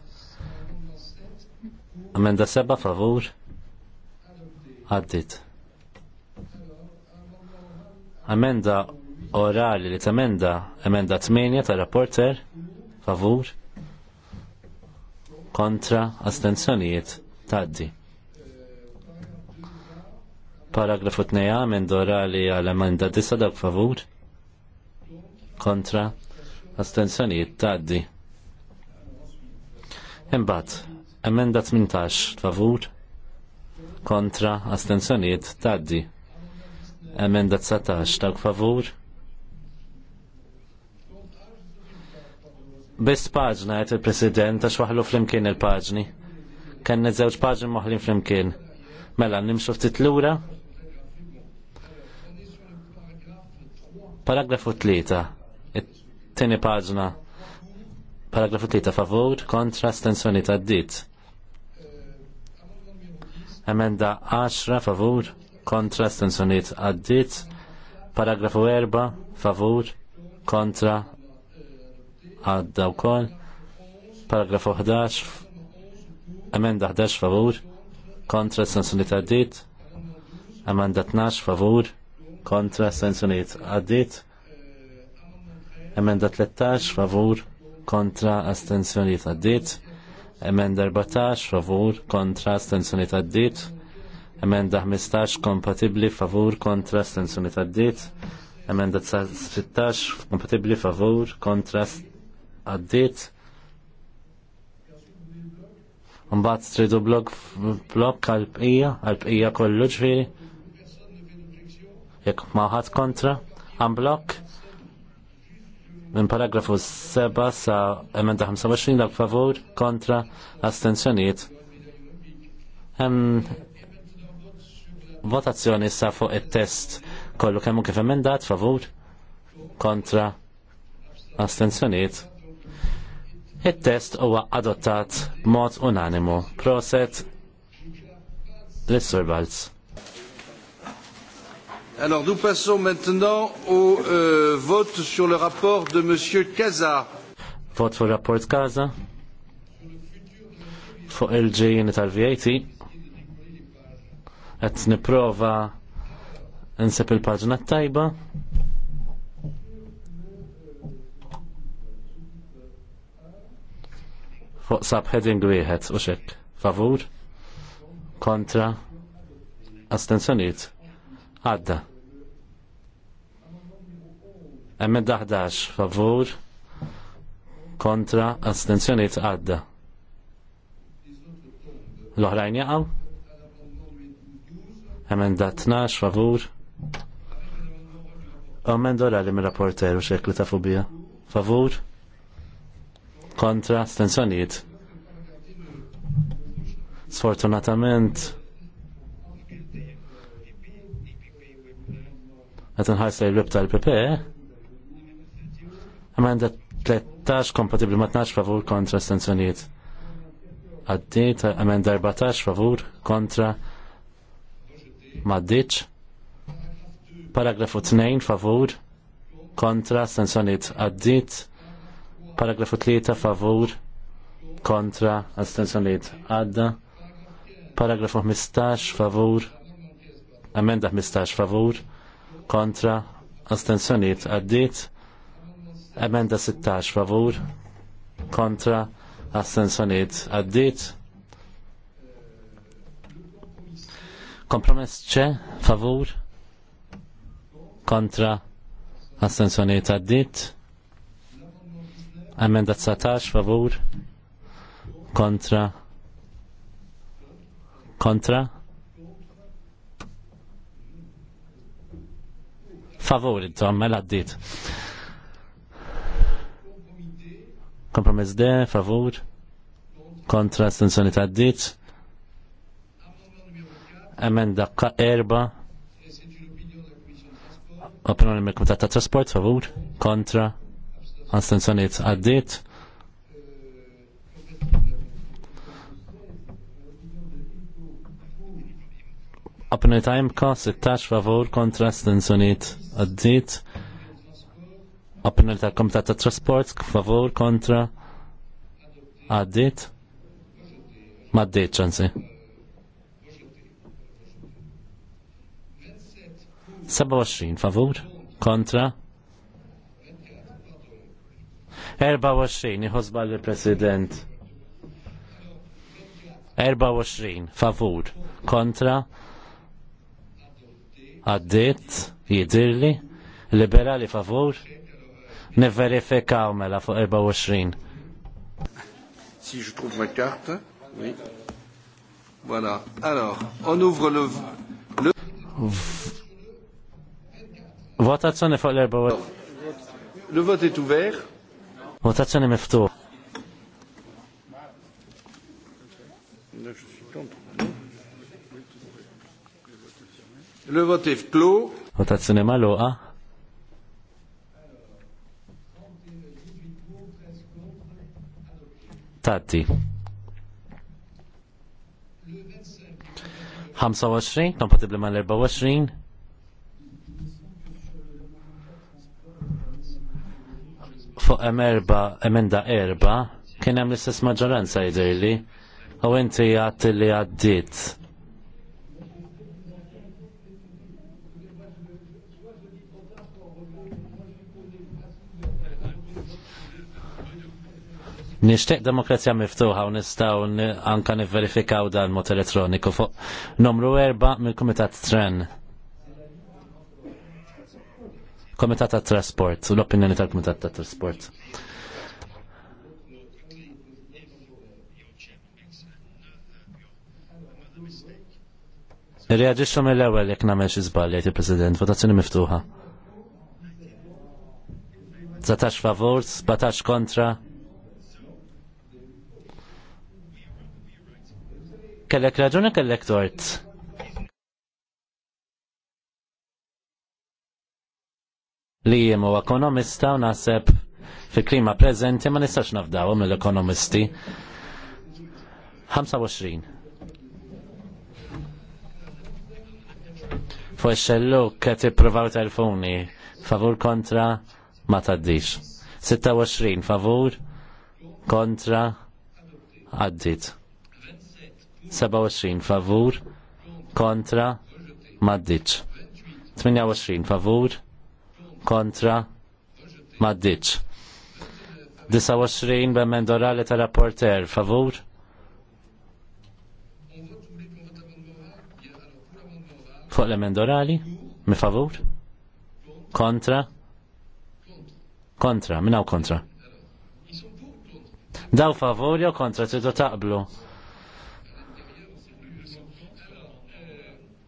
Emenda 7 favur għaddit. Emenda orali li tamenda emenda 8 ta' rapporter favur kontra astenzjonijiet taddi. Paragrafu t-neja minn dorali għal emenda disa dak favur. Kontra. Astenzjonijiet taddi. Imbagħad, emenda 18 favur. Kontra. Astenzjonijiet taddi. Emenda 19 dak favur. bist paġna għet il-President għax waħlu flimkien il-paġni. Kenne żewġ paġni moħlin flimkien. Mela, nimxu ftit lura? Paragrafu 3. It-tieni paġna. Paragrafu 3 favur kontra stensjoni ta' dit. Emenda 10 favur kontra ta' dit. Paragrafu 4 favur kontra għadda u kol. Paragrafu 11 emenda 11 favur kontra ta' dit. Emenda 12 favur kontra assenzjoniet għaddit. Emenda 13 favur kontra astensjoniet għaddit. Emenda 14 favur kontra astensjoniet għaddit. Emenda 15 kompatibli favur kontra astensjoniet għaddit. Emenda 16 kompatibli favur kontra għaddit. Mbagħad tridu blok blok għal-bqija, għal-bqija kollu ġviri. Jekk maħat kontra, blok? Minn paragrafu 7 sa emenda 25 dak favur kontra astenzjoniet. Hemm votazzjoni sa fuq it-test kollu kemm kif emendat favur kontra astenzjoniet. Il-test huwa adottat b'mod unanimu. Proset l-Sur Balz.
Alors nous passons maintenant au euh, vote sur le rapport de Monsieur Casa.
Vote sur le rapport Casa. Fuq il-ġejjien tal-VAT. Qed nipprova nseb il-paġna tajba. Fuq subheading wieħed u xek. Favur? Kontra? Astenzjoniet? Għadda. Emmed 11 favur kontra astenzjoniet għadda. L-oħrajn jaqaw? Emenda 12 favur. Emenda orali mir rapporter u xekli ta' fubija. Favur? Kontra astenzjoniet. Sfortunatament, għet nħarsa l-rib tal-PP, e, Amanda 13 kompatibli ma 12 favur kontra astenzjonijiet. Għaddit, amenda 14 favur kontra ma maddiċ. Paragrafu 2 favur kontra astenzjonijiet. Għaddit, paragrafu 3 favur kontra astenzjonijiet. Għadda, paragrafu 15 favur amenda 15 favur kontra astenzjonijiet. Għaddit, Emenda 16 favur kontra assenzjoniet għaddit. Kompromess ċe favur kontra assenzjoniet għaddit. Emenda 19 favur kontra kontra favur intom mela għaddit. Kompromess de, favur. Kontra stenzjoni ta' d-dit? Emenda ka erba. Opinjoni me komitat ta' trasport, favur. Kontra ta' d-dit? Opinjoni ta' imka 16 favur kontra stenzjoni ta' d-dit? Opinjoni tal-Komitat ta' Trasport favur kontra għaddit. Ma għaddit ċansi. 27 favor, kontra 24 iħosba l-President 24 favur kontra għaddit jidirli liberali favur niverifikaw mela fuq 24.
Si je trouve ma carte, oui. Voilà. Alors, on ouvre le... le...
Votazzjoni fuq l-24.
Le vote est ouvert.
Votazzjoni miftuħ.
Le vote est clos.
Votazzjoni maluqa. tati. 25, kompatibli ma l-24. Fuq emerba, emenda erba, kien hemm l-istess maġġoranza jidher li, u inti għat li għaddit Nixtieq demokrazija miftuħa u nistgħu anka nifverifikaw dan mod elettroniku fuq numru erba' mill-Kumitat Tren. Komitat ta' Trasport, l-opinjoni tal-Komitat tat Trasport. Reagisċu mill-ewel jek namel xi żballi il-President, votazzjoni miftuħa. 19 favur, 17 kontra, Kellek raġuni e kellek tort. Li jiemu ekonomista u naħseb fi klima preżenti ma nistax nafdaw mill-ekonomisti. 25. Fuq xelluk qed ippruvaw telefoni favur kontra ma taddix. 26 favur kontra għaddit. 27 favur kontra maddiċ. 28 favur kontra maddiċ. 29 bemendorale ta' rapporter favur fuq l-emend mi favur kontra kontra minnaw kontra daw favur jew kontra tridu taqblu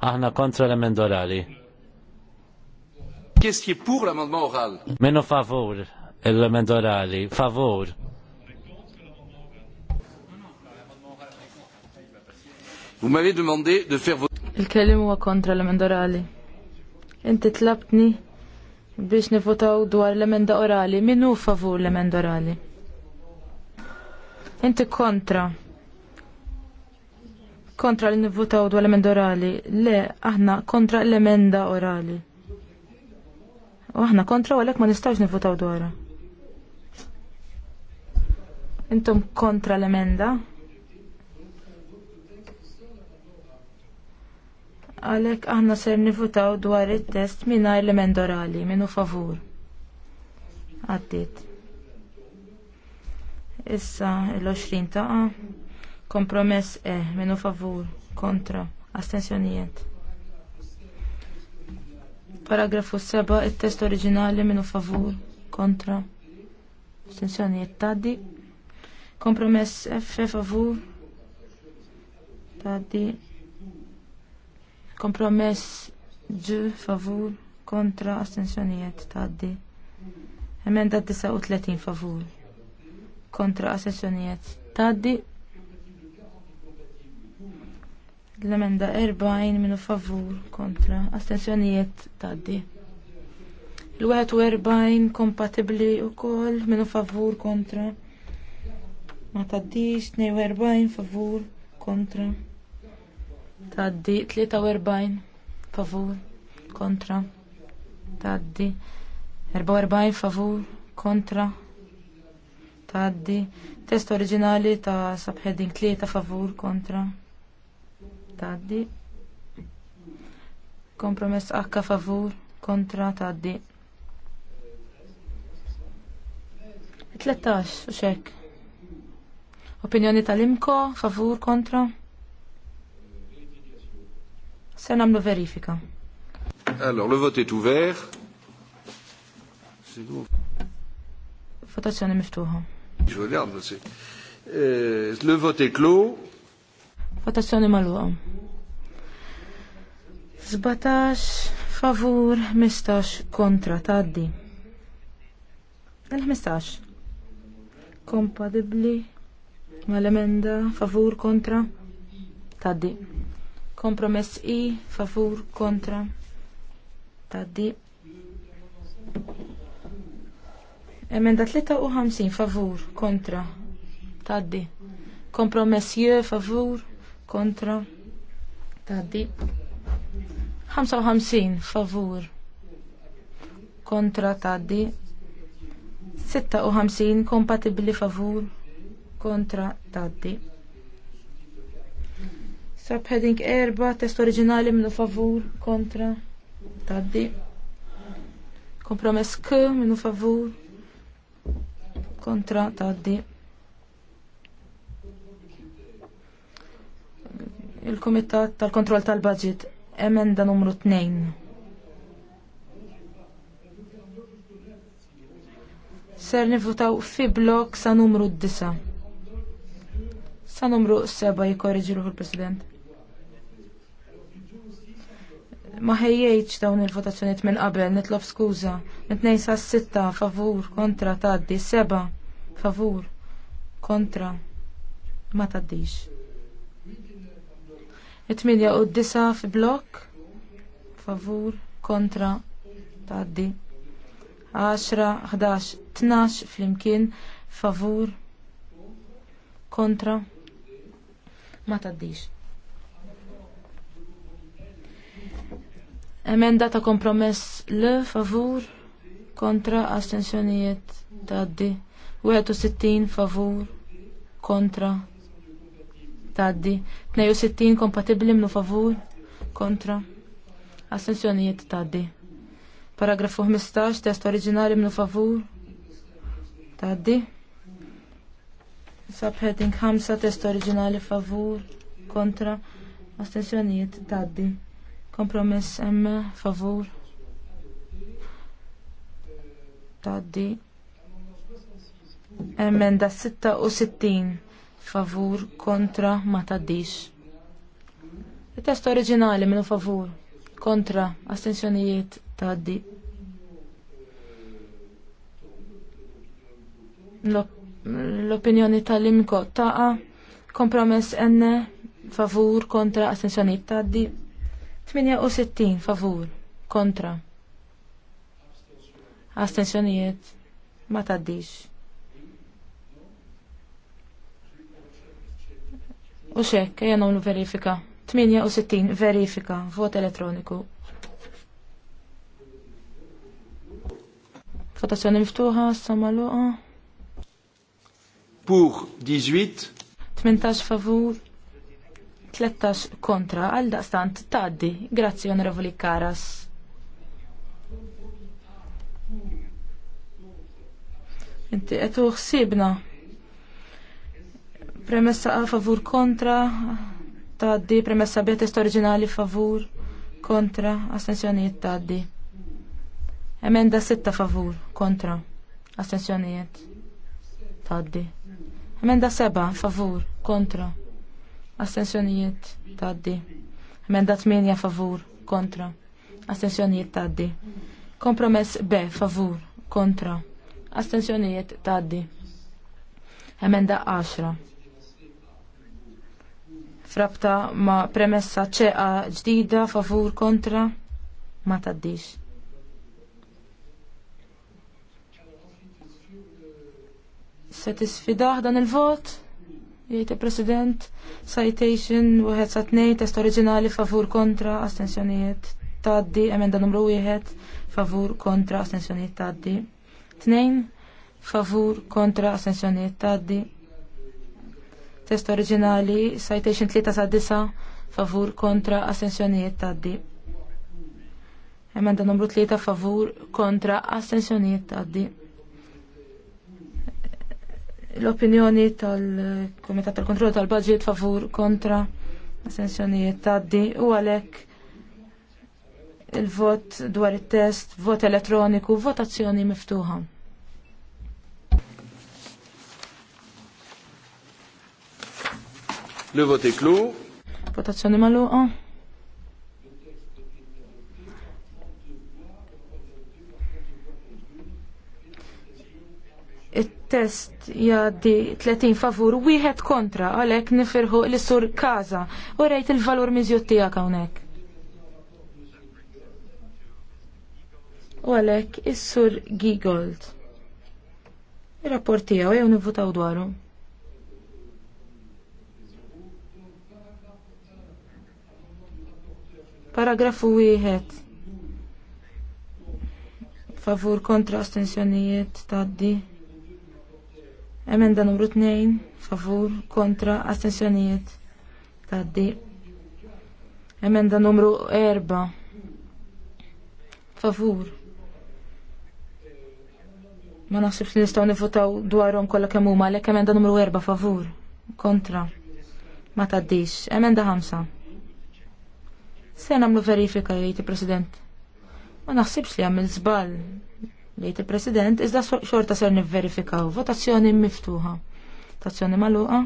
Aħna kontra l-emend orali.
Kiski pur l emend orali?
Minu favor l-emend orali, Favor.
Vous m'avez demandé de faire votre...
Il-kellim huwa kontra l-emend orali. Inti tlabtni biex nivotaw dwar l-emenda orali. Minu favur l emend orali? Inti kontra kontra li nivvutaw dwar l-emenda orali. Le, aħna kontra l-emenda orali. U aħna kontra u ma nistawx nivvutaw dwarha. Intom kontra l-emenda. Għalek aħna ser nivvutaw dwar il-test minna l-emenda orali, minnu favur. Għaddit. Issa l-20 taqa. Kompromess E, menu favur, kontra, astensjonijiet. Paragrafu 7, il-test oriġinali menu favur, kontra, astensjonijiet taddi. Kompromess F, favur, taddi. Kompromess G, favur, kontra, astensjonijiet taddi. Emenda 39 favur, kontra, astensjonijiet taddi. L-emenda 40 minu favur kontra astensjonijiet taddi. L-41 kompatibli u koll minu favur kontra. Ma taddix 42 favur kontra. Taddi 43 favur kontra. Taddi 44 favur kontra taddi test oriġinali ta' subheading 3 favur kontra taddi. Kompromess H favur kontra taddi. 13 u xek. Opinjoni tal-imko, favur, kontra? Se namlu verifika.
Alors, le vote est ouvert.
Votazione miftuħa.
Je regarde, c'est... Euh, le vote est clos.
Votazzjoni maluqa. 17 favur, 15 kontra taddi. Il-15. Kompatibli mal-emenda favur kontra taddi. Kompromess I favur kontra taddi. Emenda 53 favur kontra taddi. Kompromess J favur kontra taddi 55 favur kontra taddi 56 kompatibli favur kontra taddi Subheading erba' test oriġinali minnu favur kontra taddi. Kompromess K minnu favur kontra taddi. il-Kumitat tal-Kontroll tal-Budget, emenda numru 2. Ser nivutaw fi blok sa numru 9. Sa numru 7 jikorriġi ruħu l-President. Ma ħejjejċ dawn il-votazzjoniet minn qabel, nitlob skuża. Nitnej sa 6 favur kontra taddi, 7 favur kontra ma taddix. 8 u 9 fi blok favur kontra taddi 10 11 12 flimkien favur kontra ma taddix Emenda ta' kompromess l favur kontra astensjonijiet taddi 61 favur kontra taddi 62 kompatibbli minu favur kontra astensjonijiet taddi paragrafu 15 test oriġinali minu favur taddi subheading 5 test oriġinali favur kontra astensjonijiet taddi kompromess M favur taddi emenda 66 favur kontra ma taddix. Il-test oriġinali minnu favur kontra astensjonijiet taddi.
L-opinjoni
tal-imko taqa kompromess enne favur kontra astensjonijiet taddi. 68 favur kontra astensjonijiet ma taddix. U xek, ejja nagħmlu verifika. 68 verifika, vot elettroniku. Votazzjoni miftuħa, samaluqa.
Pur 18.
18 favur, 13 kontra, għal daqstant taddi. Grazzi, onorevoli Karas. Inti, għetu xsibna Premessa A favur kontra taddi, premessa B test oriġinali favur kontra astensjonijiet taddi. Emenda 6 favur kontra astensjonijiet taddi. Emenda 7 favur kontra astensjonijiet taddi. Emenda 8 favur kontra astensjonijiet taddi. Kompromess B favur kontra astensjonijiet taddi. Emenda 10 frabta ma' premessa ċeqa ġdida favur kontra ma' taddix. Se tisfidaħ dan il-vot? jiejte President, citation, wieħed sa tnej, test oriġinali, favur kontra, astensjonijiet, taddi, emenda numru wieħed, favur kontra, astensjonijiet, taddi. Tnejn, favur kontra, astensjonijiet, taddi. Test oriġinali, citation 3 sa' 9, favur kontra assenzjonijiet taddi. Emenda numru 3 favur kontra assenzjonijiet taddi. L-opinjoni tal-Komitat tal-Kontroll tal-Budget favur kontra assenzjonijiet taddi u għalek il-vot dwar il-test, vot elettroniku, votazzjoni miftuħa. Le vote est clos. Votazzjoni maluqa. test jaddi 30 favur, wieħed kontra, għalek nifirħu l-sur kaza, u rejt il-valur mizjut tijak għonek. U għalek, il-sur Gigold. Il-rapport tijaw, jew nivvutaw dwaru. Paragrafu wieħed. Favur kontra astensjonijiet taddi. Emenda numru 2, favur kontra astensjonijiet taddi. Emenda numru 4. Favur. Ma naħsibx li nistgħu nifutaw dwarhom kollha kemm huma għalhekk emenda numru 4 favur. Kontra. Ma taddix. Emenda 5. Se nagħmlu verifika jgħid il-President. Ma naħsibx li għamil żball jgħid il-President, iżda xorta ser nivverifikaw. Votazzjoni miftuħa. Votazzjoni magħluqa.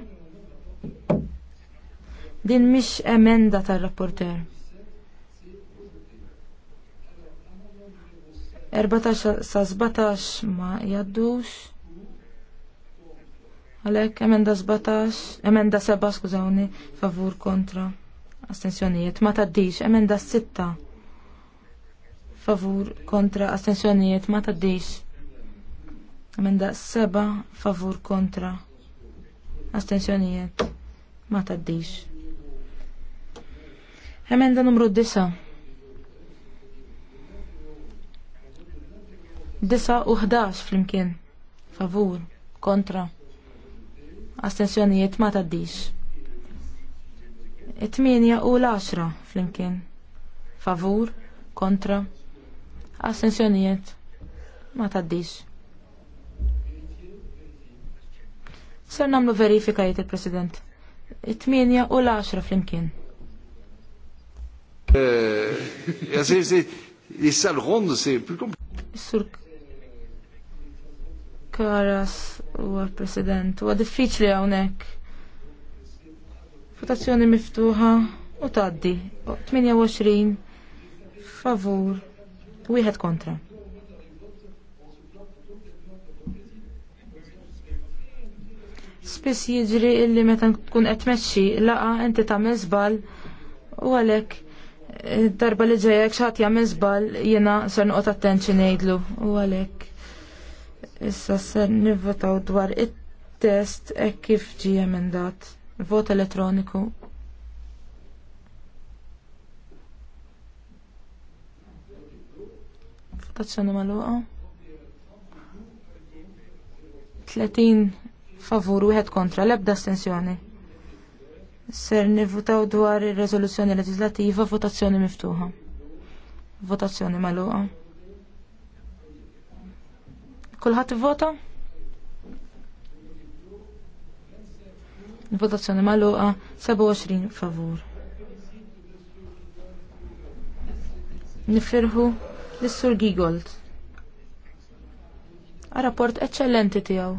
Din mhix emenda tar-rapporter. 14 sa 17 ma jaddux. Għalek, emenda 17, emenda 7, skużawni, favur kontra astensjonijiet ma taddix, emenda sitta favur kontra astensjonijiet ma taddix. Emenda seba favur kontra astensjonijiet ma taddix. Emenda numru disa. Disa u 11 flimkien favur kontra astensjonijiet ma taddix it-8 u l-10 flimkien. Favur, kontra, Astensjonijiet ma taddix. Ser namlu jiet il-President. It-8 u l-10 flimkien.
Eh, Jissal rond,
Sur Karas u għal-President, u għad diffiċli għawnek Votazzjoni miftuħa u taddi. 28 favur, wieħed kontra. Spiss jiġri illi meta tkun qed tmexxi laqa inti tagħmel żball u għalhekk eh, darba li ġejjek xaħat jagħmel żball jiena ser noqgħod attenti xi ngħidlu u għalhekk issa ser nivvotaw dwar it-test hekk kif ġie emendat. Vot elettroniku. Votazzjoni maluqa. 30 favur, wieħed kontra, l-ebda astensjoni. Ser nivvutaw dwar ir-reżoluzzjoni leġislativa votazzjoni miftuħa. Votazzjoni maluqa. Kulħadd ivvota? Votazzjoni maluqa 27 favur. Nifirħu l-Sur Gigold. A rapport eccellenti tiegħu.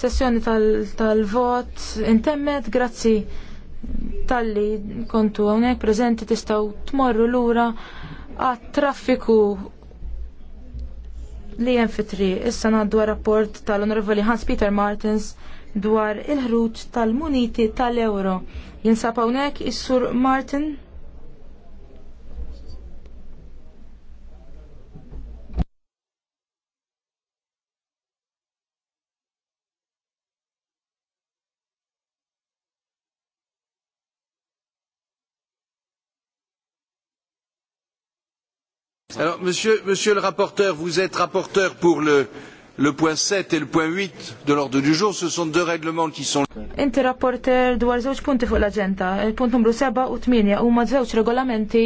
sessjoni tal-vot tal intemmet grazzi tal-li kontu hawnhekk prezenti tistgħu tmorru lura għat-traffiku li hemm fitri issa naddu rapport tal-Onorevoli Hans Peter Martins dwar il-ħruġ tal-muniti tal-euro. Jinsab hawnhekk is-Sur Martin
Alors, monsieur, monsieur le rapporteur, vous êtes rapporteur pour le, le point 7 et le point 8 de l'ordre du jour, ce sont deux règlements qui sont...
Inti rapporteur dwar żewġ punti fuq l-agenda, il-punt numru 7 u 8 huma żewġ regolamenti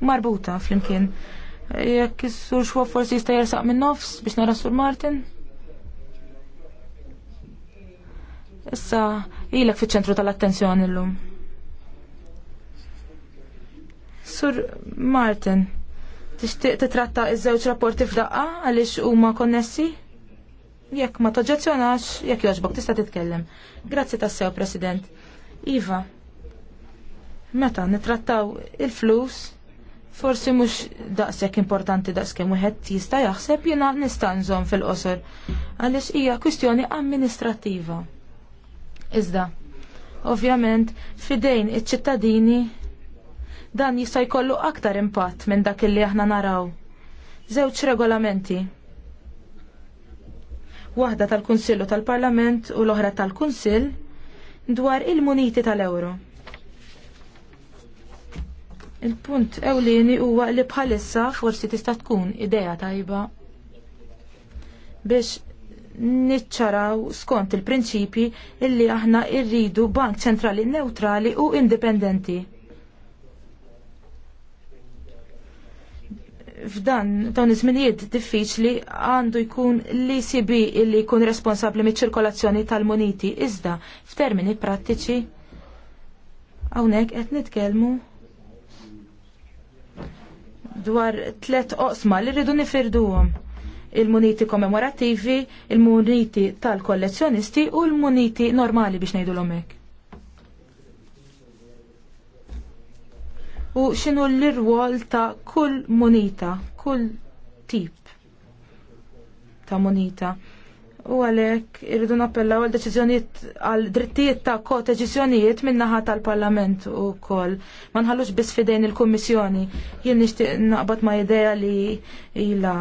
marbuta flimkien. Jekk is-sur xwa forsi jista' jersaq minn nofs biex nara sur Martin. Issa ilek fiċ-ċentru tal-attenzjoni llum. Sur Martin. Tixtieq titratta iż-żewġ rapporti f'daqqa għaliex huma konnessi? Jekk ma toġġezzjonax, jekk jogħġbok tista' titkellem. Grazzi tassew, President. Iva, meta nitrattaw il-flus, forsi mhux daqshekk importanti daqskemm wieħed jista' jaħseb jiena nista' nżomm fil-qosor għaliex hija kwistjoni amministrattiva. Iżda, ovvjament fidejn iċ-ċittadini dan jista' jkollu aktar impatt minn dak illi aħna naraw. Żewġ regolamenti. Waħda tal-Kunsillu tal-Parlament u l-oħra tal-Kunsill dwar il-muniti tal-Euro. Il-punt ewlieni huwa li bħalissa forsi tista' tkun idea tajba biex niċċaraw skont il-prinċipi illi aħna irridu bank ċentrali neutrali u indipendenti f'dan dawn iż-żminijiet diffiċli għandu jkun li sibi li jkun responsabbli miċ-ċirkolazzjoni tal-moniti iżda f'termini prattiċi hawnhekk qed nitkellmu dwar tliet oqsma li rridu nifirduhom il-muniti kommemorattivi, il-muniti tal-kollezzjonisti u l-muniti normali biex ngħidulhom hekk. u x'inhu l-irwol ta' kull munita, kull tip ta' munita. U għalek irridu nappellaw għal deċiżjonijiet għal drittijiet ta' ko deċiżjonijiet naħa tal-Parlament u kol. Ma nħallux biss fidejn il-Kummissjoni. Jien nixtieq naqbad ma' idea li ila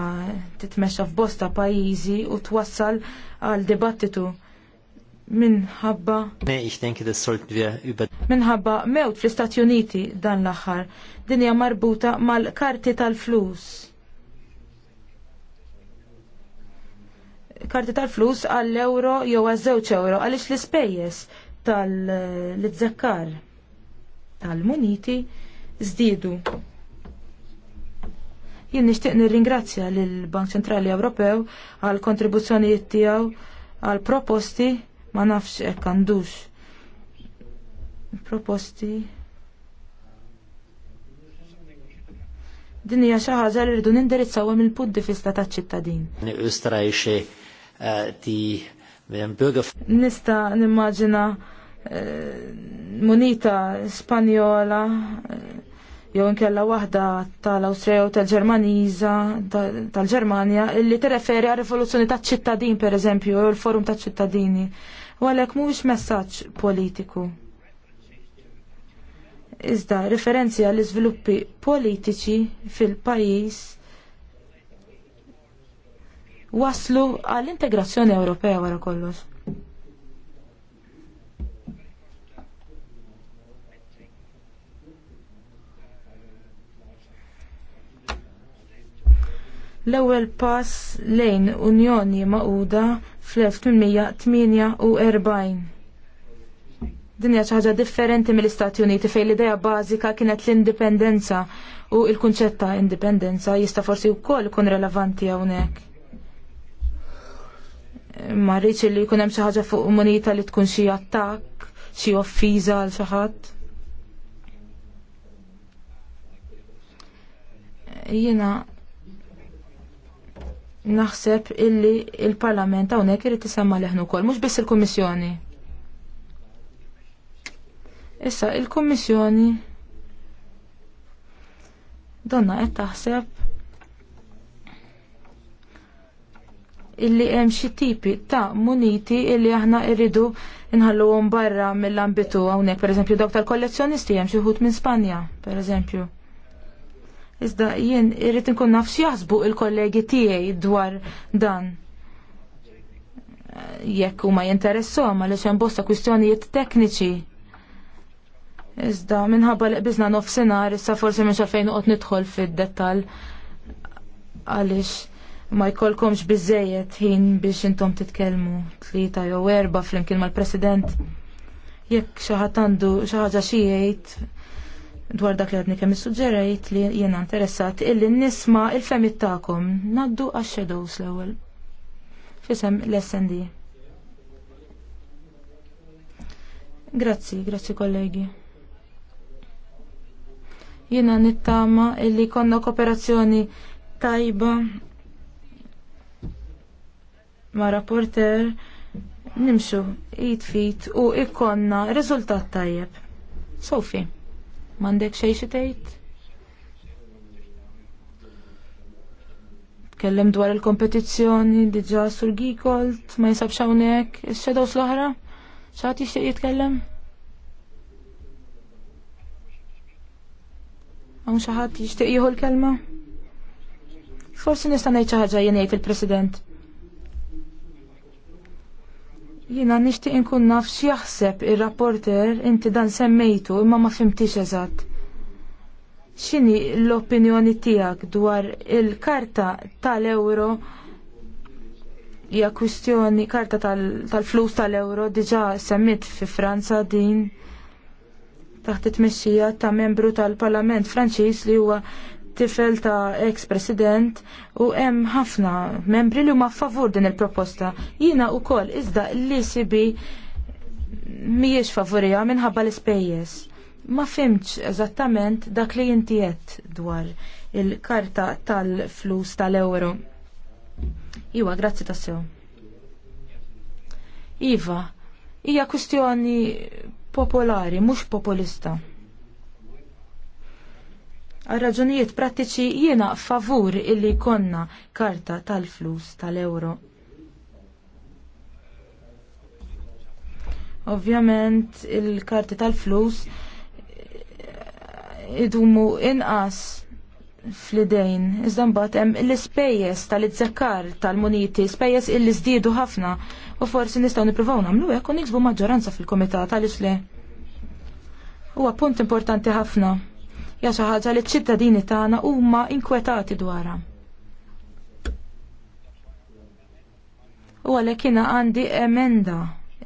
titmexxa f'bosta pajjiżi u twassal għal dibattitu minħabba
minħabba
mewt fl-Istati Uniti dan l-aħħar din hija marbuta mal-karti tal-flus. Karti tal-flus għall-euro jew għazzewċ żewġ euro għaliex l-ispejjeż tal-itżakkar tal-muniti żdiedu. Jien nixtieq nirringrazzja lill bank Ċentrali Ewropew għall kontribuzzjonijiet tiegħu għal proposti ma nafx hekk għandux proposti. Din hija xi ħaġa li rridu nindirizzaw hemm il-punt fista taċ-ċittadin.
Eh,
Nista nimmaġina eh, munita Spanjola eh, jew inkella waħda tal-Awstrija u tal-Ġermaniża tal-Ġermanja illi tirreferi għar rivoluzzjoni taċ-ċittadin pereżempju, jew il-forum taċ-ċittadini u għalek mux messaġġ politiku. Iżda referenzi għall iżviluppi politiċi fil-pajjiż waslu għall-integrazzjoni Ewropea wara kollox. l-ewwel pass lejn Unjoni Magħquda fl-1848. Din hija xi ħaġa differenti mill-Istati Uniti fejn l ideja bażika kienet l-indipendenza u l-kunċett ta' indipendenza jista' forsi wkoll ikun relevanti hawnhekk. Ma rridx li jkun hemm xi ħaġa fuq munita li tkun xi attakk, xi offiża għal xi ħadd. Jiena naħseb illi il-Parlament hawnhekk irid tisemma leħnu wkoll, mhux biss il-Kummissjoni. Issa il-Kummissjoni donna qed taħseb illi hemm xi tipi ta' muniti illi aħna rridu nħalluhom barra mill-ambitu hawnhekk, pereżempju dawk tal-kollezzjonisti hemm xi wħud minn Spanja, pereżempju. Iżda jien irrid inkun naf x'jaħsbu il-kollegi tiegħi dwar dan. Jekk huma jinteressom għaliex hemm bosta kwistjonijiet tekniċi. Iżda minħabba li qbiżna nofsinhar issa forsi minn xalfejn noqgħod nidħol fid-dettall għaliex ma jkollkomx biżejjed ħin biex intom titkellmu tlieta jew erba flimkien mal-President. Jekk xi ħadd għandu xi ħaġa xi jgħid dwar dak li għadni kemm suġġerajt li jiena interessat illi nisma il-femit tagħkom naddu għax-shadows l-ewwel. Fisem l-SND. Grazzi, grazzi kollegi. Jiena nittama illi konna kooperazzjoni tajba ma' rapporter nimxu id fit u ikkonna riżultat tajjeb. Sofi. Mandek xej xi tgħid? Kellem dwar il-kompetizzjoni diġà sur Gikolt ma jisab hawnhekk, ix daw l-oħra? Xagħti jitkellem? Għan xaħat jishtiq jieħu l-kelma? Forsi nista' ngħid xi ħaġa il-President. Jina nishtiq inkun naf x'jaħseb ir-rapporter inti dan semmejtu imma ma fimtix eżatt. X'inhi l-opinjoni tiegħek dwar il-karta tal-euro hija kwistjoni karta tal-flus tal tal-euro diġa semmit fi Franza din taħt it-tmexxija ta' membru tal-Parlament Franċiż li huwa tifel ta' ex-president u hemm ħafna membri li huma favur din il-proposta. Jiena wkoll iżda l-ECB mhijiex favorija minħabba l-ispejjeż. Ma fimx eżattament dak li inti qed dwar il-karta tal-flus tal-euro. Iwa, grazzi sew Iva, hija kwistjoni popolari, mhux populista. Għal raġunijiet prattiċi jiena favur illi konna karta tal-flus tal-euro. Ovvjament il-karti tal-flus idumu inqas fl-idejn. Iżda mbagħad hemm l-ispejjeż tal-izzakkar tal-muniti, spejjeż illi żdiedu ħafna u forsi nistgħu nippruvaw nagħmlu hekk u niksbu maġġoranza fil-kumitat għaliex le. Huwa punt importanti ħafna hija xi ħaġa li ċ-ċittadini tagħna huma inkwetati dwarha. U għalhekk jiena għandi emenda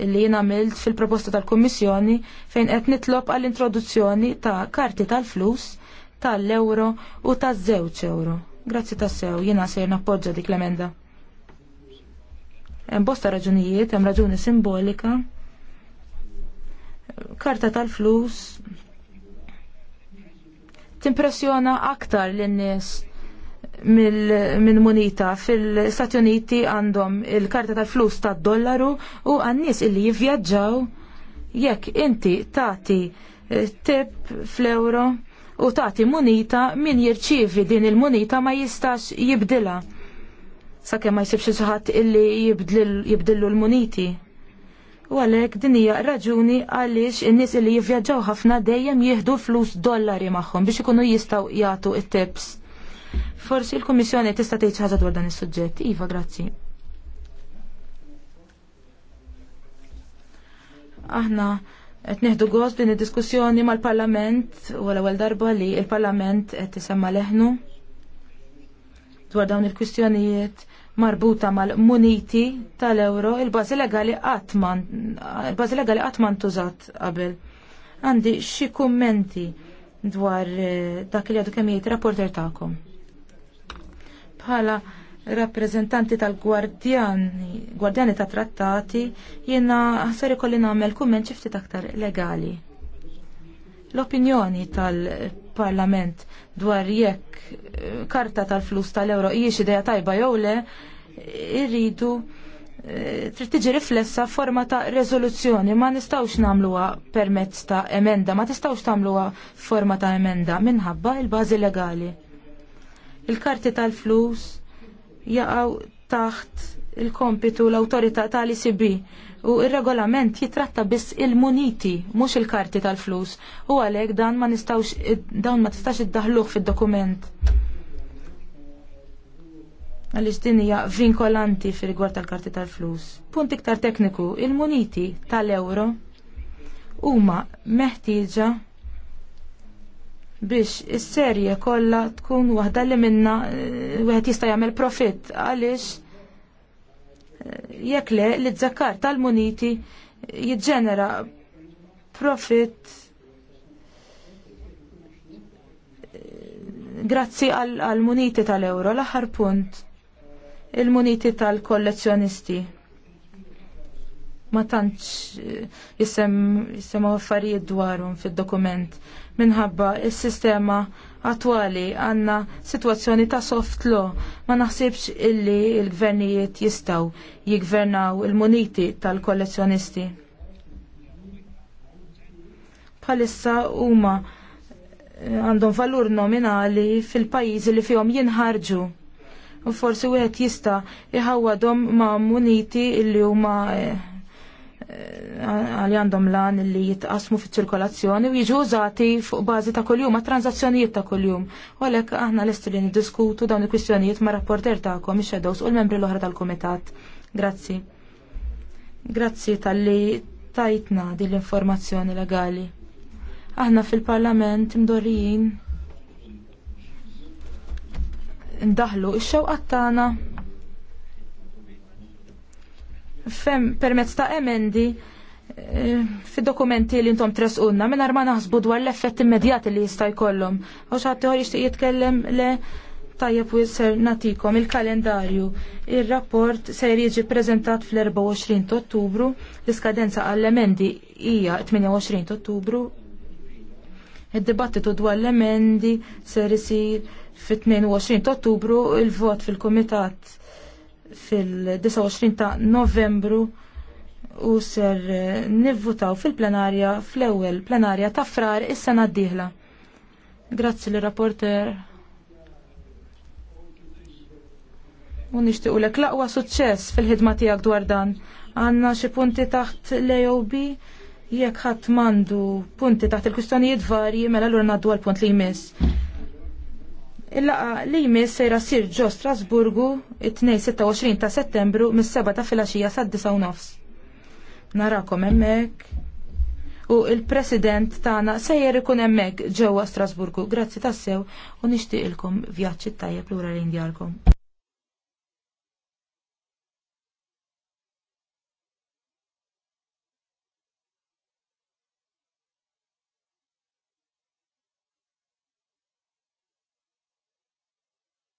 li jiena għamilt fil-proposta tal-Kummissjoni fejn qed nitlob għall-introduzzjoni ta' karti tal-flus tal-euro u taż-żewġ euro. Grazzi tassew, jiena sejr nappoġġa dik l-emenda. Hemm bosta raġunijiet, hemm raġuni simbolika. Karta tal-flus timpressjona aktar lin-nies minn munita fil-Stati Uniti għandhom il-karta tal-flus tad dollaru u għannis illi jivjaġġaw, jekk inti tati eh, tip fl-euro u tati munita min jirċivi din il-munita ma jistax jibdila. kemm ma jisibx xi ħadd illi jibdillu l-muniti. U għalhekk din hija raġuni għaliex in-nies li jivvjaġġaw ħafna dejjem jieħdu flus dollari magħhom biex ikunu jistgħu jagħtu it-tips. Forsi l-Kummissjoni tista' tgħid xi ħaġa dwar dan is-suġġett. Iva, grazzi. Aħna qed neħdu gost din id-diskussjoni mal-Parlament u l-ewwel darba li l-Parlament qed isemma leħnu dwar dawn il-kwistjonijiet marbuta mal-muniti tal-euro, il-bazi legali għatman, il-bazi legali għatman tużat qabel. Għandi xi kummenti dwar eh, dak li għadu kemijiet rapporter ta'kom. Bħala rappresentanti tal-gwardjani, gwardjani ta' trattati, jena ħasar ikolli namel kumment ċifti aktar legali. L-opinjoni tal- parlament dwar jekk eh, karta tal-flus tal-euro hijiex ideja tajba jew le, irridu eh, trid tiġi riflessa forma ta' rezoluzzjoni, ma nistgħux nagħmluha permezz ta' emenda, ma tistgħux tagħmluha forma ta' emenda minħabba il-bażi legali. Il-karti tal-flus jaqgħu taħt il-kompitu l-autorità tal-ICB u il-regolament jitratta biss il-muniti, mhux il-karti tal-flus, u għalhekk dan ma nistawx dawn ma tistax iddaħluh fid-dokument. Għaliex din hija vinkolanti fir rigward tal-karti tal-flus. Punt iktar tekniku, il-muniti tal-euro huma meħtieġa biex is-serje kollha tkun waħda li minna eh, wieħed jista' jagħmel profitt għaliex jekk le li tżakkar tal-muniti jiġġenera profit grazzi għal-muniti tal-euro, l-aħħar punt, il-muniti tal-kollezzjonisti. Ma tantx eh, jisem, jisem affarijiet dwarhom fid-dokument minħabba il-sistema attuali għanna situazzjoni ta' soft law. Ma naħsibx illi il-gvernijiet jistaw jigvernaw il-muniti tal-kollezzjonisti. Palissa huma eh, għandhom valur nominali fil-pajjiżi li fihom jinħarġu. U forsi wieħed jista' iħawadhom ma' muniti illi huma eh, għal għandhom lan li jitqasmu fit ċirkolazzjoni u jiġu użati fuq bażi ta' kuljum, ma' tranzazzjonijiet ta' kuljum. U għalhekk aħna lesti li niddiskutu dawn il-kwistjonijiet ma' rapporter tagħkom kom, shadows u l-membri l-oħra tal-kumitat. Grazzi. Grazzi tal-li tajtna din l-informazzjoni legali. Aħna fil-parlament imdorrijin ndaħlu ix-xewqat tagħna fem permezz ta' emendi eh, fi dokumenti li intom tresqunna minn ma naħsbu dwar l-effett immedjat li jista' jkollhom. U xaħat jixtieq jitkellem le tajjeb u jisser natikom il-kalendarju. Il-rapport ser jiġi prezentat fl-24 ottubru, l-iskadenza għall-emendi hija 28 ottubru. Id-dibattitu dwar l-emendi ser isir fit-22 ottubru il-vot fil-komitat fil-29 ta' novembru u ser eh, nivvutaw fil-plenarja fl-ewwel plenarja ta' frar is-sena d-dieħla. Grazzi l-rapporter. U nixtiequ lek laqwa suċċess fil-ħidma tiegħek dwar dan. Għandna xi punti taħt l-AOB jekk ħadd mandu punti taħt il-kwistjonijiet varji mela l-ur naddu punt li jmiss. Il-laqa li jmiss sejra sir ġo Strasburgu it 26 ta' settembru mis-7 ta' filaxija sa' 9 nofs. Narakom emmek. U il-president tana sejjer ikun emmek ġewwa Strasburgu. Grazzi tassew u nishtiqilkom vjaġġi tajjeb ura l-indjalkom.